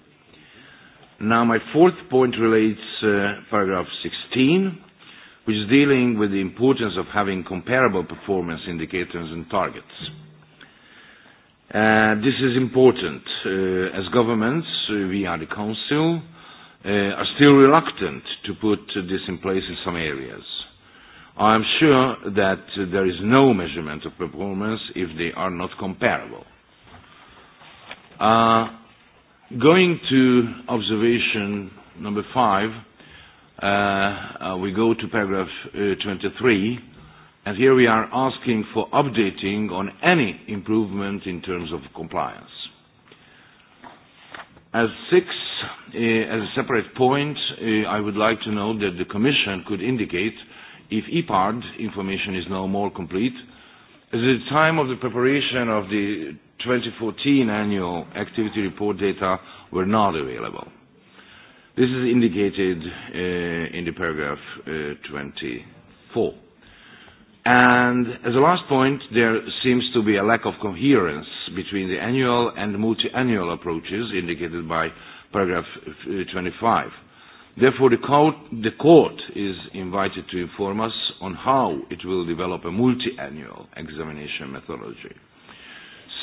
Now my fourth point relates uh, paragraph 16, which is dealing with the importance of having comparable performance indicators and targets. Uh, this is important uh, as governments uh, are the Council uh, are still reluctant to put uh, this in place in some areas. I am sure that uh, there is no measurement of performance if they are not comparable. Uh, Going to observation number five, uh, uh, we go to paragraph uh, 23, and here we are asking for updating on any improvement in terms of compliance. As six, uh, as a separate point, uh, I would like to note that the Commission could indicate if EPARD information is now more complete. At the time of the preparation of the 2014 annual activity report data were not available. This is indicated uh, in the paragraph uh, 24. And as a last point, there seems to be a lack of coherence between the annual and multi-annual approaches indicated by paragraph 25. Uh, Therefore, the court, the court is invited to inform us on how it will develop a multi-annual examination methodology.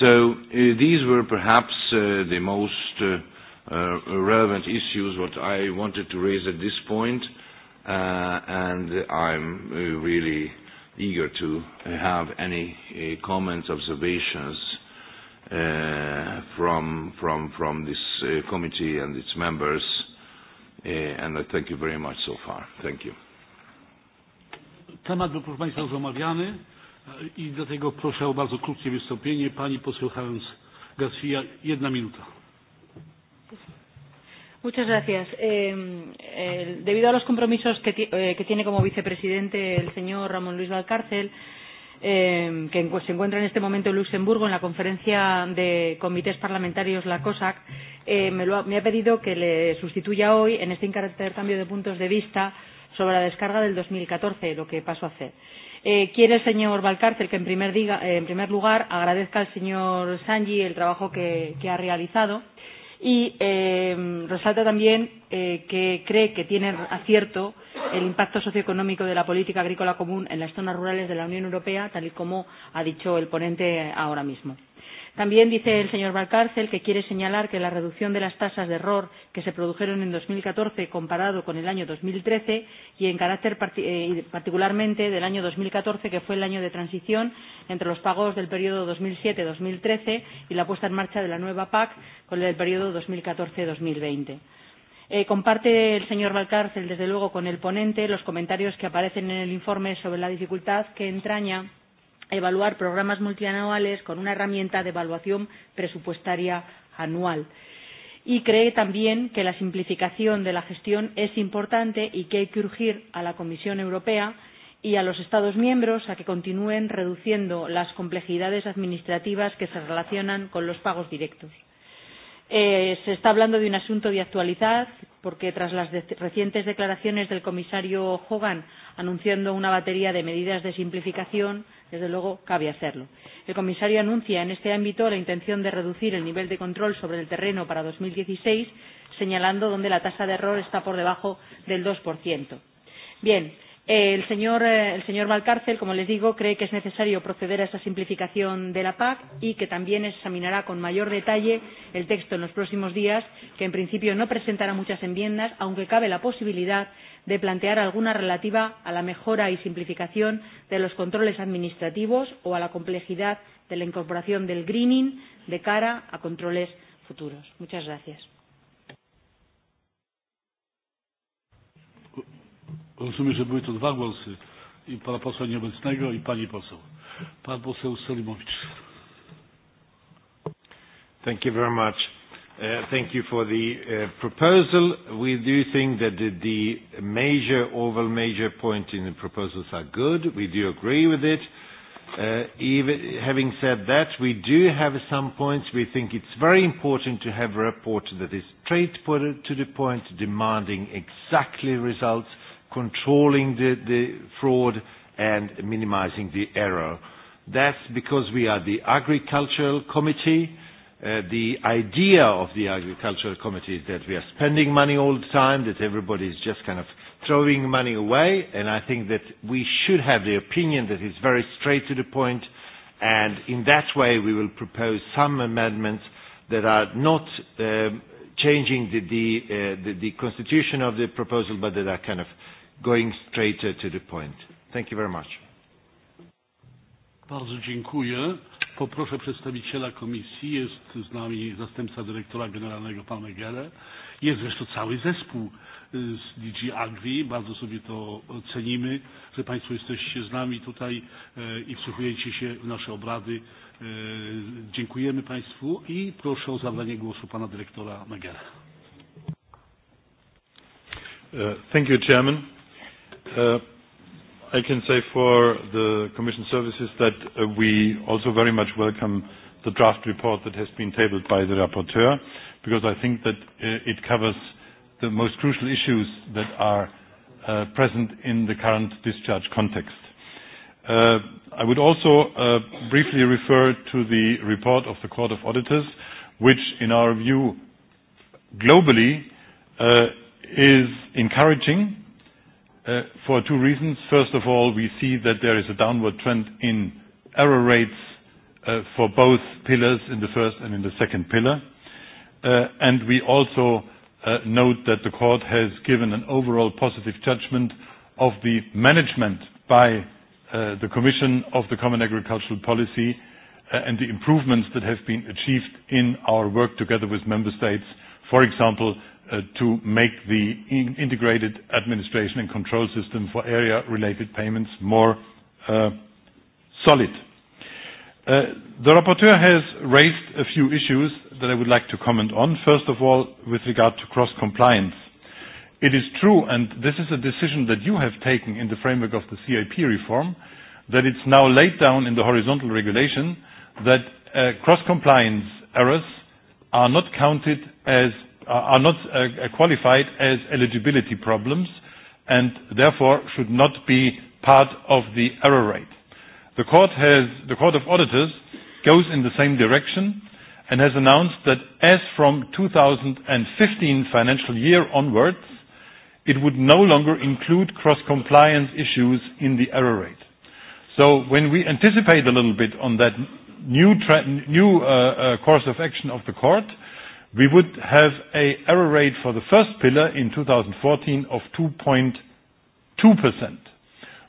So uh, these were perhaps uh, the most uh, relevant issues what I wanted to raise at this point, uh, and I'm really eager to have any uh, comments, observations uh, from from from this uh, committee and its members. Uh, and I thank you very much so far. Thank you. Temat był proszę Państwa już omawiany. I dlatego proszę o bardzo krótkie wystąpienie. Pani poseł Hans Garcia, jedna minuta. Muchas gracias. Eh, eh, debido a los compromisos que, eh, que tiene como vicepresidente el señor Ramón Luis Valcárcel, eh, que en, pues, se encuentra en este momento en Luxemburgo en la conferencia de comités parlamentarios, la COSAC, eh, me, lo ha, me ha pedido que le sustituya hoy en este cambio de puntos de vista sobre la descarga del 2014, lo que paso a hacer. Eh, quiere el señor Valcárcel que en primer, diga, eh, en primer lugar agradezca al señor Sanji el trabajo que, que ha realizado y eh, resalta también eh, que cree que tiene acierto el impacto socioeconómico de la política agrícola común en las zonas rurales de la Unión Europea, tal y como ha dicho el ponente ahora mismo. También dice el señor Valcárcel que quiere señalar que la reducción de las tasas de error que se produjeron en 2014 comparado con el año 2013 y en carácter eh, particularmente del año 2014, que fue el año de transición entre los pagos del periodo 2007-2013 y la puesta en marcha de la nueva PAC con el periodo 2014-2020. Eh, comparte el señor Valcárcel, desde luego, con el ponente los comentarios que aparecen en el informe sobre la dificultad que entraña evaluar programas multianuales con una herramienta de evaluación presupuestaria anual. Y cree también que la simplificación de la gestión es importante y que hay que urgir a la Comisión Europea y a los Estados miembros a que continúen reduciendo las complejidades administrativas que se relacionan con los pagos directos. Eh, se está hablando de un asunto de actualidad porque tras las de recientes declaraciones del comisario Hogan anunciando una batería de medidas de simplificación, Desde luego, cabe hacerlo. El comisario anuncia en este ámbito la intención de reducir el nivel de control sobre el terreno para 2016, señalando donde la tasa de error está por debajo del 2%. Bien, El señor, eh, el señor Valcárcel, como les digo, cree que es necesario proceder a esa simplificación de la PAC y que también examinará con mayor detalle el texto en los próximos días, que en principio no presentará muchas enmiendas, aunque cabe la posibilidad de plantear alguna relativa a la mejora y simplificación de los controles administrativos o a la complejidad de la incorporación del greening de cara a controles futuros. Muchas gracias. Rozumiem, że były to dwa głosy i pana posła nieobecnego i pani poseł. Pan poseł Solimowicz. Thank you very much. Uh, thank you for the uh, proposal. We do think that the major, overall major point in the proposals are good. We do agree with it. Uh, having said that, we do have some points. We think it's very important to have a report that is straight to the point, demanding exactly results, controlling the fraud, and minimizing the error. That's because we are the agricultural committee, Uh, the idea of the agricultural committee is that we are spending money all the time, that everybody is just kind of throwing money away, and I think that we should have the opinion that is very straight to the point, and in that way we will propose some amendments that are not um, changing the, the, uh, the, the constitution of the proposal, but that are kind of going straighter to the point. Thank you very much. Bardzo dziękuję. Poproszę przedstawiciela komisji, jest z nami zastępca dyrektora generalnego pan Megele. Jest zresztą cały zespół z DG Agri. Bardzo sobie to cenimy, że Państwo jesteście z nami tutaj i wsłuchujecie się w nasze obrady. Dziękujemy Państwu i proszę o zabranie głosu Pana Dyrektora Megele. Uh, thank you, Chairman. Uh, I can say for the Commission Services that uh, we also very much welcome the draft report that has been tabled by the rapporteur, because I think that uh, it covers the most crucial issues that are uh, present in the current discharge context. Uh, I would also uh, briefly refer to the report of the Court of Auditors, which in our view globally uh, is encouraging Uh, for two reasons. First of all, we see that there is a downward trend in error rates uh, for both pillars in the first and in the second pillar. Uh, and We also note that the court has given an overall positive judgment of the management by the Commission of the Common Agricultural Policy and the improvements that have been achieved in our work together with member states, for example, Uh, to make the integrated administration and control system for area-related payments more uh, solid. Uh, the rapporteur has raised a few issues that I would like to comment on. First of all, with regard to cross-compliance. It is true, and this is a decision that you have taken in the framework of the CIP reform, that it's now laid down in the horizontal regulation that cross-compliance errors are not counted as are not uh, qualified as eligibility problems and therefore should not be part of the error rate. The Court, has, the court of Auditors goes in the same direction and has announced that as from 2015 financial year onwards, it would no longer include cross-compliance issues in the error rate. So When we anticipate a little bit on that new, new uh, uh, course of action of the court, we would have a error rate for the first pillar in 2014 of 2.2%,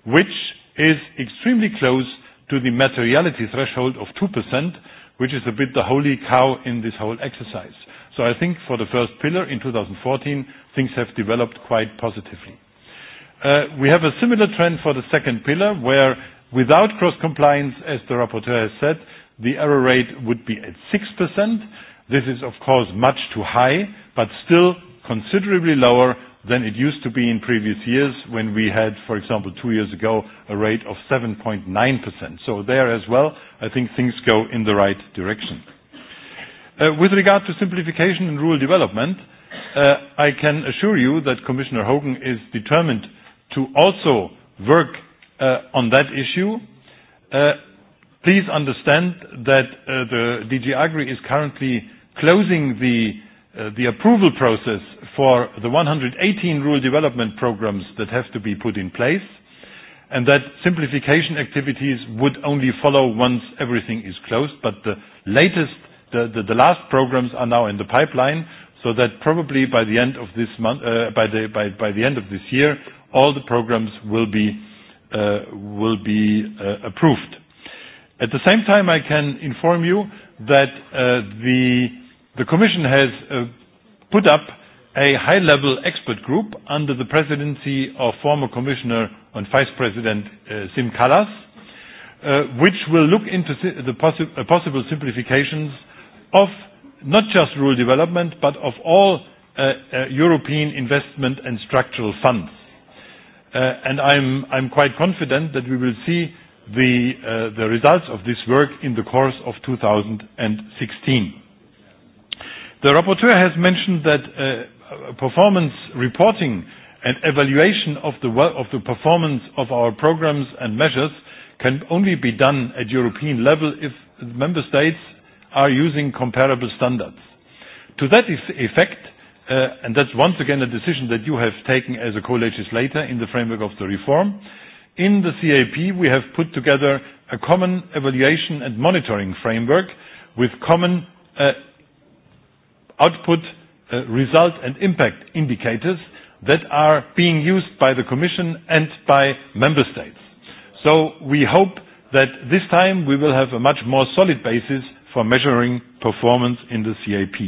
which is extremely close to the materiality threshold of 2%, which is a bit the holy cow in this whole exercise. So I think for the first pillar in 2014, things have developed quite positively. Uh, we have a similar trend for the second pillar, where without cross-compliance, as the rapporteur has said, the error rate would be at 6%, This is, of course, much too high, but still considerably lower than it used to be in previous years when we had, for example, two years ago, a rate of 7.9%. So there as well, I think things go in the right direction. Uh, with regard to simplification and rural development, uh, I can assure you that Commissioner Hogan is determined to also work uh, on that issue. Uh, please understand that uh, the DG Agri is currently closing the, uh, the approval process for the 118 rural development programs that have to be put in place, and that simplification activities would only follow once everything is closed. But the latest, the, the, the last programs are now in the pipeline, so that probably by the end of this month, uh, by, the, by, by the end of this year, all the programs will be, uh, will be uh, approved. At the same time, I can inform you that uh, the The Commission has uh, put up a high-level expert group under the presidency of former Commissioner and Vice President uh, Sim Kallas, uh, which will look into the possi uh, possible simplifications of not just rural development, but of all uh, uh, European investment and structural funds. Uh, and I'm, I'm quite confident that we will see the, uh, the results of this work in the course of 2016. The rapporteur has mentioned that uh, performance reporting and evaluation of the, of the performance of our programs and measures can only be done at European level if member states are using comparable standards. To that effect, uh, and that's once again a decision that you have taken as a co-legislator in the framework of the reform, in the CAP we have put together a common evaluation and monitoring framework with common uh, output, uh, result, and impact indicators that are being used by the Commission and by member states. So we hope that this time we will have a much more solid basis for measuring performance in the CAP.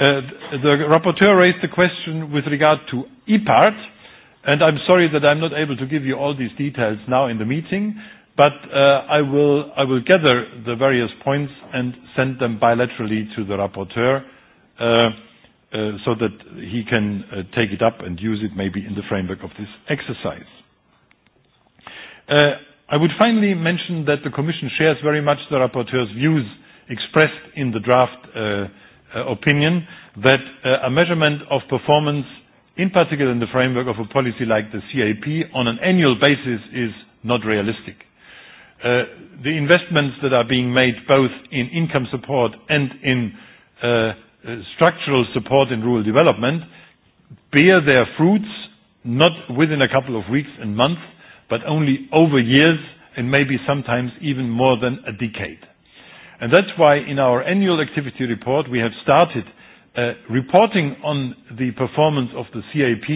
Uh, the rapporteur raised the question with regard to EPART, and I'm sorry that I'm not able to give you all these details now in the meeting but uh, I will I will gather the various points and send them bilaterally to the rapporteur uh, uh, so that he can uh, take it up and use it maybe in the framework of this exercise. Uh, I would finally mention that the Commission shares very much the rapporteur's views expressed in the draft uh, uh, opinion that uh, a measurement of performance, in particular in the framework of a policy like the CAP, on an annual basis is not realistic Uh, the investments that are being made both in income support and in uh, uh, structural support in rural development bear their fruits, not within a couple of weeks and months, but only over years and maybe sometimes even more than a decade. And That's why in our annual activity report, we have started uh, reporting on the performance of the CAP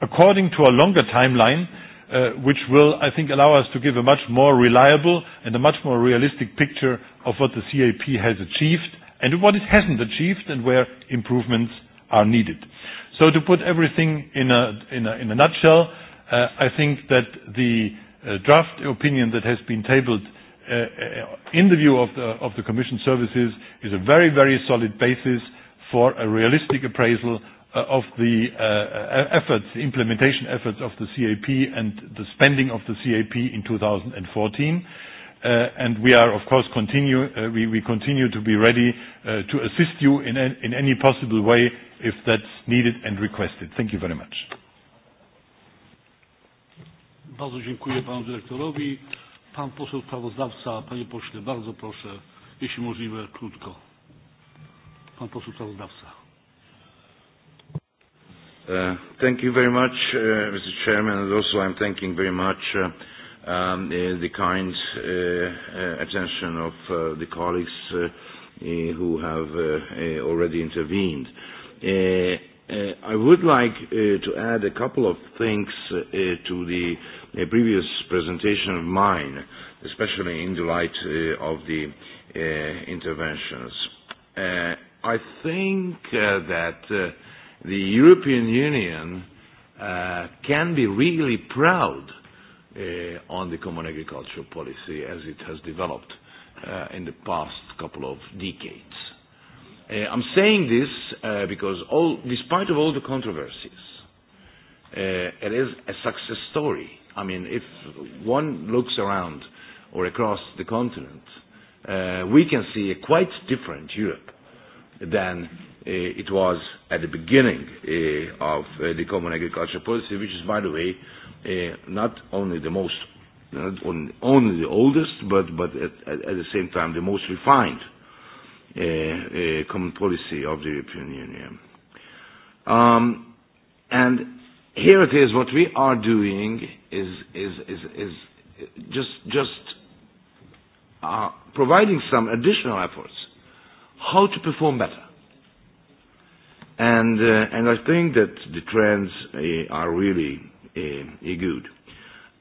according to a longer timeline, Uh, which will, I think, allow us to give a much more reliable and a much more realistic picture of what the CAP has achieved and what it hasn't achieved and where improvements are needed. So To put everything in a in a in a nutshell, uh, I think that the uh, draft opinion that has been tabled uh, uh in the view of the of the Commission services is a very, very solid basis for a realistic appraisal Uh, of the uh, uh, efforts, the implementation efforts of the CAP and the spending of the CAP in 2014. Uh, and we are, of course, continue, uh, we, we continue to be ready uh, to assist you in, an, in any possible way if that's needed and requested. Thank you very much. Bardzo dziękuję panu dyrektorowi. Pan poseł sprawozdawca, panie pośle, bardzo proszę, jeśli możliwe, krótko. Pan poseł sprawozdawca. Uh, thank you very much, uh, Mr. Chairman, and also I'm thanking very much uh, um, uh, the kind uh, uh, attention of uh, the colleagues uh, uh, who have uh, uh, already intervened. Uh, Uh, I would like uh, to add a couple of things uh, uh to the uh, previous presentation of mine, especially in the light of the interventions. I think that the European Union uh, can be really proud uh, on the common agricultural policy as it has developed uh, in the past couple of decades. Uh, I'm saying this uh, because all, despite of all the controversies, uh, it is a success story. I mean, if one looks around or across the continent, uh, we can see a quite different Europe than Eh, it was at the beginning uh, of uh, the common Agriculture policy, which is, by the way, uh, not only the most, not only the oldest, but, but at, at, at the same time the most refined uh, uh, common policy of the European Union. Um, and here it is, what we are doing is, is, is, is just, just uh, providing some additional efforts how to perform better And, uh, and I think that the trends uh, are really uh, good.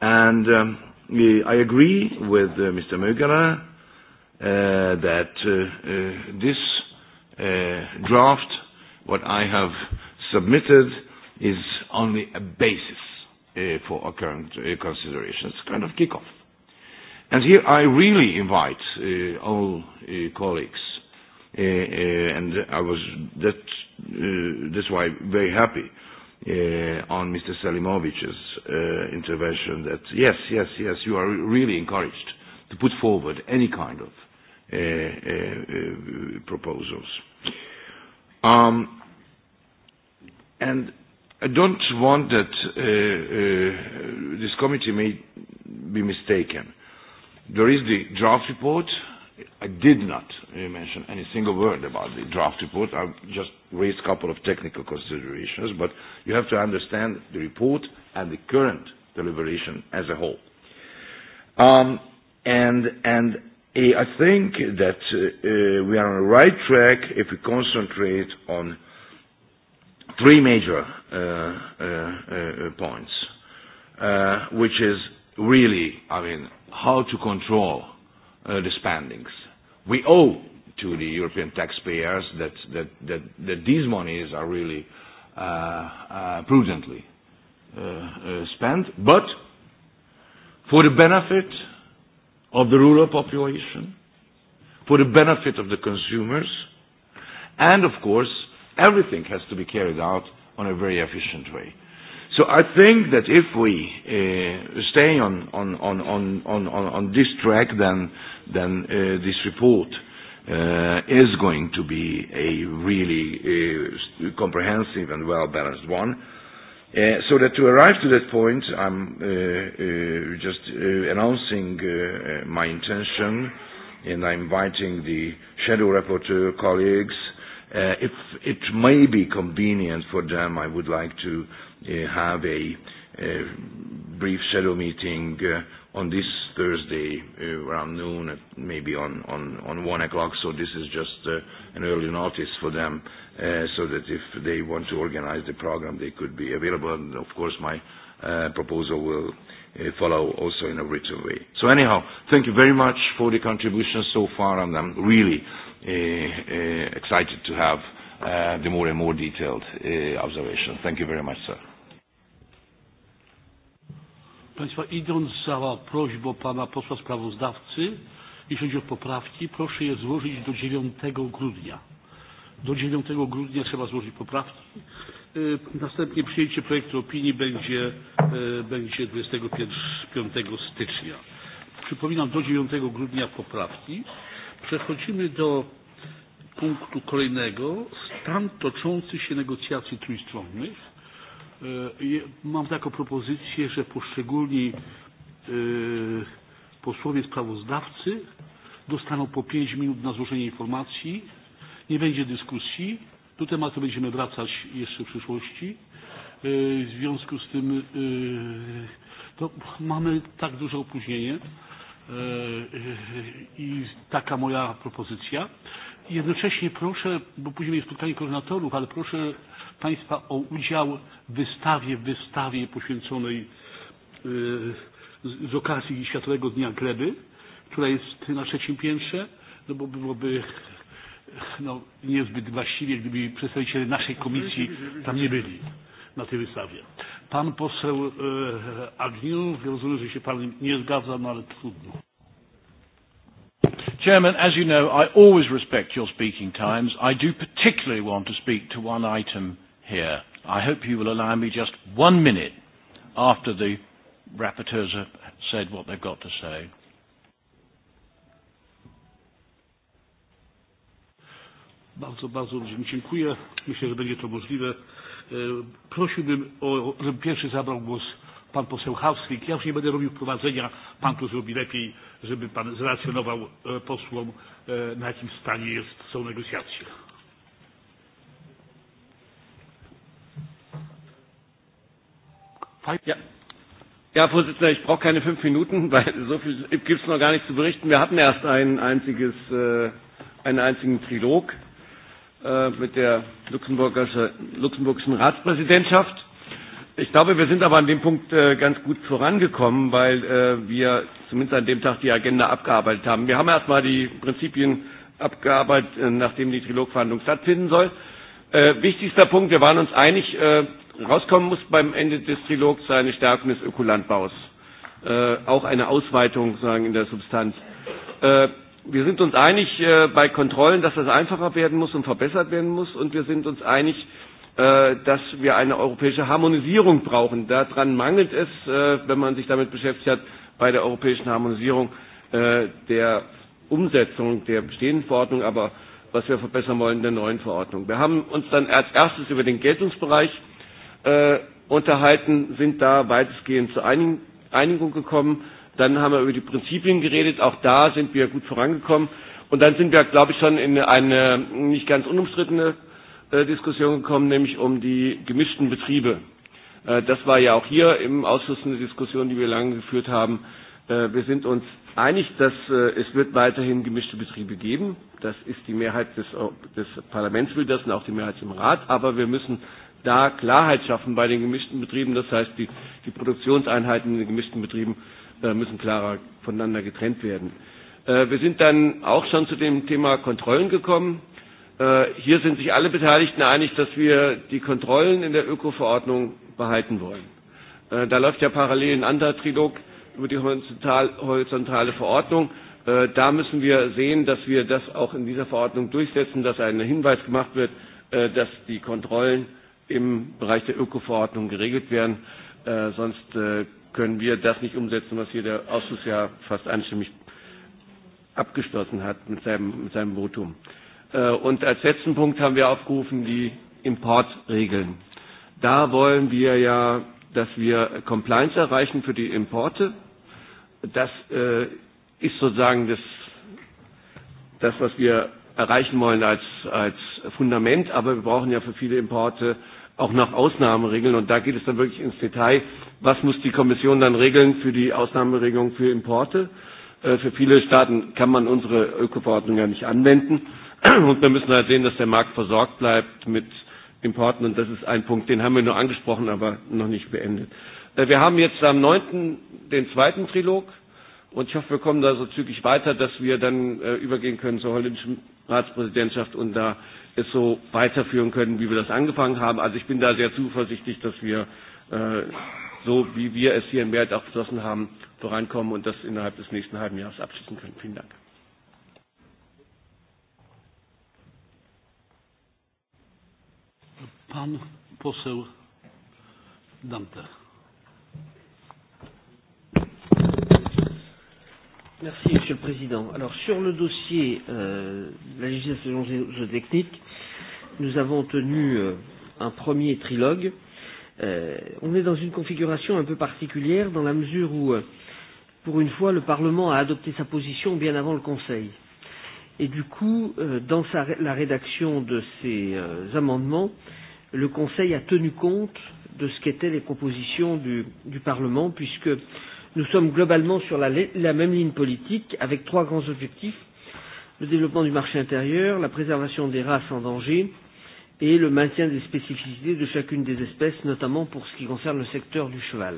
And um, uh, I agree with uh, Mr. Mugara uh, that uh, uh, this uh, draft, what I have submitted, is only a basis uh, for our current uh, considerations, kind of kickoff. And here I really invite uh, all uh, colleagues Uh, and I was that uh, eh, that's why very happy uh, on Mr. Salimovic's uh, intervention that yes, yes, yes, you are really encouraged to put forward any kind of uh, uh, proposals. Um, and I don't want that uh, uh, this committee may be mistaken. There is the draft report, I did not mention any single word about the draft report. I just raised a couple of technical considerations, but you have to understand the report and the current deliberation as a whole. Um, and and uh, I think that uh, we are on the right track if we concentrate on three major uh, uh, uh, points, uh, which is really, I mean, how to control uh, the spendings. We owe to the European taxpayers that, that, that, that these monies are really uh, uh, prudently uh, uh, spent, but for the benefit of the rural population, for the benefit of the consumers, and of course, everything has to be carried out on a very efficient way. So I think that if we uh, stay on, on, on, on, on, on this track, then, then uh, this report uh, is going to be a really uh, comprehensive and well-balanced one. Uh, so that to arrive to that point, I'm uh, uh, just uh, announcing uh, uh my intention and I'm inviting the shadow rapporteur colleagues. Uh, if it may be convenient for them, I would like to Uh, have a uh, brief shadow meeting uh, on this Thursday around noon, maybe on, on, on one o'clock. So this is just uh, an early notice for them, uh, so that if they want to organize the program, they could be available. And of course, my uh, proposal will uh, follow also in a written way. So anyhow, thank you very much for the contributions so far, and I'm really uh, uh, excited to have uh, the more and more detailed uh, observations. Thank you very much, sir. Państwa, idąc za prośbą pana posła sprawozdawcy, jeśli chodzi o poprawki, proszę je złożyć do 9 grudnia. Do 9 grudnia trzeba złożyć poprawki. Następnie przyjęcie projektu opinii będzie, będzie 25 stycznia. Przypominam, do 9 grudnia poprawki. Przechodzimy do punktu kolejnego. Stan toczący się negocjacji trójstronnych E, mam taką propozycję, że poszczególni e, posłowie sprawozdawcy dostaną po 5 minut na złożenie informacji. Nie będzie dyskusji. Do tematu będziemy wracać jeszcze w przyszłości. E, w związku z tym to mamy tak duże opóźnienie i taka moja propozycja. Jednocześnie proszę, bo później jest spotkanie koordynatorów, ale proszę Państwa o udział w wystawie, wystawie poświęconej e, z okazji Światowego Dnia Gleby, która jest na trzecim piętrze, no bo byłoby no, niezbyt właściwie, gdyby przedstawiciele naszej komisji tam nie byli na tej wystawie. Pan poseł e, Agniu, rozumiem, że się pan nie zgadza, no ale trudno. Chairman, as you know, I always respect your speaking times. I do particularly want to speak to one item here. I hope you will allow me just one minute after the rapporteurs have said what they've got to say. Bardzo, bardzo dziękuję. Myślę, że będzie to możliwe. E, prosiłbym, o, żeby pierwszy zabrał głos pan poseł Hawskik. Ja już nie będę robił wprowadzenia. Pan to zrobi lepiej, żeby pan zrelacjonował e, posłom, e, na jakim stanie jest, są negocjacje. Ja. Ja, Vorsitzender, ich brauche keine fünf Minuten, weil so viel gibt es noch gar nicht zu berichten. Wir hatten erst ein einziges, äh, einen einzigen Trilog äh, mit der luxemburgischen Ratspräsidentschaft. Ich glaube, wir sind aber an dem Punkt äh, ganz gut vorangekommen, weil äh, wir zumindest an dem Tag die Agenda abgearbeitet haben. Wir haben erstmal die Prinzipien abgearbeitet, äh, nachdem die Trilogverhandlung stattfinden soll. Äh, wichtigster Punkt, wir waren uns einig, äh, Rauskommen muss beim Ende des Trilogs eine Stärkung des Ökolandbaus. Äh, auch eine Ausweitung sagen, in der Substanz. Äh, wir sind uns einig äh, bei Kontrollen, dass das einfacher werden muss und verbessert werden muss. Und wir sind uns einig, äh, dass wir eine europäische Harmonisierung brauchen. Daran mangelt es, äh, wenn man sich damit beschäftigt hat, bei der europäischen Harmonisierung äh, der Umsetzung der bestehenden Verordnung, aber was wir verbessern wollen, der neuen Verordnung. Wir haben uns dann als erstes über den Geltungsbereich äh, äh, unterhalten, sind da weitestgehend zur Einigung gekommen. Dann haben wir über die Prinzipien geredet. Auch da sind wir gut vorangekommen. Und dann sind wir, glaube ich, schon in eine nicht ganz unumstrittene äh, Diskussion gekommen, nämlich um die gemischten Betriebe. Äh, das war ja auch hier im Ausschuss eine Diskussion, die wir lange geführt haben. Äh, wir sind uns einig, dass äh, es wird weiterhin gemischte Betriebe geben. Das ist die Mehrheit des, äh, des Parlaments will das und auch die Mehrheit im Rat. Aber wir müssen da Klarheit schaffen bei den gemischten Betrieben. Das heißt, die, die Produktionseinheiten in den gemischten Betrieben äh, müssen klarer voneinander getrennt werden. Äh, wir sind dann auch schon zu dem Thema Kontrollen gekommen. Äh, hier sind sich alle Beteiligten einig, dass wir die Kontrollen in der Öko-Verordnung behalten wollen. Äh, da läuft ja parallel ein anderer Trilog über die horizontale Verordnung. Äh, da müssen wir sehen, dass wir das auch in dieser Verordnung durchsetzen, dass ein Hinweis gemacht wird, äh, dass die Kontrollen im Bereich der Ökoverordnung geregelt werden. Äh, sonst äh, können wir das nicht umsetzen, was hier der Ausschuss ja fast einstimmig abgeschlossen hat mit seinem, mit seinem Votum. Äh, und als letzten Punkt haben wir aufgerufen die Importregeln. Da wollen wir ja, dass wir Compliance erreichen für die Importe. Das äh, ist sozusagen das, das, was wir erreichen wollen als, als Fundament, aber wir brauchen ja für viele Importe äh, auch nach Ausnahmeregeln. Und da geht es dann wirklich ins Detail, was muss die Kommission dann regeln für die Ausnahmeregelung für Importe. Äh, für viele Staaten kann man unsere Ökoverordnung ja nicht anwenden. Und wir müssen halt sehen, dass der Markt versorgt bleibt mit Importen. Und das ist ein Punkt, den haben wir nur angesprochen, aber noch nicht beendet. Äh, wir haben jetzt am 9. den zweiten Trilog. Und ich hoffe, wir kommen da so zügig weiter, dass wir dann äh, übergehen können zur holländischen Ratspräsidentschaft und da es so weiterführen können, wie wir das angefangen haben. Also ich bin da sehr zuversichtlich, dass wir äh, so, wie wir es hier im Mehrheit auch beschlossen haben, vorankommen und das innerhalb des nächsten halben Jahres abschließen können. Vielen Dank. Pan poseł Dantech. Merci, Monsieur le Président. Alors, sur le dossier euh, de la législation géotechnique, nous avons tenu euh, un premier trilogue. Euh, on est dans une configuration un peu particulière dans la mesure où, euh, pour une fois, le Parlement a adopté sa position bien avant le Conseil. Et du coup, euh, dans sa, la rédaction de ces euh, amendements, le Conseil a tenu compte de ce qu'étaient les propositions du, du Parlement, puisque euh, Nous sommes globalement sur la, la même ligne politique avec trois grands objectifs le développement du marché intérieur, la préservation des races en danger et le maintien des spécificités de chacune des espèces, notamment pour ce qui concerne le secteur du cheval.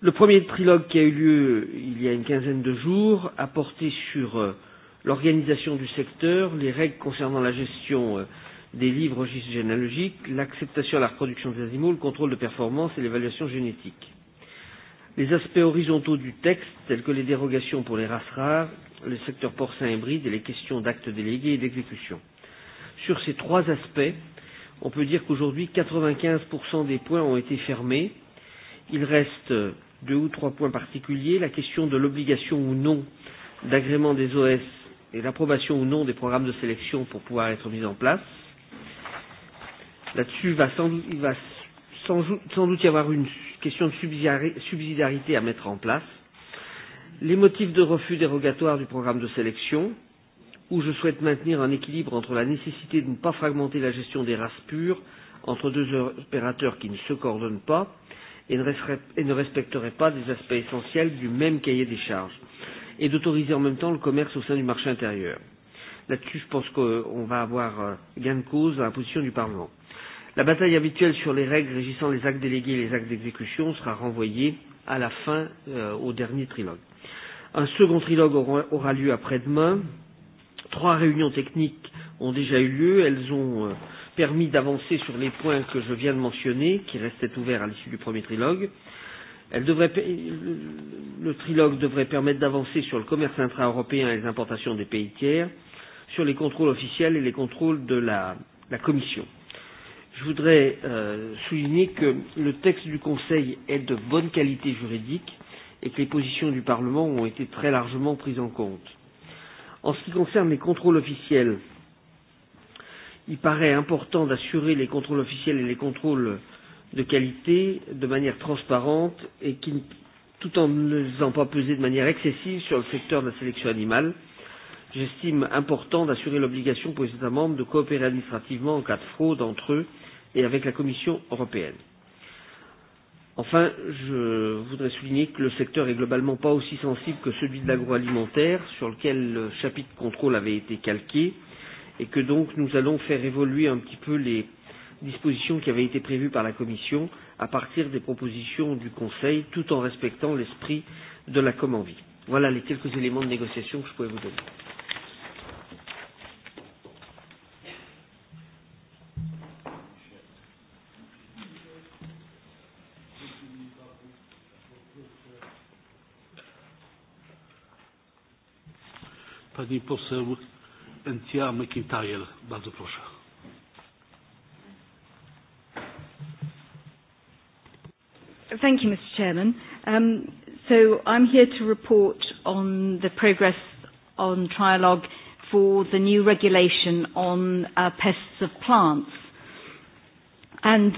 Le premier trilogue qui a eu lieu il y a une quinzaine de jours a porté sur euh, l'organisation du secteur, les règles concernant la gestion euh, des livres généalogiques, l'acceptation à la reproduction des animaux, le contrôle de performance et l'évaluation génétique. Les aspects horizontaux du texte, tels que les dérogations pour les races rares, les secteurs porcins hybrides et les questions d'actes délégués et d'exécution. Sur ces trois aspects, on peut dire qu'aujourd'hui, 95% des points ont été fermés. Il reste deux ou trois points particuliers, la question de l'obligation ou non d'agrément des OS et l'approbation ou non des programmes de sélection pour pouvoir être mis en place. Là-dessus, il va sans doute y avoir une question de subsidiarité à mettre en place, les motifs de refus dérogatoire du programme de sélection, où je souhaite maintenir un équilibre entre la nécessité de ne pas fragmenter la gestion des races pures entre deux opérateurs qui ne se coordonnent pas et ne respecteraient pas des aspects essentiels du même cahier des charges, et d'autoriser en même temps le commerce au sein du marché intérieur. Là-dessus, je pense qu'on va avoir euh, gain de cause dans la position du Parlement. La bataille habituelle sur les règles régissant les actes délégués et les actes d'exécution sera renvoyée à la fin, euh, au dernier trilogue. Un second trilogue aura, aura lieu après-demain. Trois réunions techniques ont déjà eu lieu. Elles ont euh, permis d'avancer sur les points que je viens de mentionner, qui restaient ouverts à l'issue du premier trilogue. Elle devrait, le trilogue devrait permettre d'avancer sur le commerce intra-européen et les importations des pays tiers, sur les contrôles officiels et les contrôles de la, la Commission. Je voudrais euh, souligner que le texte du Conseil est de bonne qualité juridique et que les positions du Parlement ont été très largement prises en compte. En ce qui concerne les contrôles officiels, il paraît important d'assurer les contrôles officiels et les contrôles de qualité de manière transparente et qui, tout en ne faisant pas peser de manière excessive sur le secteur de la sélection animale. J'estime important d'assurer l'obligation pour les États membres de coopérer administrativement en cas de fraude entre eux et avec la Commission européenne. Enfin, je voudrais souligner que le secteur est globalement pas aussi sensible que celui de l'agroalimentaire, sur lequel le chapitre contrôle avait été calqué, et que donc nous allons faire évoluer un petit peu les dispositions qui avaient été prévues par la Commission à partir des propositions du Conseil, tout en respectant l'esprit de la commande. Voilà les quelques éléments de négociation que je pouvais vous donner. Pani poseł Entia McIntyre. Bardzo proszę. Thank you, Mr. Chairman. Um, so I'm here to report on the progress on trialogue for the new regulation on uh, pests of plants. And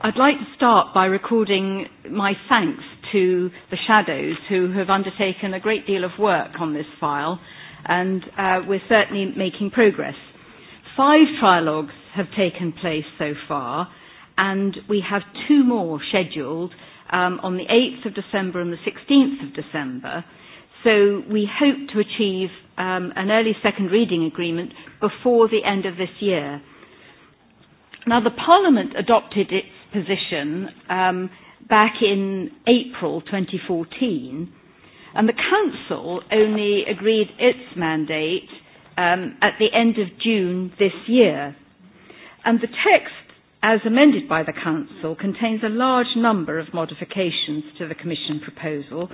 I'd like to start by recording my thanks to the shadows who have undertaken a great deal of work on this file and uh, we're certainly making progress. Five trilogues have taken place so far, and we have two more scheduled um, on the 8th of December and the 16th of December. So we hope to achieve um, an early second reading agreement before the end of this year. Now, the Parliament adopted its position um, back in April 2014 And the Council only agreed its mandate um, at the end of June this year. And the text, as amended by the Council, contains a large number of modifications to the Commission proposal,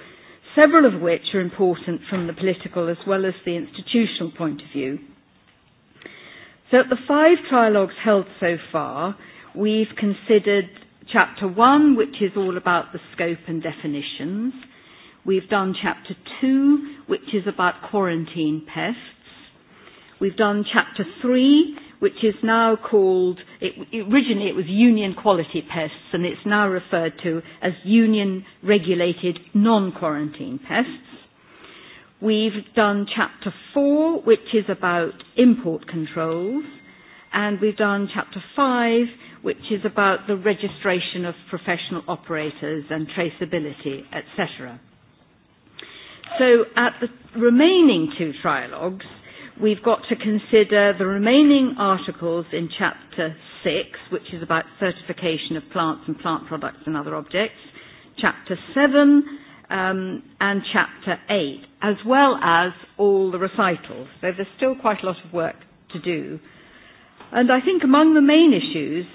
several of which are important from the political as well as the institutional point of view. So at the five trilogues held so far, we've considered Chapter 1, which is all about the scope and definitions. We've done chapter 2, which is about quarantine pests. We've done chapter 3, which is now called, it, originally it was union quality pests, and it's now referred to as union regulated non quarantine pests. We've done chapter 4, which is about import controls, and we've done chapter 5, which is about the registration of professional operators and traceability, etc. So at the remaining two trilogues, we've got to consider the remaining articles in Chapter 6, which is about certification of plants and plant products and other objects, Chapter 7, um, and Chapter 8, as well as all the recitals. So there's still quite a lot of work to do. And I think among the main issues,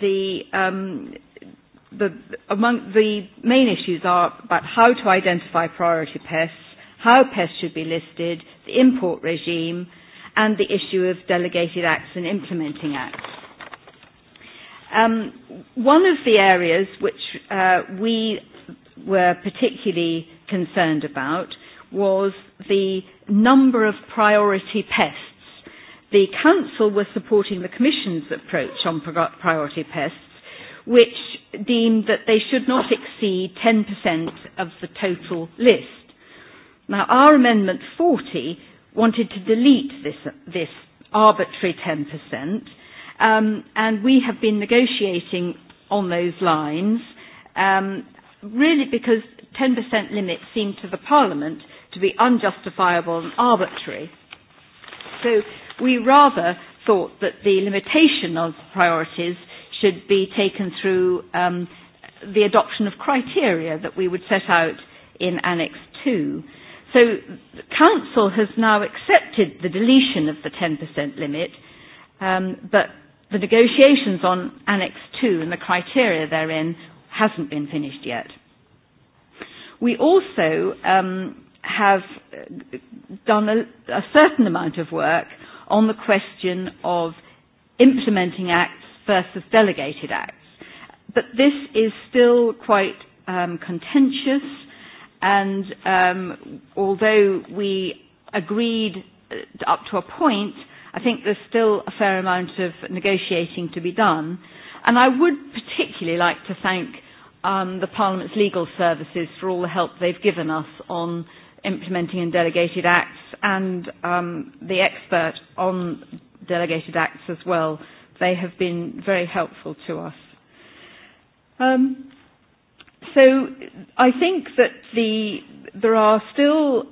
the um, the, among the main issues are about how to identify priority pests, how pests should be listed, the import regime, and the issue of delegated acts and implementing acts. Um, one of the areas which uh, we were particularly concerned about was the number of priority pests. The Council was supporting the Commission's approach on priority pests, which deemed that they should not exceed 10% of the total list. Now, our Amendment 40 wanted to delete this, this arbitrary 10%, um, and we have been negotiating on those lines, um, really because 10% limits seem to the Parliament to be unjustifiable and arbitrary. So we rather thought that the limitation of priorities should be taken through um, the adoption of criteria that we would set out in Annex 2. So the Council has now accepted the deletion of the 10% limit, um, but the negotiations on Annex 2 and the criteria therein hasn't been finished yet. We also um, have done a, a certain amount of work on the question of implementing acts versus delegated acts. But this is still quite um, contentious, and um, although we agreed uh, up to a point, I think there's still a fair amount of negotiating to be done. And I would particularly like to thank um, the Parliament's legal services for all the help they've given us on implementing and delegated acts and um, the expert on delegated acts as well they have been very helpful to us. Um, so I think that the, there are still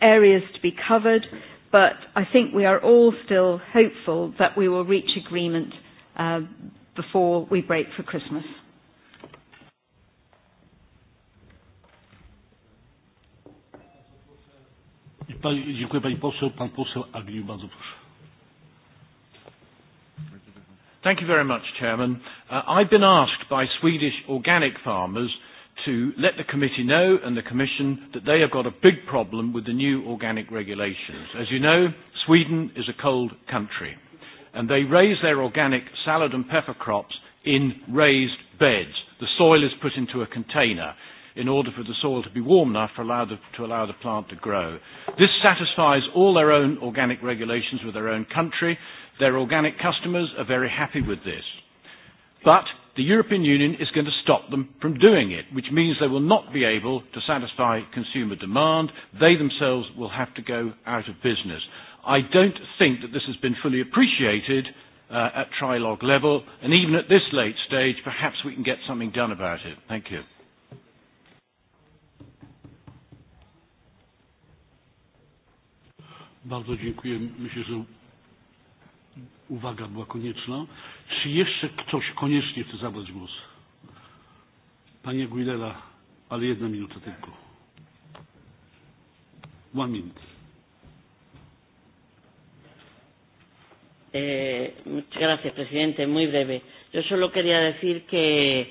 areas to be covered, but I think we are all still hopeful that we will reach agreement uh, before we break for Christmas. Dziękuję Pani Poseł. Pan Poseł Agniu, bardzo proszę. Thank you very much, Chairman. Uh, I've been asked by Swedish organic farmers to let the committee know and the Commission that they have got a big problem with the new organic regulations. As you know, Sweden is a cold country, and they raise their organic salad and pepper crops in raised beds. The soil is put into a container in order for the soil to be warm enough for allow the, to allow the plant to grow. This satisfies all their own organic regulations with their own country, Their organic customers are very happy with this. But the European Union is going to stop them from doing it, which means they will not be able to satisfy consumer demand. They themselves will have to go out of business. I don't think that this has been fully appreciated uh, at trilogue level, and even at this late stage, perhaps we can get something done about it. Thank you. Bardzo dziękuję. Myślę, że uwaga była konieczna. Czy jeszcze ktoś koniecznie chce zabrać głos? Panie Guilera, ale jedna minuta tylko. One minute. Eh, muchas gracias, presidente. Muy breve. Yo solo quería decir que,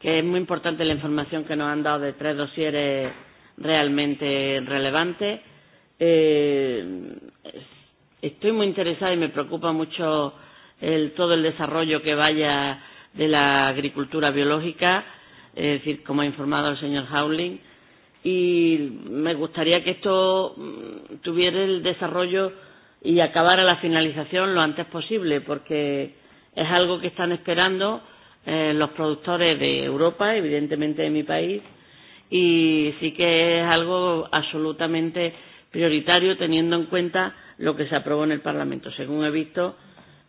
que es muy importante la información que nos han dado de tres dosieres realmente relevantes. Eh, Estoy muy interesada y me preocupa mucho el, todo el desarrollo que vaya de la agricultura biológica, es decir, como ha informado el señor Howling, y me gustaría que esto mm, tuviera el desarrollo y acabara la finalización lo antes posible, porque es algo que están esperando eh, los productores de Europa, evidentemente de mi país, y sí que es algo absolutamente prioritario teniendo en cuenta lo que se aprobó en el Parlamento. Según he visto,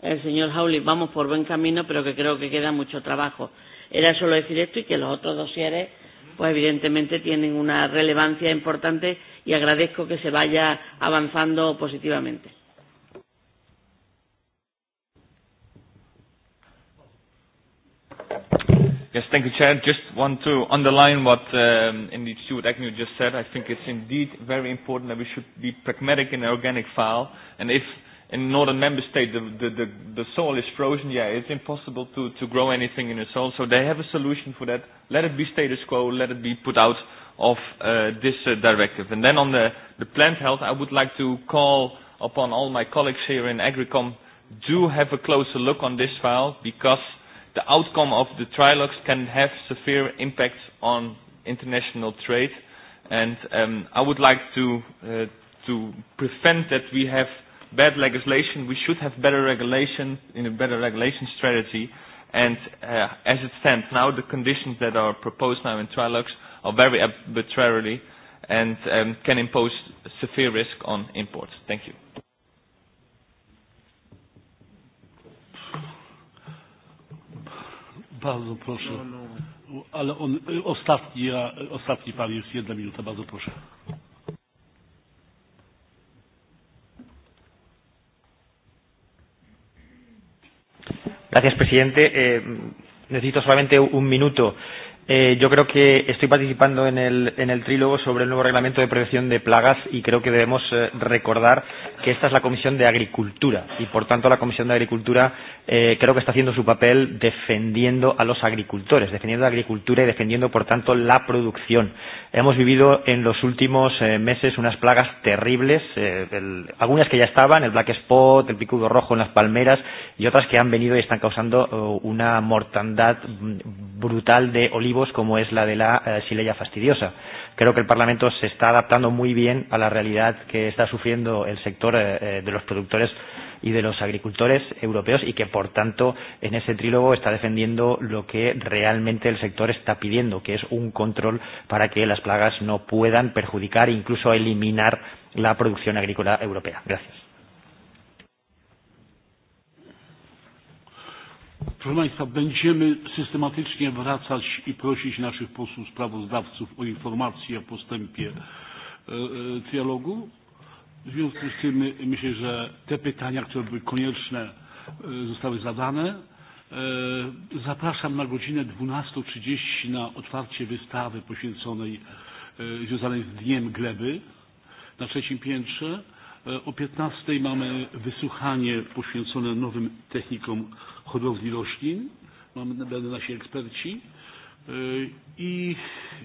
el señor Howley, vamos por buen camino, pero que creo que queda mucho trabajo. Era solo decir esto y que los otros dosieres, pues evidentemente tienen una relevancia importante y agradezco que se vaya avanzando positivamente. Yes, thank you, Chair. Just want to underline what um, indeed Stuart Agnew just said. I think it's indeed very important that we should be pragmatic in the organic file. And if in northern member state the, the, the, the soil is frozen, yeah, it's impossible to, to grow anything in the soil. So they have a solution for that. Let it be status quo. Let it be put out of uh, this uh, directive. And then on the, the plant health, I would like to call upon all my colleagues here in Agricom do have a closer look on this file because – the outcome of the trilogues can have severe impacts on international trade. And um, I would like to, uh, to prevent that we have bad legislation. We should have better regulation in a better regulation strategy. And uh, as it stands now, the conditions that are proposed now in trilogues are very arbitrarily and um, can impose severe risk on imports. Thank you. Bardzo proszę. No, no. Ale on, ostatni, ostatni pan jest, jedna minuta, bardzo proszę. Gracias, presidente. Eh, necesito solamente un minuto. Eh, Eh, yo creo que estoy participando en el, en el trílogo sobre el nuevo reglamento de prevención de plagas y creo que debemos eh, recordar que esta es la Comisión de Agricultura y, por tanto, la Comisión de Agricultura eh, creo que está haciendo su papel defendiendo a los agricultores, defendiendo la agricultura y defendiendo, por tanto, la producción. Hemos vivido en los últimos eh, meses unas plagas terribles, eh, el, algunas que ya estaban, el black spot, el picudo rojo en las palmeras y otras que han venido y están causando eh, una mortandad mm, brutal de olivos objetivos como es la de la eh, Sileya fastidiosa. Creo que el Parlamento se está adaptando muy bien a la realidad que está sufriendo el sector eh, eh, de los productores y de los agricultores europeos y que, por tanto, en ese trílogo está defendiendo lo que realmente el sector está pidiendo, que es un control para que las plagas no puedan perjudicar e incluso eliminar la producción agrícola europea. Gracias. Proszę Państwa, będziemy systematycznie wracać i prosić naszych posłów sprawozdawców o informacje o postępie dialogu. E, e, w związku z tym myślę, że te pytania, które były konieczne, e, zostały zadane. Zapraszam na godzinę 12.30 na otwarcie wystawy poświęconej związanej z Dniem Gleby na trzecim piętrze. O 15.00 mamy wysłuchanie poświęcone nowym technikom hodowli roślin, mamy, będą nasi eksperci e, i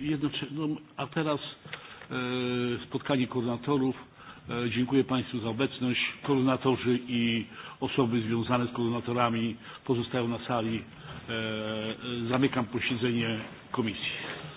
jednocześnie, no, a teraz e, spotkanie koordynatorów. E, dziękuję Państwu za obecność. Koordynatorzy i osoby związane z koordynatorami pozostają na sali. Zamykam posiedzenie komisji.